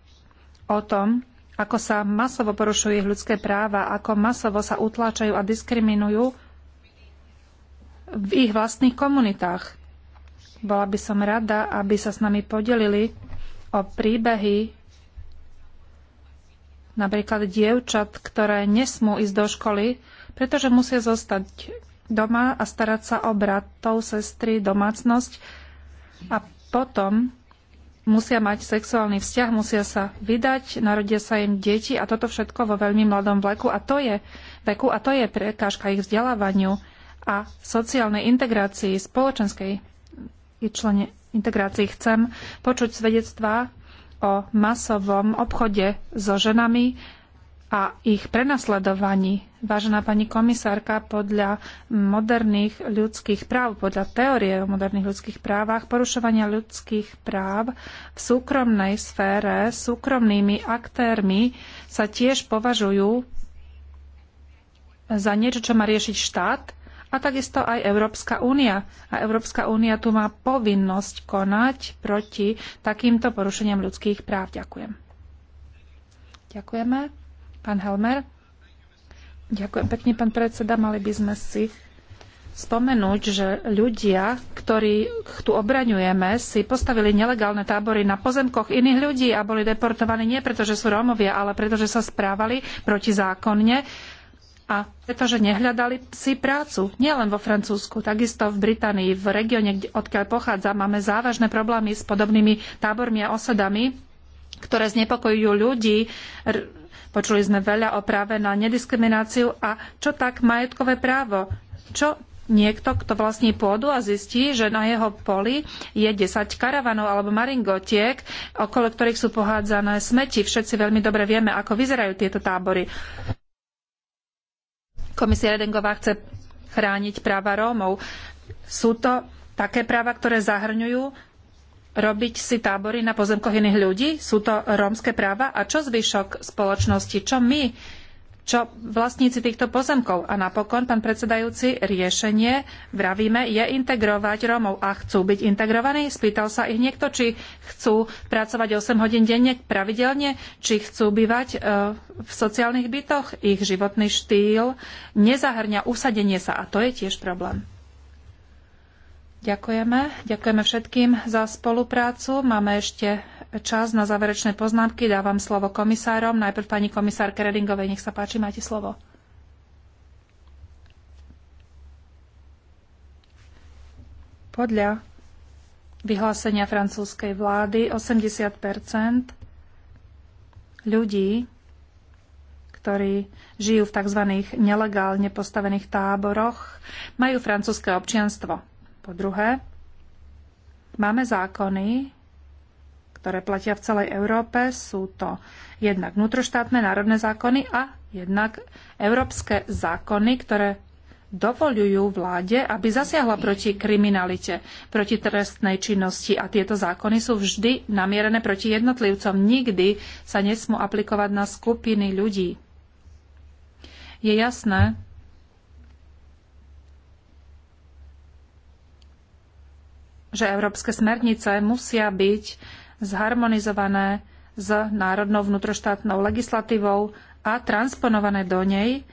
o tom, ako sa masovo porušujú ich ľudské práva, ako masovo sa utláčajú a diskriminujú v ich vlastných komunitách. Bola by som rada, aby sa s nami podelili o príbehy napríklad dievčat, ktoré nesmú ísť do školy, pretože musia zostať doma a starať sa o bratov, sestry, domácnosť a potom musia mať sexuálny vzťah, musia sa vydať, narodia sa im deti a toto všetko vo veľmi mladom veku a to je, veku a to je prekážka ich vzdelávaniu a sociálnej integrácii, spoločenskej člene integrácii chcem počuť svedectvá o masovom obchode so ženami a ich prenasledovaní. Vážená pani komisárka, podľa moderných ľudských práv, podľa teórie o moderných ľudských právach, porušovania ľudských práv v súkromnej sfére súkromnými aktérmi sa tiež považujú za niečo, čo má riešiť štát a takisto aj Európska únia. A Európska únia tu má povinnosť konať proti takýmto porušeniam ľudských práv. Ďakujem. Ďakujeme. Pán Helmer. Ďakujem pekne, pán predseda. Mali by sme si spomenúť, že ľudia, ktorých tu obraňujeme, si postavili nelegálne tábory na pozemkoch iných ľudí a boli deportovaní nie preto, že sú Rómovia, ale preto, že sa správali protizákonne a pretože nehľadali si prácu. Nielen vo Francúzsku, takisto v Británii, v regióne, odkiaľ pochádza, máme závažné problémy s podobnými tábormi a osadami, ktoré znepokojujú ľudí. Počuli sme veľa o práve na nediskrimináciu a čo tak majetkové právo? Čo niekto, kto vlastní pôdu a zistí, že na jeho poli je 10 karavanov alebo maringotiek, okolo ktorých sú pohádzané smeti. Všetci veľmi dobre vieme, ako vyzerajú tieto tábory. Komisia Redingová chce chrániť práva Rómov. Sú to také práva, ktoré zahrňujú robiť si tábory na pozemkoch iných ľudí? Sú to rómske práva? A čo zvyšok spoločnosti? Čo my čo vlastníci týchto pozemkov. A napokon, pán predsedajúci, riešenie, vravíme, je integrovať Rómov. A chcú byť integrovaní? Spýtal sa ich niekto, či chcú pracovať 8 hodín denne pravidelne, či chcú bývať e, v sociálnych bytoch. Ich životný štýl nezahrňa usadenie sa a to je tiež problém. Ďakujeme. Ďakujeme všetkým za spoluprácu. Máme ešte čas na záverečné poznámky. Dávam slovo komisárom. Najprv pani komisár Redingovej. Nech sa páči, máte slovo. Podľa vyhlásenia francúzskej vlády 80 ľudí, ktorí žijú v tzv. nelegálne postavených táboroch, majú francúzske občianstvo. Po druhé, máme zákony, ktoré platia v celej Európe. Sú to jednak vnútroštátne národné zákony a jednak európske zákony, ktoré dovolujú vláde, aby zasiahla proti kriminalite, proti trestnej činnosti a tieto zákony sú vždy namierené proti jednotlivcom. Nikdy sa nesmú aplikovať na skupiny ľudí. Je jasné, že európske smernice musia byť zharmonizované s národnou vnútroštátnou legislatívou a transponované do nej.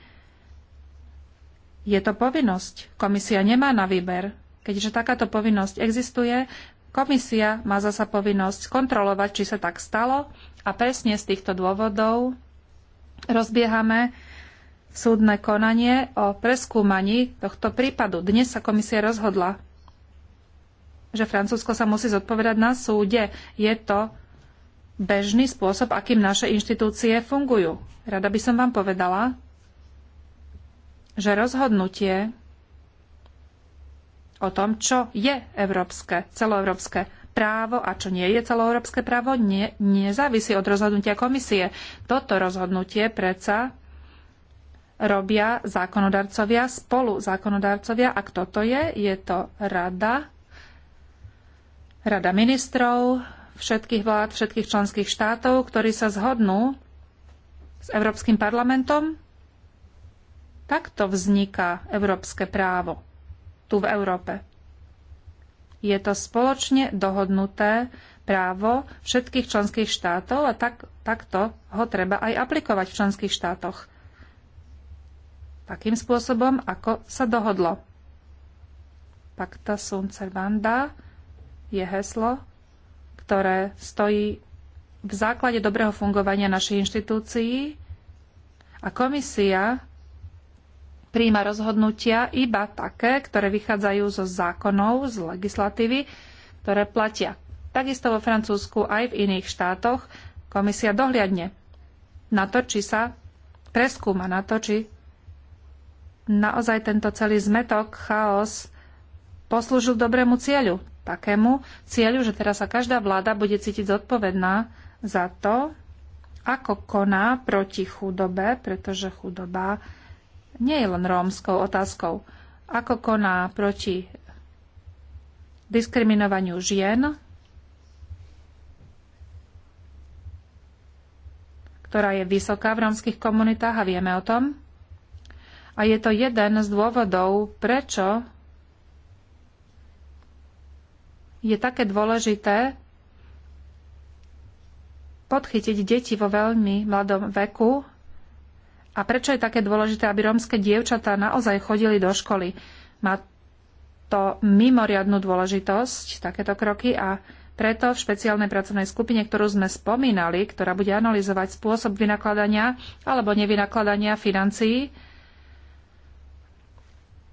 Je to povinnosť. Komisia nemá na výber. Keďže takáto povinnosť existuje, komisia má zasa povinnosť kontrolovať, či sa tak stalo a presne z týchto dôvodov rozbiehame súdne konanie o preskúmaní tohto prípadu. Dnes sa komisia rozhodla že Francúzsko sa musí zodpovedať na súde. Je to bežný spôsob, akým naše inštitúcie fungujú. Rada by som vám povedala, že rozhodnutie o tom, čo je európske, celoeurópske právo a čo nie je celoeurópske právo, nie, nezávisí od rozhodnutia komisie. Toto rozhodnutie predsa robia zákonodarcovia, spolu zákonodarcovia. A toto je? Je to rada Rada ministrov všetkých vlád, všetkých členských štátov, ktorí sa zhodnú s Európskym parlamentom. Takto vzniká európske právo tu v Európe. Je to spoločne dohodnuté právo všetkých členských štátov a tak, takto ho treba aj aplikovať v členských štátoch. Takým spôsobom, ako sa dohodlo. Pacta sunt servanda je heslo, ktoré stojí v základe dobrého fungovania našich inštitúcií a komisia príjma rozhodnutia iba také, ktoré vychádzajú zo zákonov, z legislatívy, ktoré platia. Takisto vo Francúzsku aj v iných štátoch komisia dohliadne na to, či sa preskúma, na to, či naozaj tento celý zmetok, chaos poslúžil dobrému cieľu takému cieľu, že teraz sa každá vláda bude cítiť zodpovedná za to, ako koná proti chudobe, pretože chudoba nie je len rómskou otázkou. Ako koná proti diskriminovaniu žien, ktorá je vysoká v rómskych komunitách a vieme o tom. A je to jeden z dôvodov, prečo je také dôležité podchytiť deti vo veľmi mladom veku a prečo je také dôležité, aby rómske dievčatá naozaj chodili do školy. Má to mimoriadnú dôležitosť, takéto kroky a preto v špeciálnej pracovnej skupine, ktorú sme spomínali, ktorá bude analyzovať spôsob vynakladania alebo nevynakladania financií,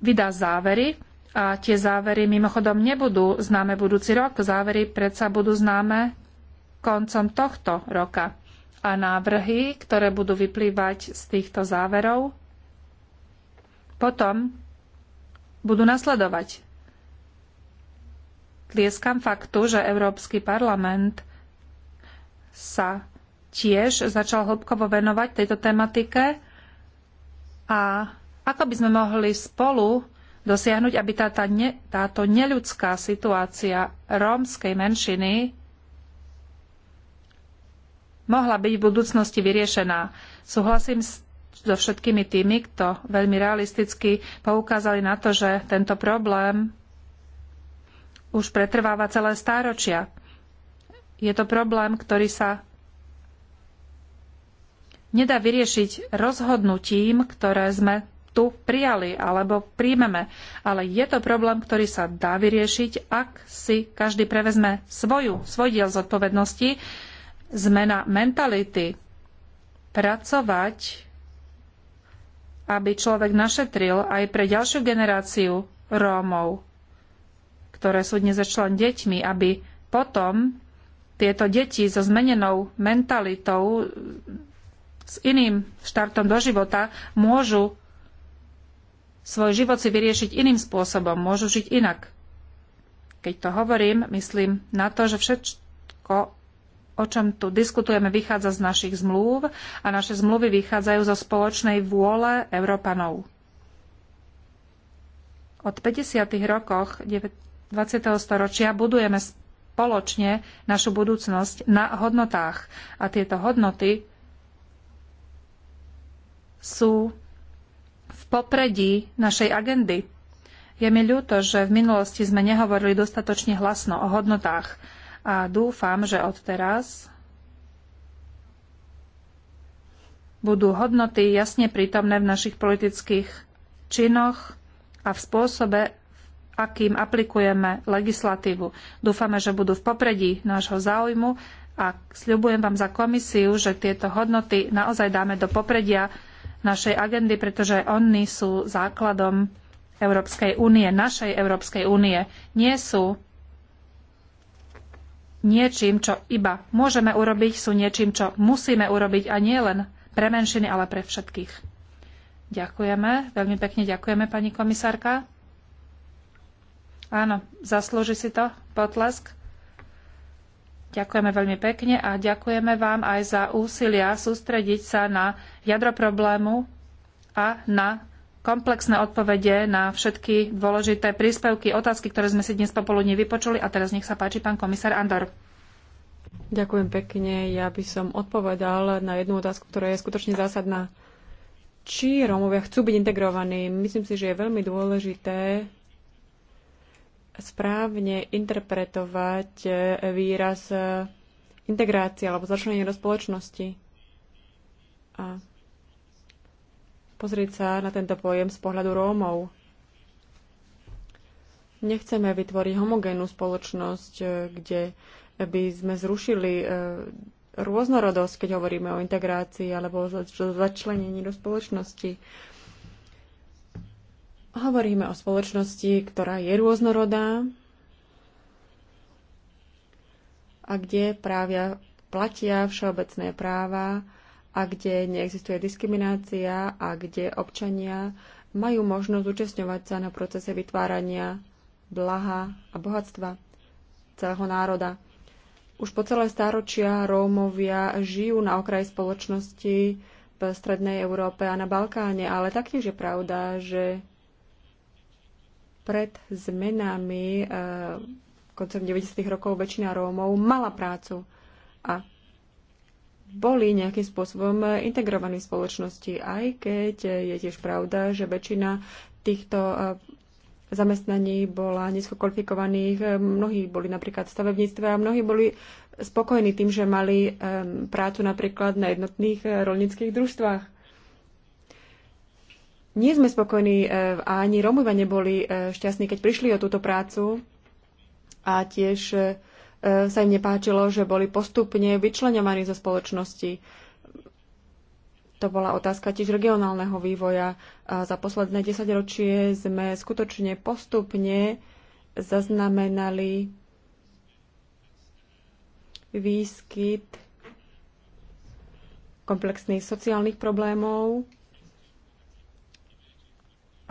vydá závery a tie závery mimochodom nebudú známe budúci rok, závery predsa budú známe koncom tohto roka. A návrhy, ktoré budú vyplývať z týchto záverov, potom budú nasledovať. Tlieskam faktu, že Európsky parlament sa tiež začal hlbkovo venovať tejto tematike a ako by sme mohli spolu dosiahnuť, aby táta ne, táto neľudská situácia rómskej menšiny mohla byť v budúcnosti vyriešená. Súhlasím s so všetkými tými, kto veľmi realisticky poukázali na to, že tento problém už pretrváva celé stáročia. Je to problém, ktorý sa nedá vyriešiť rozhodnutím, ktoré sme tu prijali alebo príjmeme. Ale je to problém, ktorý sa dá vyriešiť, ak si každý prevezme svoju, svoj diel zodpovednosti. Zmena mentality, pracovať, aby človek našetril aj pre ďalšiu generáciu Rómov, ktoré sú dnes začlen deťmi, aby potom tieto deti so zmenenou mentalitou s iným štartom do života môžu svoj život si vyriešiť iným spôsobom, môžu žiť inak. Keď to hovorím, myslím na to, že všetko, o čom tu diskutujeme, vychádza z našich zmluv a naše zmluvy vychádzajú zo spoločnej vôle Európanov. Od 50. rokoch 20. storočia budujeme spoločne našu budúcnosť na hodnotách a tieto hodnoty sú popredí našej agendy. Je mi ľúto, že v minulosti sme nehovorili dostatočne hlasno o hodnotách a dúfam, že odteraz budú hodnoty jasne prítomné v našich politických činoch a v spôsobe, akým aplikujeme legislatívu. Dúfame, že budú v popredí nášho záujmu a sľubujem vám za komisiu, že tieto hodnoty naozaj dáme do popredia našej agendy, pretože oni sú základom Európskej únie, našej Európskej únie. Nie sú niečím, čo iba môžeme urobiť, sú niečím, čo musíme urobiť a nie len pre menšiny, ale pre všetkých. Ďakujeme, veľmi pekne ďakujeme, pani komisárka. Áno, zaslúži si to potlesk. Ďakujeme veľmi pekne a ďakujeme vám aj za úsilia sústrediť sa na jadro problému a na komplexné odpovede na všetky dôležité príspevky, otázky, ktoré sme si dnes popoludne vypočuli. A teraz nech sa páči pán komisár Andor. Ďakujem pekne. Ja by som odpovedal na jednu otázku, ktorá je skutočne zásadná. Či Rómovia chcú byť integrovaní? Myslím si, že je veľmi dôležité správne interpretovať e, výraz e, integrácie alebo začlenenie do spoločnosti a pozrieť sa na tento pojem z pohľadu Rómov. Nechceme vytvoriť homogénnu spoločnosť, e, kde by sme zrušili rôznorodosť, keď hovoríme o integrácii alebo o začlenení do spoločnosti. Hovoríme o spoločnosti, ktorá je rôznorodá a kde právia, platia všeobecné práva a kde neexistuje diskriminácia a kde občania majú možnosť zúčastňovať sa na procese vytvárania blaha a bohatstva celého národa. Už po celé stáročia Rómovia žijú na okraji spoločnosti v Strednej Európe a na Balkáne, ale taktiež je pravda, že pred zmenami eh, koncom 90. rokov väčšina Rómov mala prácu a boli nejakým spôsobom integrovaní v spoločnosti, aj keď je tiež pravda, že väčšina týchto eh, zamestnaní bola nízko kvalifikovaných. Mnohí boli napríklad v stavebníctve a mnohí boli spokojní tým, že mali eh, prácu napríklad na jednotných rolnických družstvách nie sme spokojní e, a ani Romovia neboli e, šťastní, keď prišli o túto prácu a tiež e, sa im nepáčilo, že boli postupne vyčlenovaní zo spoločnosti. To bola otázka tiež regionálneho vývoja. A za posledné desaťročie sme skutočne postupne zaznamenali výskyt komplexných sociálnych problémov,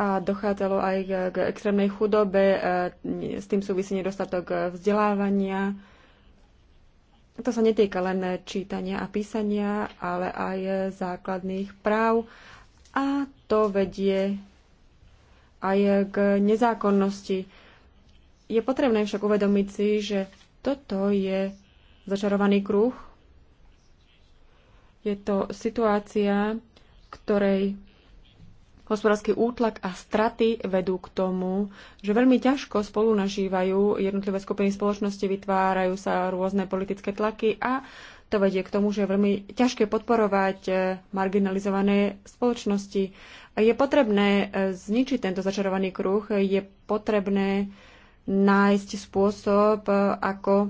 a dochádzalo aj k, extrémnej chudobe, e, s tým súvisí nedostatok e, vzdelávania. To sa netýka len čítania a písania, ale aj základných práv a to vedie aj k nezákonnosti. Je potrebné však uvedomiť si, že toto je začarovaný kruh. Je to situácia, v ktorej Hospodársky útlak a straty vedú k tomu, že veľmi ťažko spolu nažívajú jednotlivé skupiny spoločnosti, vytvárajú sa rôzne politické tlaky a to vedie k tomu, že je veľmi ťažké podporovať eh, marginalizované spoločnosti. Je potrebné eh, zničiť tento začarovaný kruh, je potrebné nájsť spôsob, eh, ako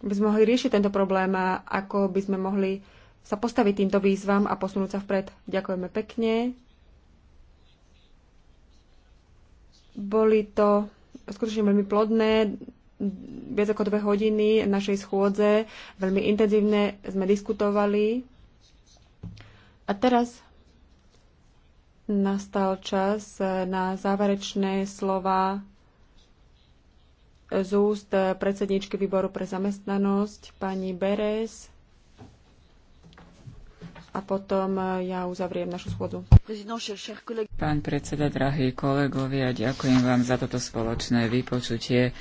by sme mohli riešiť tento problém a ako by sme mohli sa postaviť týmto výzvam a posunúť sa vpred. Ďakujeme pekne. Boli to skutočne veľmi plodné, viac ako dve hodiny našej schôdze, veľmi intenzívne sme diskutovali. A teraz nastal čas na záverečné slova z úst predsedničky výboru pre zamestnanosť pani Beres a potom e, ja uzavriem našu schôdzu. Pán predseda, drahí kolegovia, ďakujem vám za toto spoločné vypočutie.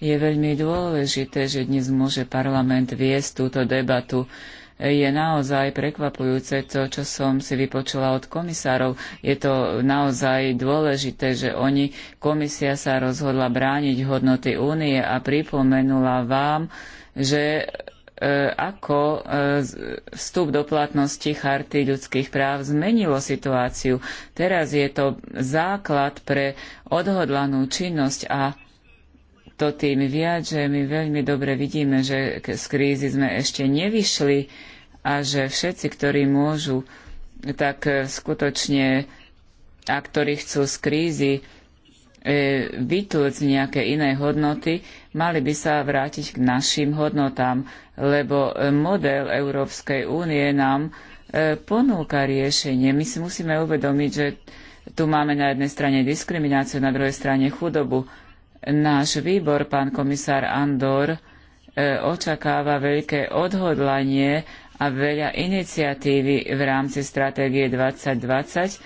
Je veľmi dôležité, že dnes môže parlament viesť túto debatu. Je naozaj prekvapujúce to, čo som si vypočula od komisárov. Je to naozaj dôležité, že oni, komisia sa rozhodla brániť hodnoty únie a pripomenula vám, že E, ako e, vstup do platnosti Charty ľudských práv zmenilo situáciu. Teraz je to základ pre odhodlanú činnosť a to tým viac, že my veľmi dobre vidíme, že z krízy sme ešte nevyšli a že všetci, ktorí môžu, tak e, skutočne a ktorí chcú z krízy E, vytúc nejaké iné hodnoty, mali by sa vrátiť k našim hodnotám, lebo e, model Európskej únie nám e, ponúka riešenie. My si musíme uvedomiť, že tu máme na jednej strane diskrimináciu, na druhej strane chudobu. Náš výbor, pán komisár Andor, očakáva veľké odhodlanie a veľa iniciatívy v rámci stratégie 2020,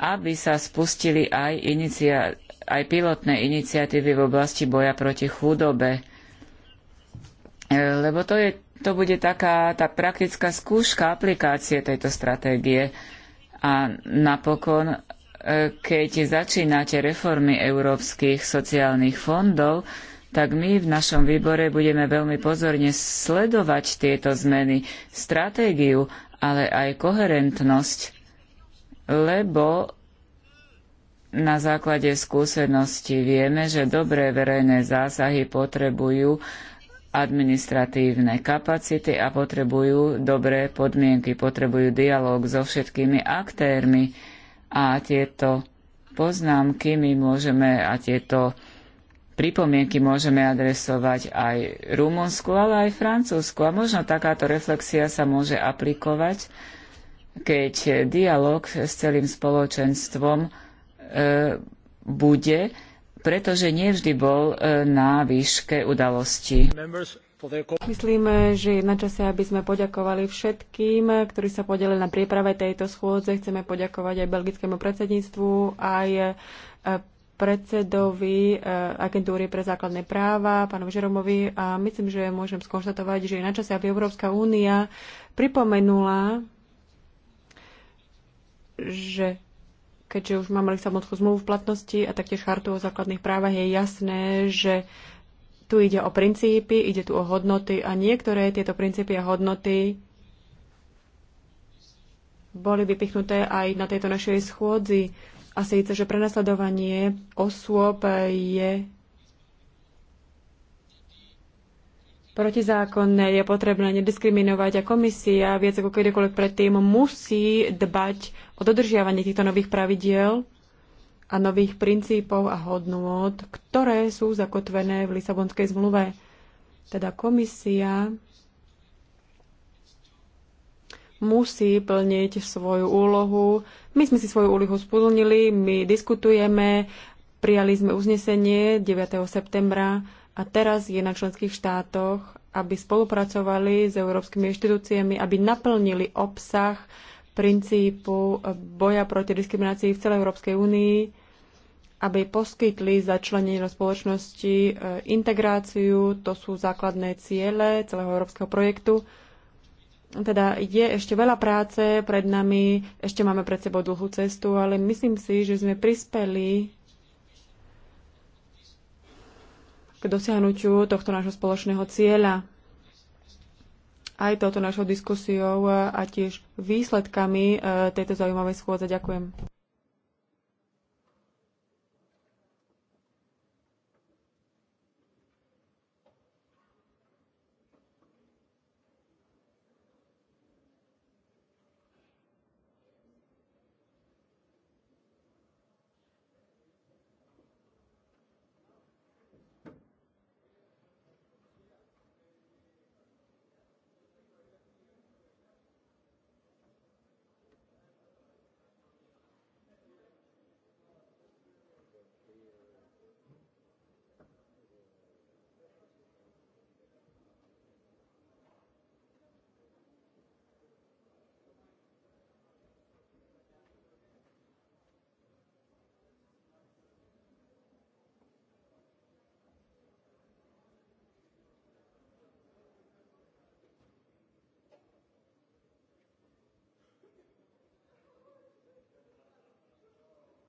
aby sa spustili aj iniciatívy aj pilotné iniciatívy v oblasti boja proti chudobe. E, lebo to, je, to bude taká tá praktická skúška aplikácie tejto stratégie. A napokon, e, keď začínate reformy európskych sociálnych fondov, tak my v našom výbore budeme veľmi pozorne sledovať tieto zmeny, stratégiu, ale aj koherentnosť, lebo na základe skúsenosti vieme, že dobré verejné zásahy potrebujú administratívne kapacity a potrebujú dobré podmienky, potrebujú dialog so všetkými aktérmi a tieto poznámky my môžeme a tieto pripomienky môžeme adresovať aj Rumunsku, ale aj Francúzsku. A možno takáto reflexia sa môže aplikovať, keď dialog s celým spoločenstvom E, bude, pretože nevždy bol e, na výške udalosti. Myslíme, že je na čase, aby sme poďakovali všetkým, ktorí sa podelili na príprave tejto schôdze. Chceme poďakovať aj belgickému predsedníctvu, aj e, predsedovi agentúry pre základné práva, pánu Žeromovi. A myslím, že môžem skonštatovať, že je na čase, aby Európska únia pripomenula, že keďže už máme Lisabonskú zmluvu v platnosti a taktiež chartu o základných právach, je jasné, že tu ide o princípy, ide tu o hodnoty a niektoré tieto princípy a hodnoty boli vypichnuté aj na tejto našej schôdzi. A síce, že prenasledovanie osôb je protizákonné, je potrebné nediskriminovať a komisia viac ako kedykoľvek predtým musí dbať o dodržiavanie týchto nových pravidiel a nových princípov a hodnôt, ktoré sú zakotvené v Lisabonskej zmluve. Teda komisia musí plniť svoju úlohu. My sme si svoju úlohu splnili, my diskutujeme, prijali sme uznesenie 9. septembra a teraz je na členských štátoch, aby spolupracovali s európskymi inštitúciami, aby naplnili obsah princípu boja proti diskriminácii v celej Európskej únii, aby poskytli začlenenie do spoločnosti e, integráciu, to sú základné ciele celého európskeho projektu. Teda je ešte veľa práce pred nami, ešte máme pred sebou dlhú cestu, ale myslím si, že sme prispeli k dosiahnutiu tohto nášho spoločného cieľa aj touto našou diskusiou eh, a tiež výsledkami eh, tejto zaujímavej schôdze. Ďakujem.